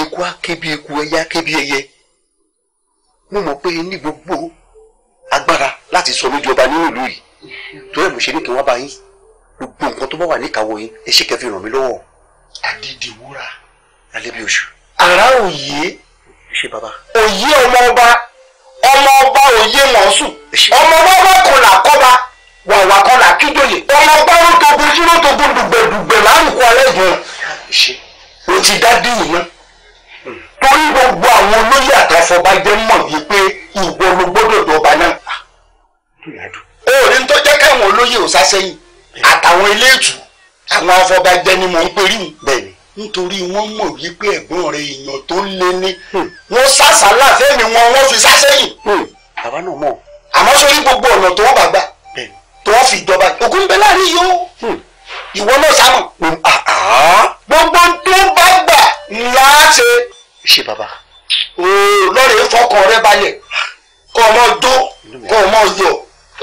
eku ake bí eku ẹyẹ ake bí ẹyẹ mo mọ̀ pé ní gbogbo agbára láti sọ lójú ọba nínú ìlú yìí torí ẹ̀ mo ṣe ní kí wọ́n bá yín gbogbo nǹkan tó bá wà níkàwọ́ yín ẹ ṣe kẹfì ràn mí lọ́wọ́. àdìdì wúrà. alẹ́bí oṣù. ara òye. ẹ ṣe bàbá. òye ọmọ ọba ọmọ ọba òye mọ̀ọ́sù ọmọ ọba ọba kan là kọ́ba wàwà kan là kíjòyè ọmọ ọba rótogun sí rótogun dùgbẹ̀dùgbẹ̀ lárúkọ alẹ́ yẹn. o ti dá dín ìyẹn torí gbogbo àwọn olóyè àtàfọ̀bàjẹ́ mọ̀ yìí pé ìwọ ló gbọ́dọ̀ dọ̀ba náà. o ah, ò ní tọ́jà káwọn olóyè ò sá sẹ́yìn àtàwọn iléetù àwọn afọbajẹ ni mò ń perí bẹ́ẹ̀ni nítorí wọ́n mọ̀ wípé ẹ̀gbọ́n rẹ̀ èèyàn tó lé ní hmm. wọ́n sàṣà láfẹmí wọn wọ́n fi sásẹyìn bàbá hmm. náà mọ̀ àmọ́ sórí gbogbo ọ̀nà tó wọ́n bá gbà tó wọ́n fi ìjọba ògùn bẹ láàrin yìí ó hmm. ìwọ náà sámọ̀ ah, ah. gbogbo tó bá gbà ńlá ṣe. ṣe bàbá. lọ́rẹ̀ẹ́ fọkàn rẹ balẹ̀ kọ́ ọ mọ́ jó kọ́ ọ mọ́ yọ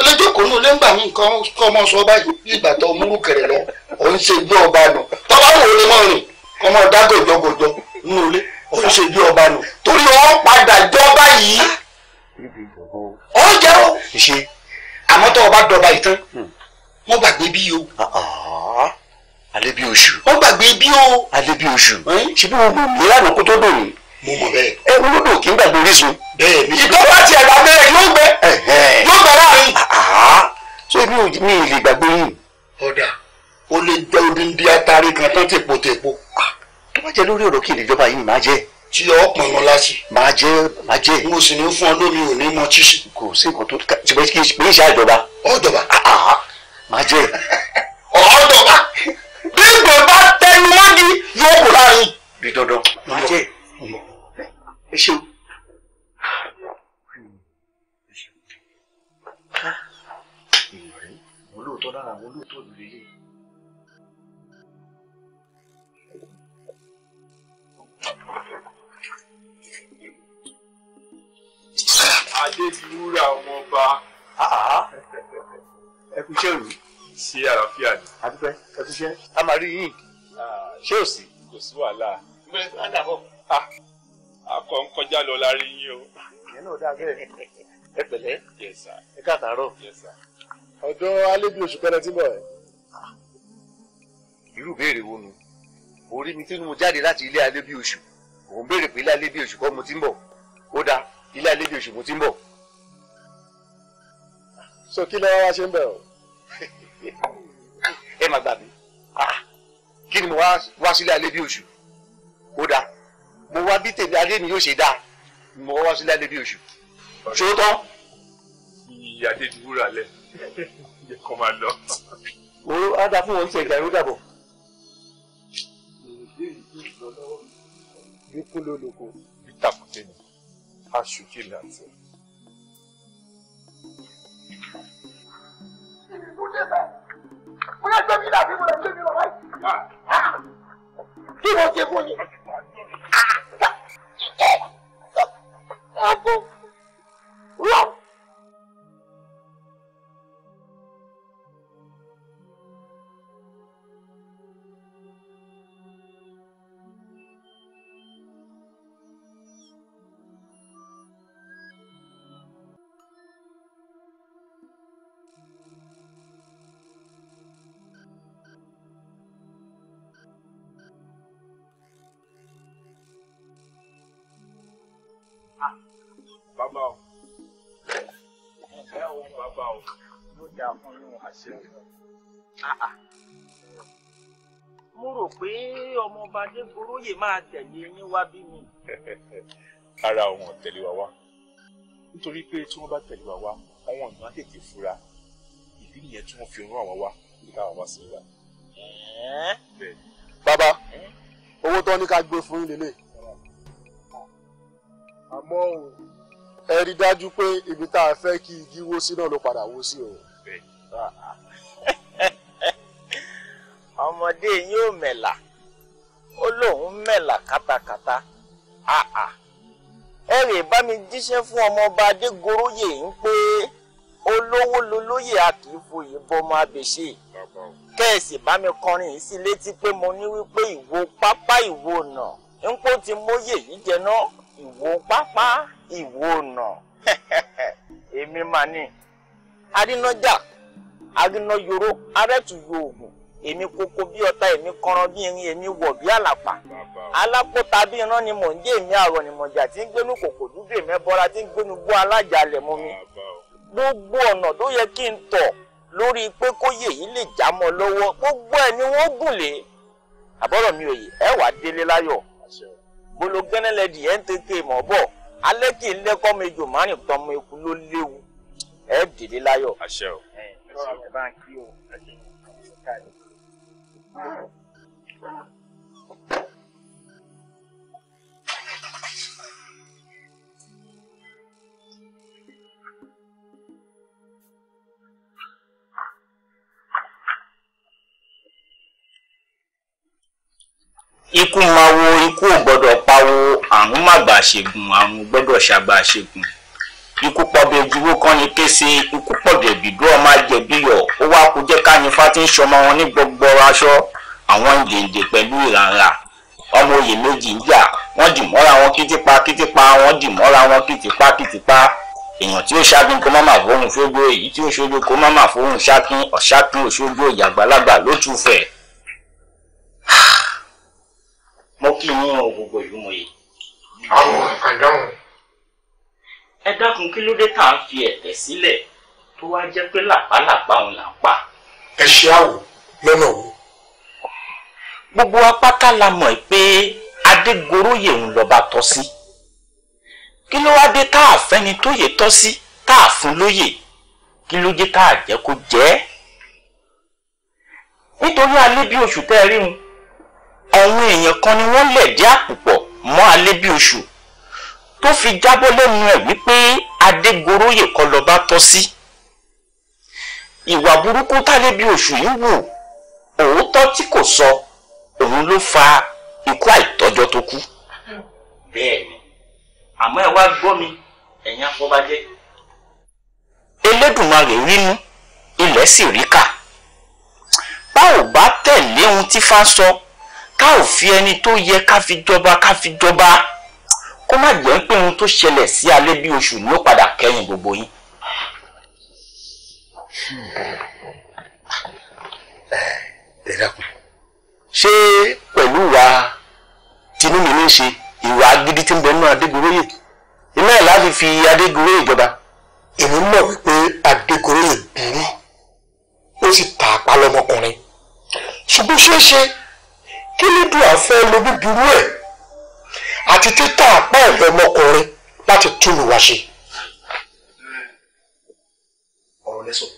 lójókòó nù lẹ́ngbà mi nǹkan kọ́ ọmọ sọ báyìí ìgbà tó múrú kẹrẹ lọ ò ń ṣe bí ọba nù tọ́ba wò lè mọ rìn ọmọ ọ̀dá gòjọgòjọ nù lé ò ń ṣe bí ọba nù torí wọn padà jọba yìí ó jẹ́ o àmọ́ tọ́ ọba dọba yìí tán hmm. wọ́n gbàgbé bí o. alẹ́ bí oṣù. wọ́n gbàgbé bí o. alẹ́ bí oṣù. ṣé bí wọ́n mú mi lánàá kó tó dòní mo mọ̀ bẹ́ẹ̀. ẹnu ló dùn kí n gbàgbé orísun. bẹ́ẹ̀ ni ìgbà wá tiẹ̀ gbàgbé rẹ̀ yóò gbẹ yóò gbẹ láàrin. so mi ò mi lè gbàgbé yìí. ọ̀dà o lè jẹ́ odindi atari kan tán tèpo tèpo. tó bá jẹ́ lórí ọ̀rọ̀ kí ìjọba yìí máa jẹ́ tí ọ pọn wọn láti. máa jẹ máa jẹ. mo sì ní fún ọ lómi ò ní mọ tíṣì. kò sí nǹkan tó ká ṣùgbọ́n kí n ṣe àjọba. ọ̀dọ̀bà. máa jẹ. ọ̀dọ̀bà. bí ìgbẹ́ bá tẹnu mọ́gi yóò kó láàrin. bí dandan máa jẹ ẹ ṣeun. adébíwúrà ọmọọba. ẹ òní. ṣé àlàáfíà ni. adúpẹ́ ẹ a máa rí yín. Ah. ṣé ò sí. kò sí wàhálà. bẹ́ẹ̀ ni ah akọ ń kọjá lọ la rí yín o. ìyẹn náà dá bẹ́ẹ̀ ẹ pẹ̀lẹ́ ẹ káàtàárọ̀ ọ̀dọ́ alẹ́bí oṣù pẹ́rẹ́ tí bọ̀ ẹ́. irú béèrè wo nu orí mi tí mo jáde láti ilé alẹ́bí oṣù òun béèrè pé ilé alẹ́bí oṣù kọ́ mo ti ń bọ̀ ó dáa ilé alẹ́bí oṣù mo ti ń bọ̀. so kí lọ́wọ́ wá ṣe ń bẹ̀ o. ẹ má gbà mí ah, kí ni mo wá sílé alẹ́bí oṣù ó dáa mo wá bí tèmi adé mi yóò ṣe dáa mo wá sí lálẹ́ bí oṣù ṣó tán. ìyá adé ti wúrà lẹ yẹ kó máa lọ. o á dá fún wọn ṣe ìgbà ìró dàbọ̀. bí kú ló lóko bí kí ni àti ẹ. Mo lè gbé mi ah! Ah! Kí ló ṣe fún ọgbọ́n. Ah, ah. mo rò pé ọmọọba adégoróyè máa tẹ̀lé yín wá bí mi. ara àwọn tẹ̀lé wa wá nítorí pé tí wọ́n bá tẹ̀lé wa wá àwọn ìgbà tètè fura ìdí nìyẹn tí wọ́n fi rán àwa wá nígbà àwa wá sí wa. bàbá owó tó ní ká gbé fún yín lélẹ̀. àmọ́ ẹ rí i dájú pé ibi tá a fẹ́ kí igi wó sí náà ló padà wó sí o. ọmọdé yín ò mẹ̀là ó lóun mẹ̀là kátakátá ẹ rè bá mi jíṣẹ́ fún ọmọọba adégoróyè ń pé olówó lolóyè a kì í foyè bọmọ abèṣe kẹ́ẹ̀sì bá mi kọrin yìí sí létí pé mo ní wípé ìwo pápá ìwo nà ń pò tí móyè yìí jẹná ìwo pápá ìwo nà èmi mà ní adínájà. agbẹ́nà yòró arẹ́tù yòògùn èmi koko bí ọ̀tá èmi kọ́ran bí irin èmi wọ bí àlàpà alápótá bí iná ni mò ń jẹ́ èmi àrọ̀ nìmọ̀jà tí ń gbénú kòkò dúdú èmi ẹbọra tí ń gbó mi gbogbo ọ̀nà tó yẹ kí n tọ̀ lórí pé kóyè le lè já gbogbo ẹ̀ ni wọ́n gùn lé àbọ̀rọ̀ mi ẹ délé láyọ̀ ẹ̀ ń eku ló léwu báńkì o àti káàdì. ikú máa wo ikú ò gbọ́dọ̀ pawó àrùn má ṣègùn àrùn gbọ́dọ̀ ṣàgbà ṣègùn ikú pọ̀bẹ ìjúwó kan ní kése ikú pọ̀bẹ ìbìdó ọmọ àjẹbíyọ̀ ó wá kó jẹ́ káyínfà tí ń sọmọ wọn ní gbogbo aṣọ àwọn ìdèǹdè pẹ̀lú ìrànlá ọmọ òye méjì ń jà wọ́n dì mọ́ra wọn kìtìpa kìtìpa wọ́n dì mọ́ra wọn kìtìpa kìtìpa èèyàn tí ó ṣáàkín kó máma fóun ṣógbó èyí tí ó ṣojú kó máma fóun ṣáàkín ọ̀ṣáàkín òṣogbó ìyàgbàlagbà ló tún fẹ̀. mo kí yín o gbogbo ìlú mo yìí. àwọn àdáhùn ẹ dákun kí ló dé tá à ń fi ẹ̀tẹ̀ sílẹ̀ tó wá jẹ́ pé làpálàpá òun là ń pa. ẹ ṣe àwò lọ́nà wo. gbogbo apáká la mọ̀ pé adégoróyè òun lọ́ba tọ́ sí kí ló wá dé tá a fẹ́ni tó yẹ tọ́ sí tá a fún lóyè kí ló dé tá a jẹ́ kó jẹ́ nítorí alẹ́ bí oṣù tẹ́ ẹ rí wọn àwọn èèyàn kan ni wọ́n lẹ̀dí àpòpọ̀ mọ́ alẹ́ bí oṣù tó fi jábọ́ lẹ́nu ẹ̀ wípé adégoróyè kọ́ lọ́ba tọ́ sí ìwà burúkú tálẹ́bí oṣù yìí wù òótọ́ tí kò sọ òun ló fa ikú àìtọ́jọ́ tó kú. bẹ́ẹ̀ni àmọ́ ẹ wá gbọ́ mi ẹ̀yin afọbajẹ. elédùnmarè rínú ilẹ̀ sì rí kà bá ò bá tẹ̀lé ohun tí fá sọ ká ò fi ẹni tó yẹ ká fi jọba ká fi jọba kó má jẹ́ pé ohun tó ṣẹlẹ̀ sí alẹ́ bí oṣù ló padà kẹ́yìn gbogbo yín. ẹ dákun ṣé pẹ̀lú ìwà tinú mi ní ṣe ìwà gidi tí ń bẹ nínú adégoróyè iná ẹ̀ láti fi adégoróyè jọba èmi mọ̀ wípé adégoróyè burú ó sì ta apá lọ́mọkùnrin ṣùgbọ́n ṣeé ṣe kí ló dùn àfẹ́ lóbi burú ẹ̀. àti títà àpá ẹ̀gbẹ́ ọmọkùnrin láti túlù wá ṣe. ọ̀rọ̀ lẹ́sọ̀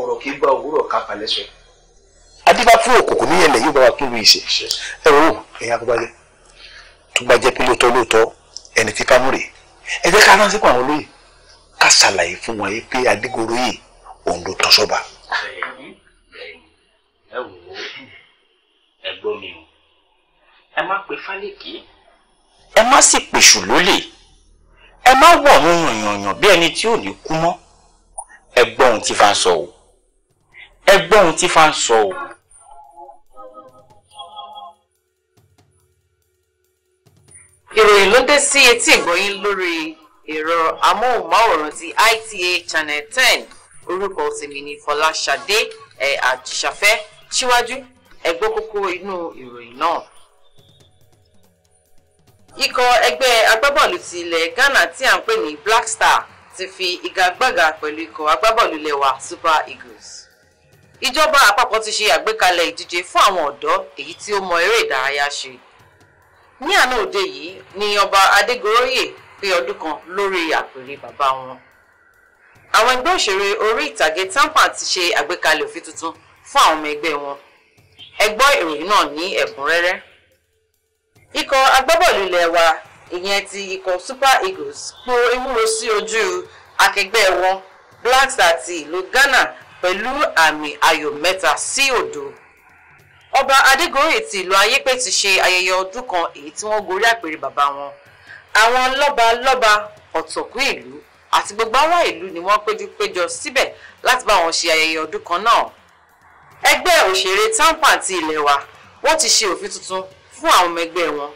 ọ̀rọ̀ kì í gba òwúrọ̀ ká balẹ̀ sọ. adíbá fún òkùnkùn ní ẹlẹ yóò bá wa tún lu ìṣe ẹ wò ẹ̀yin akọbalẹ tó bá jẹ́ pé lóòótọ́ lóòótọ́ ẹni tí ká mú rè ẹ jẹ́ ká ẹ má pe fálẹ́kì ẹ má sì pèṣù lólè ẹ má wọ̀ ọ̀run yànyànyàn bí ẹni tí ò ní kú mọ́ ẹ gbọ́ ohun tí fa ń sọ o ẹ gbọ́ ohun tí fa ń sọ o. ìròyìn ló dé sí etí ìgbọ̀yìn lórí ẹ̀rọ amóhùnmáwòrán ti ITA Channel ten orúkọ tèmi ni Fọláṣadé ẹ̀ àjíṣàfẹ́ síwájú ẹ kókó inú ìròyìn náà ikọ̀ ẹgbẹ́ agbábọ́ọ̀lù ti ilẹ̀ Ghana tí à ń pè ní Black Star ti fi ìgagbága pẹ̀lú ikọ̀ agbábọ́ọ̀lù lẹ́wà Super Eagles. ìjọba àpapọ̀ ti ṣe àgbékalẹ̀ ìdíje fún àwọn ọ̀dọ́ èyí tí ó mọ eré ìdárayá ṣe. ní àná òde yìí ni ọba Adégoróyè pé ọdún kan lórí àpèrè bàbá wọn. àwọn ẹgbẹ́ òṣèré orí ìtàgé TAMPAN ti ṣe àgbékalẹ̀ òfin tuntun fún àwọn ọmọ ẹgbẹ́ wọn. ẹ gbọ́ ikọ̀ agbábọ́ọ̀lù ilẹ̀ wa ìyẹn ti ikọ̀ super eagles po ewúro sí ojú akẹgbẹ́ wọn blacks star ti ìlú ghana pẹ̀lú àmì ayò mẹ́ta sí òdo ọba adégoróyè ti ìlú ayépé ti ṣe ayẹyẹ ọdún kan èyí tí wọ́n gorí àpèrè bàbá wọn àwọn lọ́ba lọ́ba ọ̀tọ̀kún ìlú àti gbogbo ará ìlú ni wọ́n péjú péjọ síbẹ̀ láti bá wọn ṣe ayẹyẹ ọdún kan náà ẹgbẹ́ òṣèré tampan ti ilẹ̀ wa wọ́n ti ṣe òfin tuntun fún àwọn ọmọ ẹgbẹ́ wọn.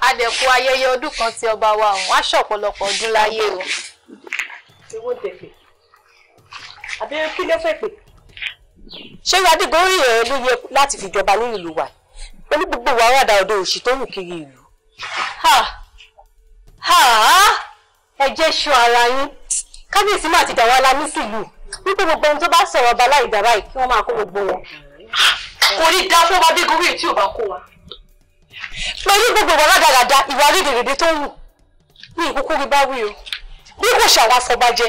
adẹ̀kù ayẹyẹ ọdún kan tí ọba wa ọ̀hún wá ṣọ̀pọ̀lọpọ̀ ọdún láyé o. owó tẹ̀fẹ̀ abẹ́rẹ́ kí ló fẹ́ pè. ṣé adégbò rí ẹ̀rọ ló yẹ láti fi jọba ní ìlú wa pẹ̀lú gbogbo wa rádà ọ̀dọ̀ òṣì tó rùn kiri ìlú. ẹ jẹ́ ṣọ́ ara yín kábíyèsí máa ti dà wá la ní sílùú wípé gbogbo ohun tó bá sọ̀rọ̀ ọba láì dàbáyé kí wọ́n máa kó gbogbo wọn. kò ní dá fún ọba bí gómìnà tí ò bá kó wa gbogbo ìwà rádaràda ìwà rédèrèdè tó ń wù ní ìkókó rí bá wí o bí kò ṣàwọn afọbajẹ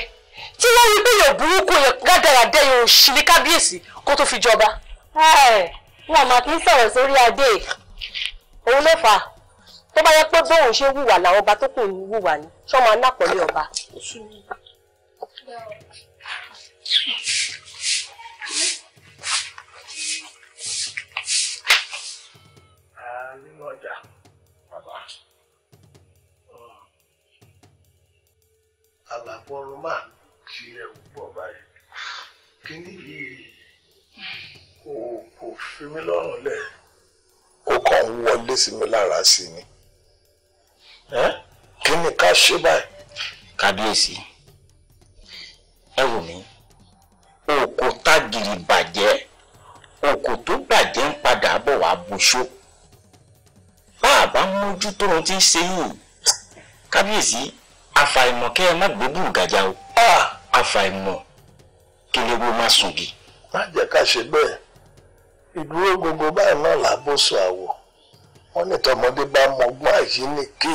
tí wọ́n rí pé yóò burúkú yẹn rádaràda yóò ṣì ní kábíyèsí kó tó fi jọba. wọn máa kì í sọ̀rọ̀ sórí adé òun ló fà á tó bá yẹ pé bóun ṣe wùwà làwọn ọba tó kù ń wùwà ni ṣọ́ máa ọba. ọjà àlàfo ọrùn máa ti ẹ̀wù pọ̀ báyìí kíní yìí kò kò fi mí lọ́rùn lẹ̀. ó kàn ń wọlé sí mi lára sí ni kí ni ká ṣe báyìí. kábíyèsí ẹ wò mí oko tágìrì bàjẹ́ oko tó bàjẹ́ ń padà bọ̀ wá bùṣó bá a bá mójútó ohun tí ń ṣe yìí kábíyèsí àfàìmọ̀ kẹ́ ẹ má gbóbùrù gàjà o àfàìmọ̀ kí lè wo má sùn bí. má jẹ́ ká ṣe bẹ́ẹ̀ ìdúró gbogbo báyìí náà làbóso àwọ̀ wọ́n ní tọmọdé bá mọgbọ́n àyè ní ké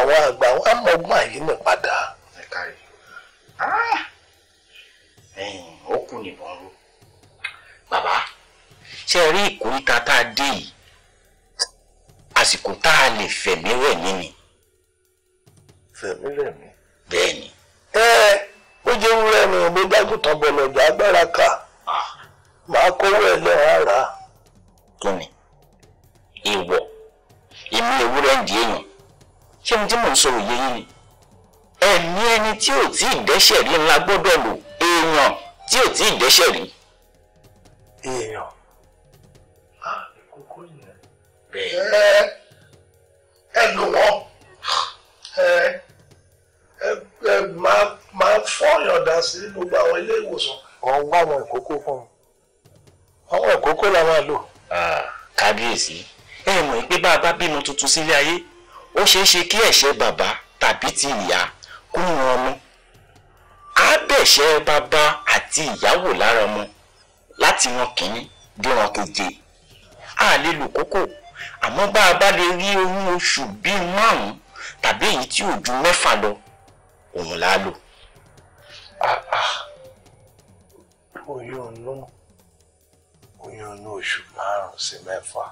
àwọn àgbà wọn á mọgbọ́n àyè ní padà. ó kù nìbọn ro bàbá ṣe rí ìkórìtà tá a dé yìí àsìkò tá a lè fẹ̀mí rẹ̀ nínú fẹ̀mí rẹ̀mí. bẹ́ẹ̀ni. ẹ ó jẹ́ wúrẹ́ mi ò bí dágùtàn bọ̀lọ̀jà agbára ká màá kówó ẹ lẹ́hìn ara. kí ni ìwọ ìmú ewúrẹ́ ń di èèyàn ṣé ohun tí mò ń sọ̀rọ̀ yé yín ni ẹ̀mí ẹni tí ò tí ì dẹ́ṣẹ̀ rí ńlá gbọ́dọ̀ lò èèyàn tí ò tí ì dẹ́ṣẹ̀ rí. èèyàn kókó yẹn. bẹ́ẹ̀ ẹ lò wọ́n máa máa fọyàn dà sí gbogbo àwọn ilé ìwòsàn. wọ́n wá àwọn ìkókó fún un àwọn ìkókó la máa lò. kábíyèsí ẹ mọ̀ pé bá a bá bímọ tuntun sílé ayé ó ṣeé ṣe kí ẹ̀ṣẹ̀ bàbá tàbí ti ìyá kó ran ọmọ á bẹ̀ṣẹ̀ bàbá àti ìyàwó lára ọmọ láti ran kìíní dé ran keje á lè lò kókó àmọ́ bá a bá lè rí oyún oṣù bíi márùn-ún tàbí èyí tí ò ju mẹ́fà lọ òun là ah lò. Ah. oyún inú oyún inú oṣù márùn-ún sí mẹ́fà.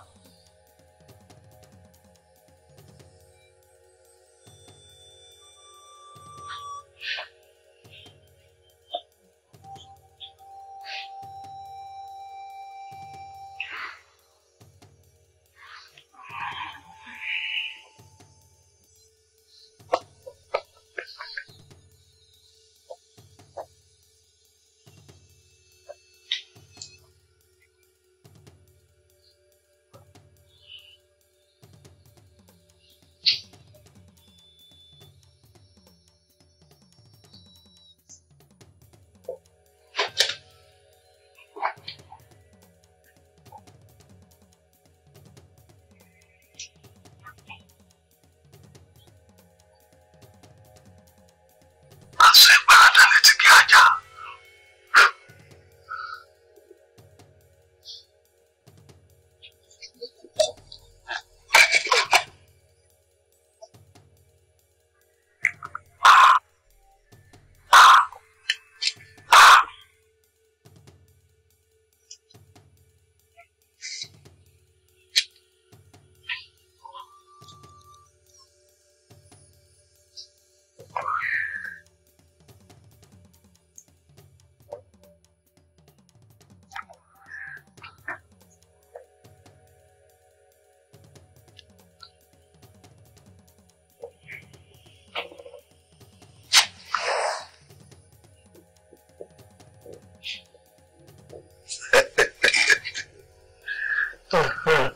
Oh,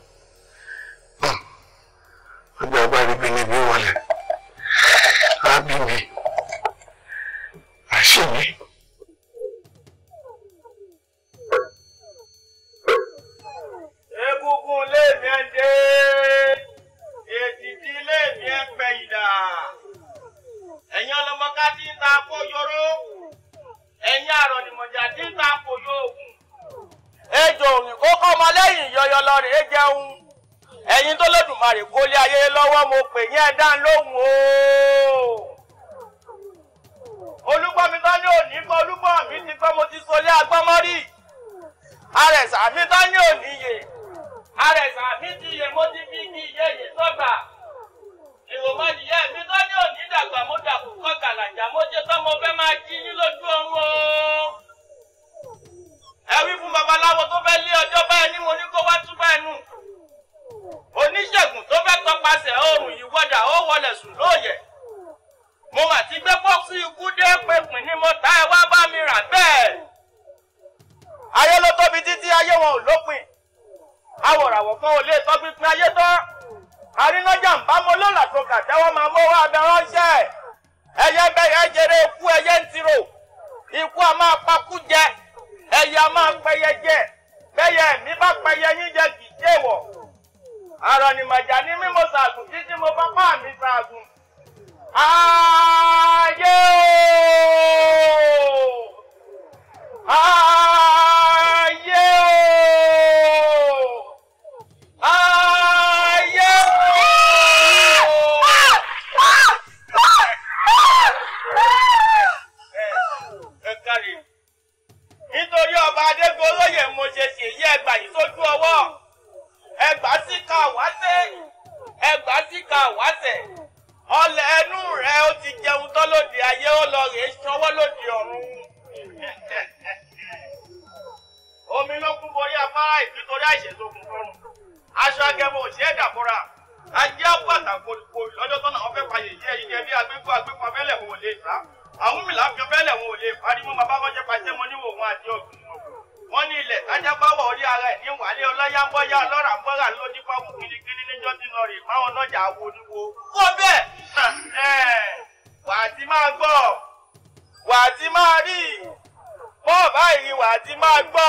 ìwà àti máa gbọ́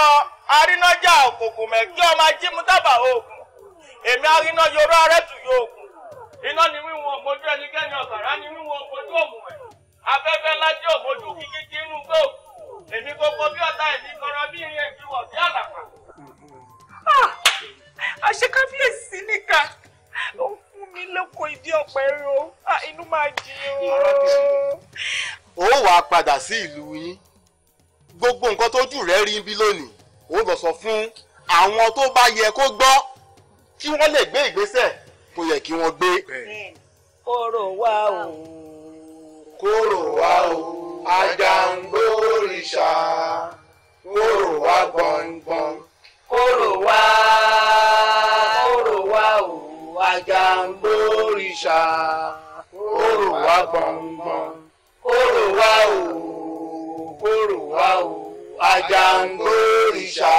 arínájà òkùnkùn òògùn èmi aríná yorùbá arẹ́tù yòókùn iná ni wíwọ̀n ẹnikẹ́ni ọ̀sàrá ni wíwọ̀n òmùwẹ̀ afẹ́fẹ́ lájẹ́ gbó èmi gbogbo bí ọ̀tá èmi bí irin wọ̀ ah, ah, sí àlàpà. àṣẹ fún gbogbo nǹkan tójú rẹ̀ rí bí lónìí ó lọ sọ fún àwọn tó bá yẹ kó gbọ́ kí wọ́n lè gbé ìgbésẹ̀ tó yẹ kí wọ́n gbé. kóró wá o. kóró wá o ajá ń gbóríṣà kóró wá gbọ̀ngbọ̀n. kóró wá kóró wá o ajá ń gbóríṣà kóró wá gbọ̀ngbọ̀n. kóró wá o àjàngbòrìṣà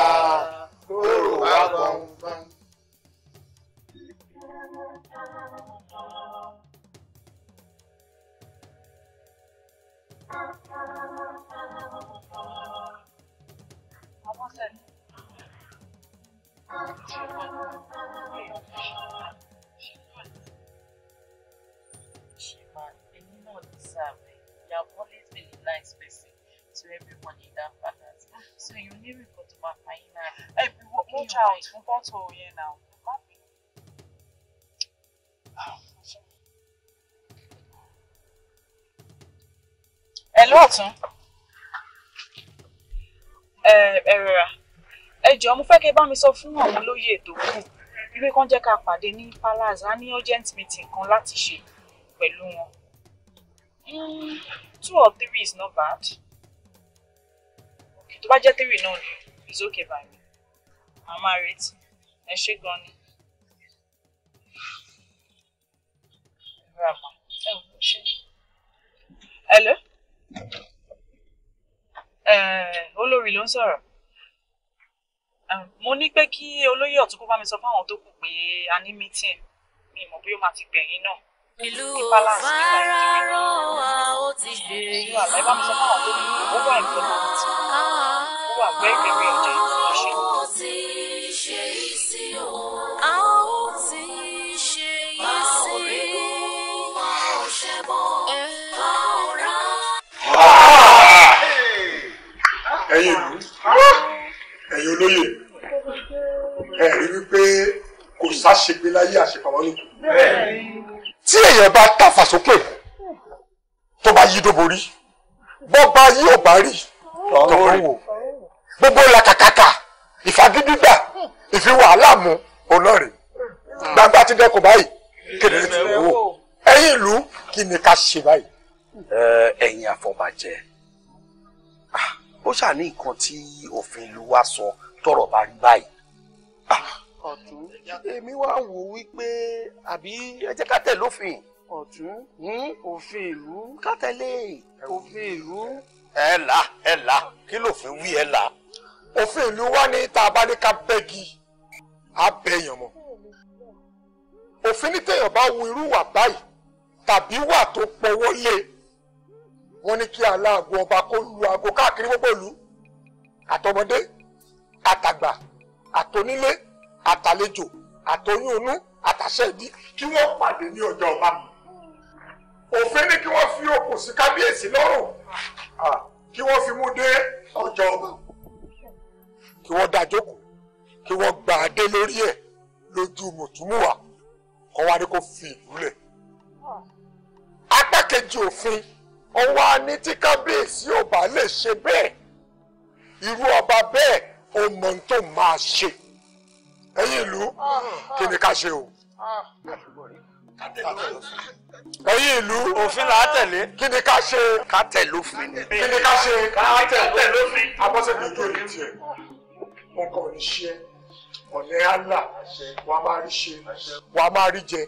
kóró wá gbọ̀ngbọ̀n. Shima, and you know this, um, you have always been a nice person to everyone in that so you need me to my final. Hey, no child, no bottle here now. Hello, Ọ̀tún. Ẹ eh, rẹ̀ra. Ẹ jọ̀ọ́ mo fẹ́ kẹ́ bá mi sọ fún àwọn olóyè ètò kù. Wípé kán jẹ́ ká pàdé ní Palace, a ní urgent meeting kan láti ṣe pẹ̀lú wọn. Hmm, two or three is not bad tó bá jẹ́ three náà ni it's okay by me màá máa retí ẹ ṣé gan ni. hello olórí ló ń sọ̀rọ̀ mo ní pé kí olóyè ọ̀tún kó bá mi sọ fáwọn tó kù pé a ní mítìn mi mọ̀ bí ó máa ti gbẹ̀yìn náà ìlú òfararọ a ó ti ṣe yìí. àlọ́ ẹ bá mi sọ fún àwọn tó ní ó wà ìgbẹ́lẹ̀ ọ̀tí ó wà bẹ́ẹ̀ kẹrin ọ̀jẹ̀ ìtúnṣe. a ó ti ṣe yìí sí o. a ó ti ṣe yìí sí. báwo rí kú máa ń ṣe bọ́ báwo rà. ẹ̀yin ìlú ẹ̀yin olóyè ẹ rí wípé kò sáṣepé láyé àṣepamọ́ nìkan tí èèyàn bá tàfà sókè tó bá yí dóborí bọ́ bá yí ò bá rí tọ̀wọ́ wò gbogbo làkàkàkà ìfagídígbà ìfiwàhálà mu ọlọ́rẹ̀ gbangba ti dẹ́kun báyìí kedere ti wò ẹ̀yin ìlú kí ni ká ṣe báyìí. ẹ̀yin àfọ̀bàjẹ́ ah, ó ṣàní nǹkan tí òfin ìlú wa sọ tọ́rọ̀ bá rí báyìí. Ah, ọ̀tún èmi wá wò wípé àbí ẹ jẹ́ ká tẹ̀ lófin ọ̀tún hmm? òfin ìlú ká tẹ̀lé òfin ìlú. ẹ là ẹ là kí lòfin wí ẹ là òfin ìlú wá ní tá a bá ní ká bẹ́gi á bẹ èèyàn mọ́ òfin ní téèyàn bá wu irú wà báyìí tàbí wà tó pọwọ́ lé wọ́n ní kí aláàgọ́ ọba kó lu aago káàkiri gbogbo ìlú àtọmọdé àtàgbà àtonílé àtàlejò àtọyún inú àtàṣẹ ìdí kí wọ́n pàdé ní ọjọ́ ọba mi òfin ni kí wọ́n fi okùn sí kábíyèsí lọ́rùn kí wọ́n fi mú dé ọjọ́ ọba kí wọ́n dájókòó kí wọ́n gba adé lórí ẹ̀ lójú mùtúmùwà kọ́ wá ní kó fi ìlú lẹ̀ apá kejì òfin ọwọ́ ní tí kábíyèsí ò bá lè ṣe bẹ́ẹ̀ irú ọba bẹ́ẹ̀ ó mọ ohun tó máa ṣe ẹ̀yin ìlú kí ni ká ṣe o ẹ̀yin ìlú òfin là á tẹ̀lé kí ni ká ṣe ká tẹ̀lé òfin kí ni ká ṣe ká tẹ̀lé òfin abọ́sẹ̀dé tó ní tiẹ̀ wọn kàn ní ṣe ọ̀nà àlà wàá máa rí ṣe wàá máa rí jẹ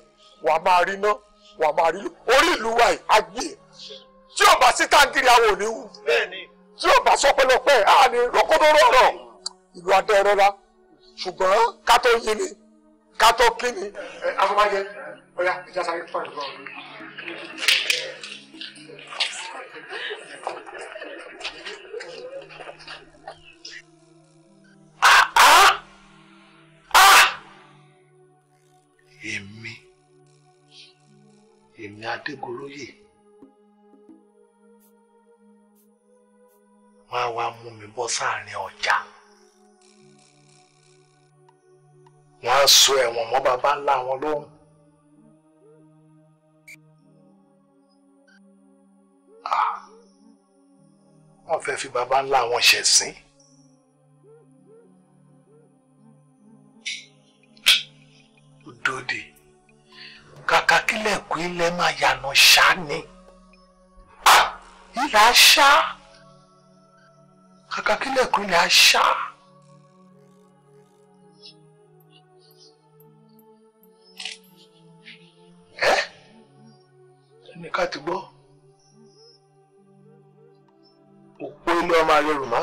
wàá máa rí ná wàá máa rí lò orí ìlú wa yìí á gbé tí ò bá sí táǹkìrì àwọn ò ní wù tí ò bá sọpẹ́lọpẹ́ àá ní rọkódóró ọ̀rọ̀ ìlú adẹ́rọ́ra ṣùgbọ́n ká tó yí ni ká tó kí ni afọbajẹ ọyà ìjà sáré fún àdúrà ọdún. èmi èmi adégoróyè wọn á wá mú mi bọ́ sáàrin ọjà. wọ́n á so ẹ̀wọ̀n mọ́ bàbá ńlá wọn lóhùn. Ah. wọ́n fẹ́ fi bàbá ńlá wọn ṣẹ̀sín. dòde kàkà kílẹ̀kùn ilẹ̀ máa yànà ṣá ni ilẹ̀ á ṣá kàkà kílẹ̀kùn ilẹ̀ á ṣá. ní ká ti gbọ́ òpó ilé ọmọ ayọ̀rùmá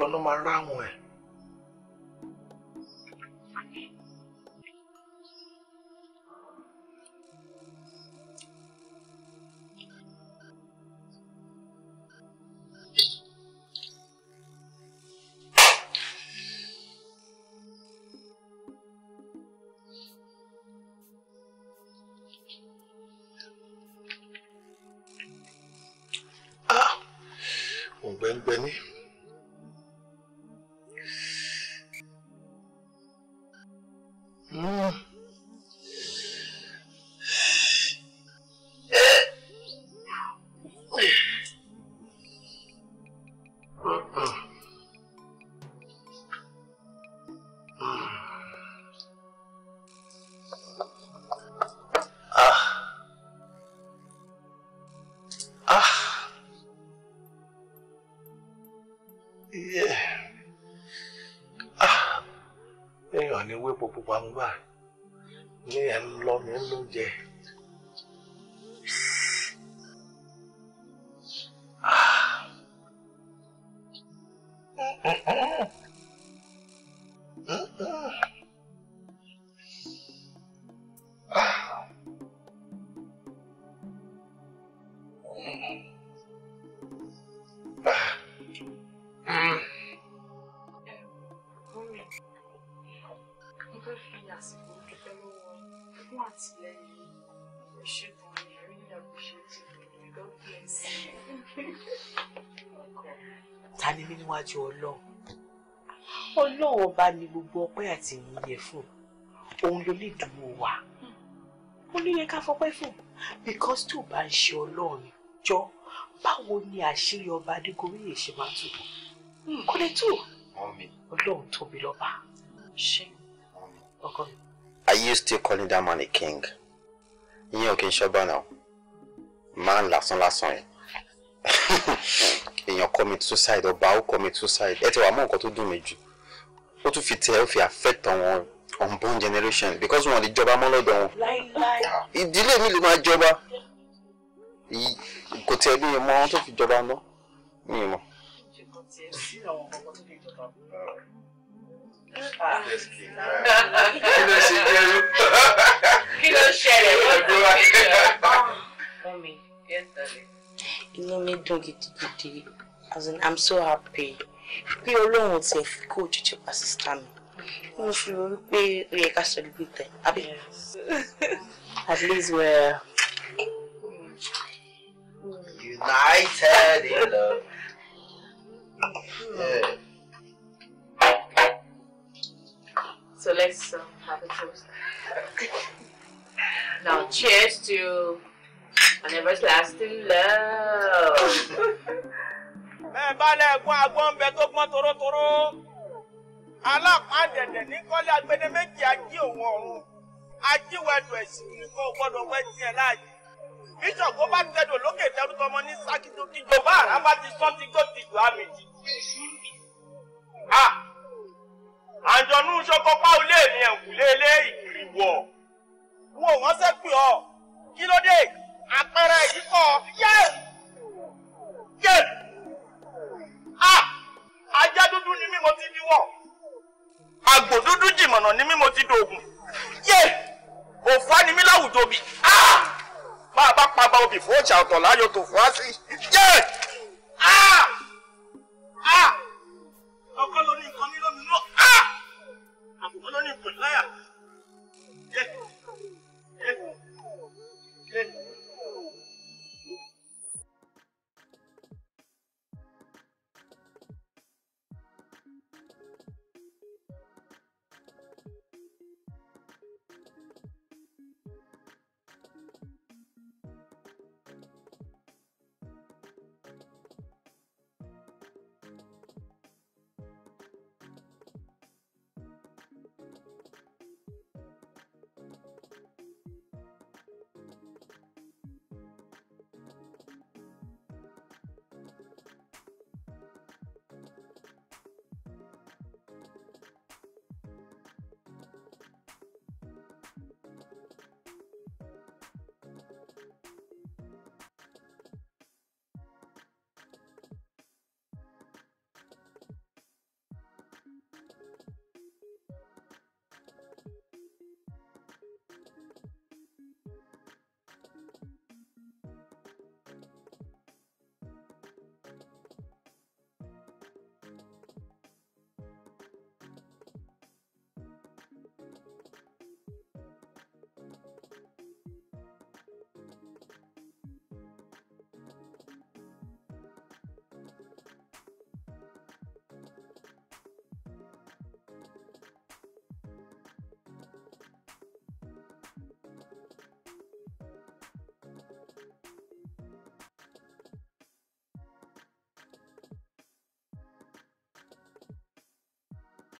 lọ náà máa ráwọn ẹ̀. gbogbo àwọn báyìí ní ẹ̀ ń lọ ní ẹ̀ ń lóúnjẹ ọpẹ́ àti ìyẹ fún òun ló lè dúró wa ó ní yẹ ká fọpẹ́ fún because tí ò bá ń ṣe ọlọ́run jọ báwo ni àṣírí ọba adégoríyè ṣe máa tó hmm, kò lè tó ọlọ́run tóbi lọ́ba. Are you still calling that man a king? Ìyẹn ò kí n ṣọ́gbà náà. Man lásán lásán yẹn. Èèyàn commit suicide ọba ó commit suicide. Ẹ ti wà mọ́ nǹkan tó dùn mí jù ó tún fi tiẹ̀ ó fi affect àwọn unborn generation because wọn lè jọba mọ́ lọ́dọ̀ wọn. ìdílé mi ló máa jọba kò tiẹ̀ ní ìmọ̀ wọn tó fi jọba mọ́ ní ìmọ̀. kí ló ṣe jẹ́rú. kí ló ṣẹlẹ̀ lọ́dún inú mi dùn gidigidi as in i'm so happy. pé ọlọ́run ti ẹ̀ at least we're united in love. So let's um, have a toast. now, cheers to an everlasting love. bẹ́ẹ̀ bá lẹ́ẹ̀kún agbọ́n bẹ tó gbọ́n torótoró alápàdẹ̀dẹ̀ ní kọ́lé agbẹ́dẹ méjì ají òun ọ̀run ajíwẹ̀dọ̀ ẹ̀sìn nìkan gbọ́dọ̀ wẹ́ tiẹ̀ láàyè bíṣọ̀gbọ́n bá tẹ̀dọ̀ lókè tẹrútọmọ ní sákìtò kíjọ bá àrá bá ti sán ti gbòtì àmì jì. àjọ̀nú ṣokọpá olé mi ẹ̀kúlé ilé ìgbìwọ̀ wo wọ́n ṣe pè ọ́ kí ló dé àpẹẹrẹ yìí kọ́ yẹ́ẹ̀ yẹ́ẹ̀ ajá dúdú ni mí mo ti di wọ̀ àgbò dúdú jìmọ̀nà ni mí mo ti dògùn yé òfò ni mí láwùjọ bì á máa bá pàbà obì fún ọjà ọ̀tọ̀ láyọ̀ tó fún wa sí yé á á ọkọ lórí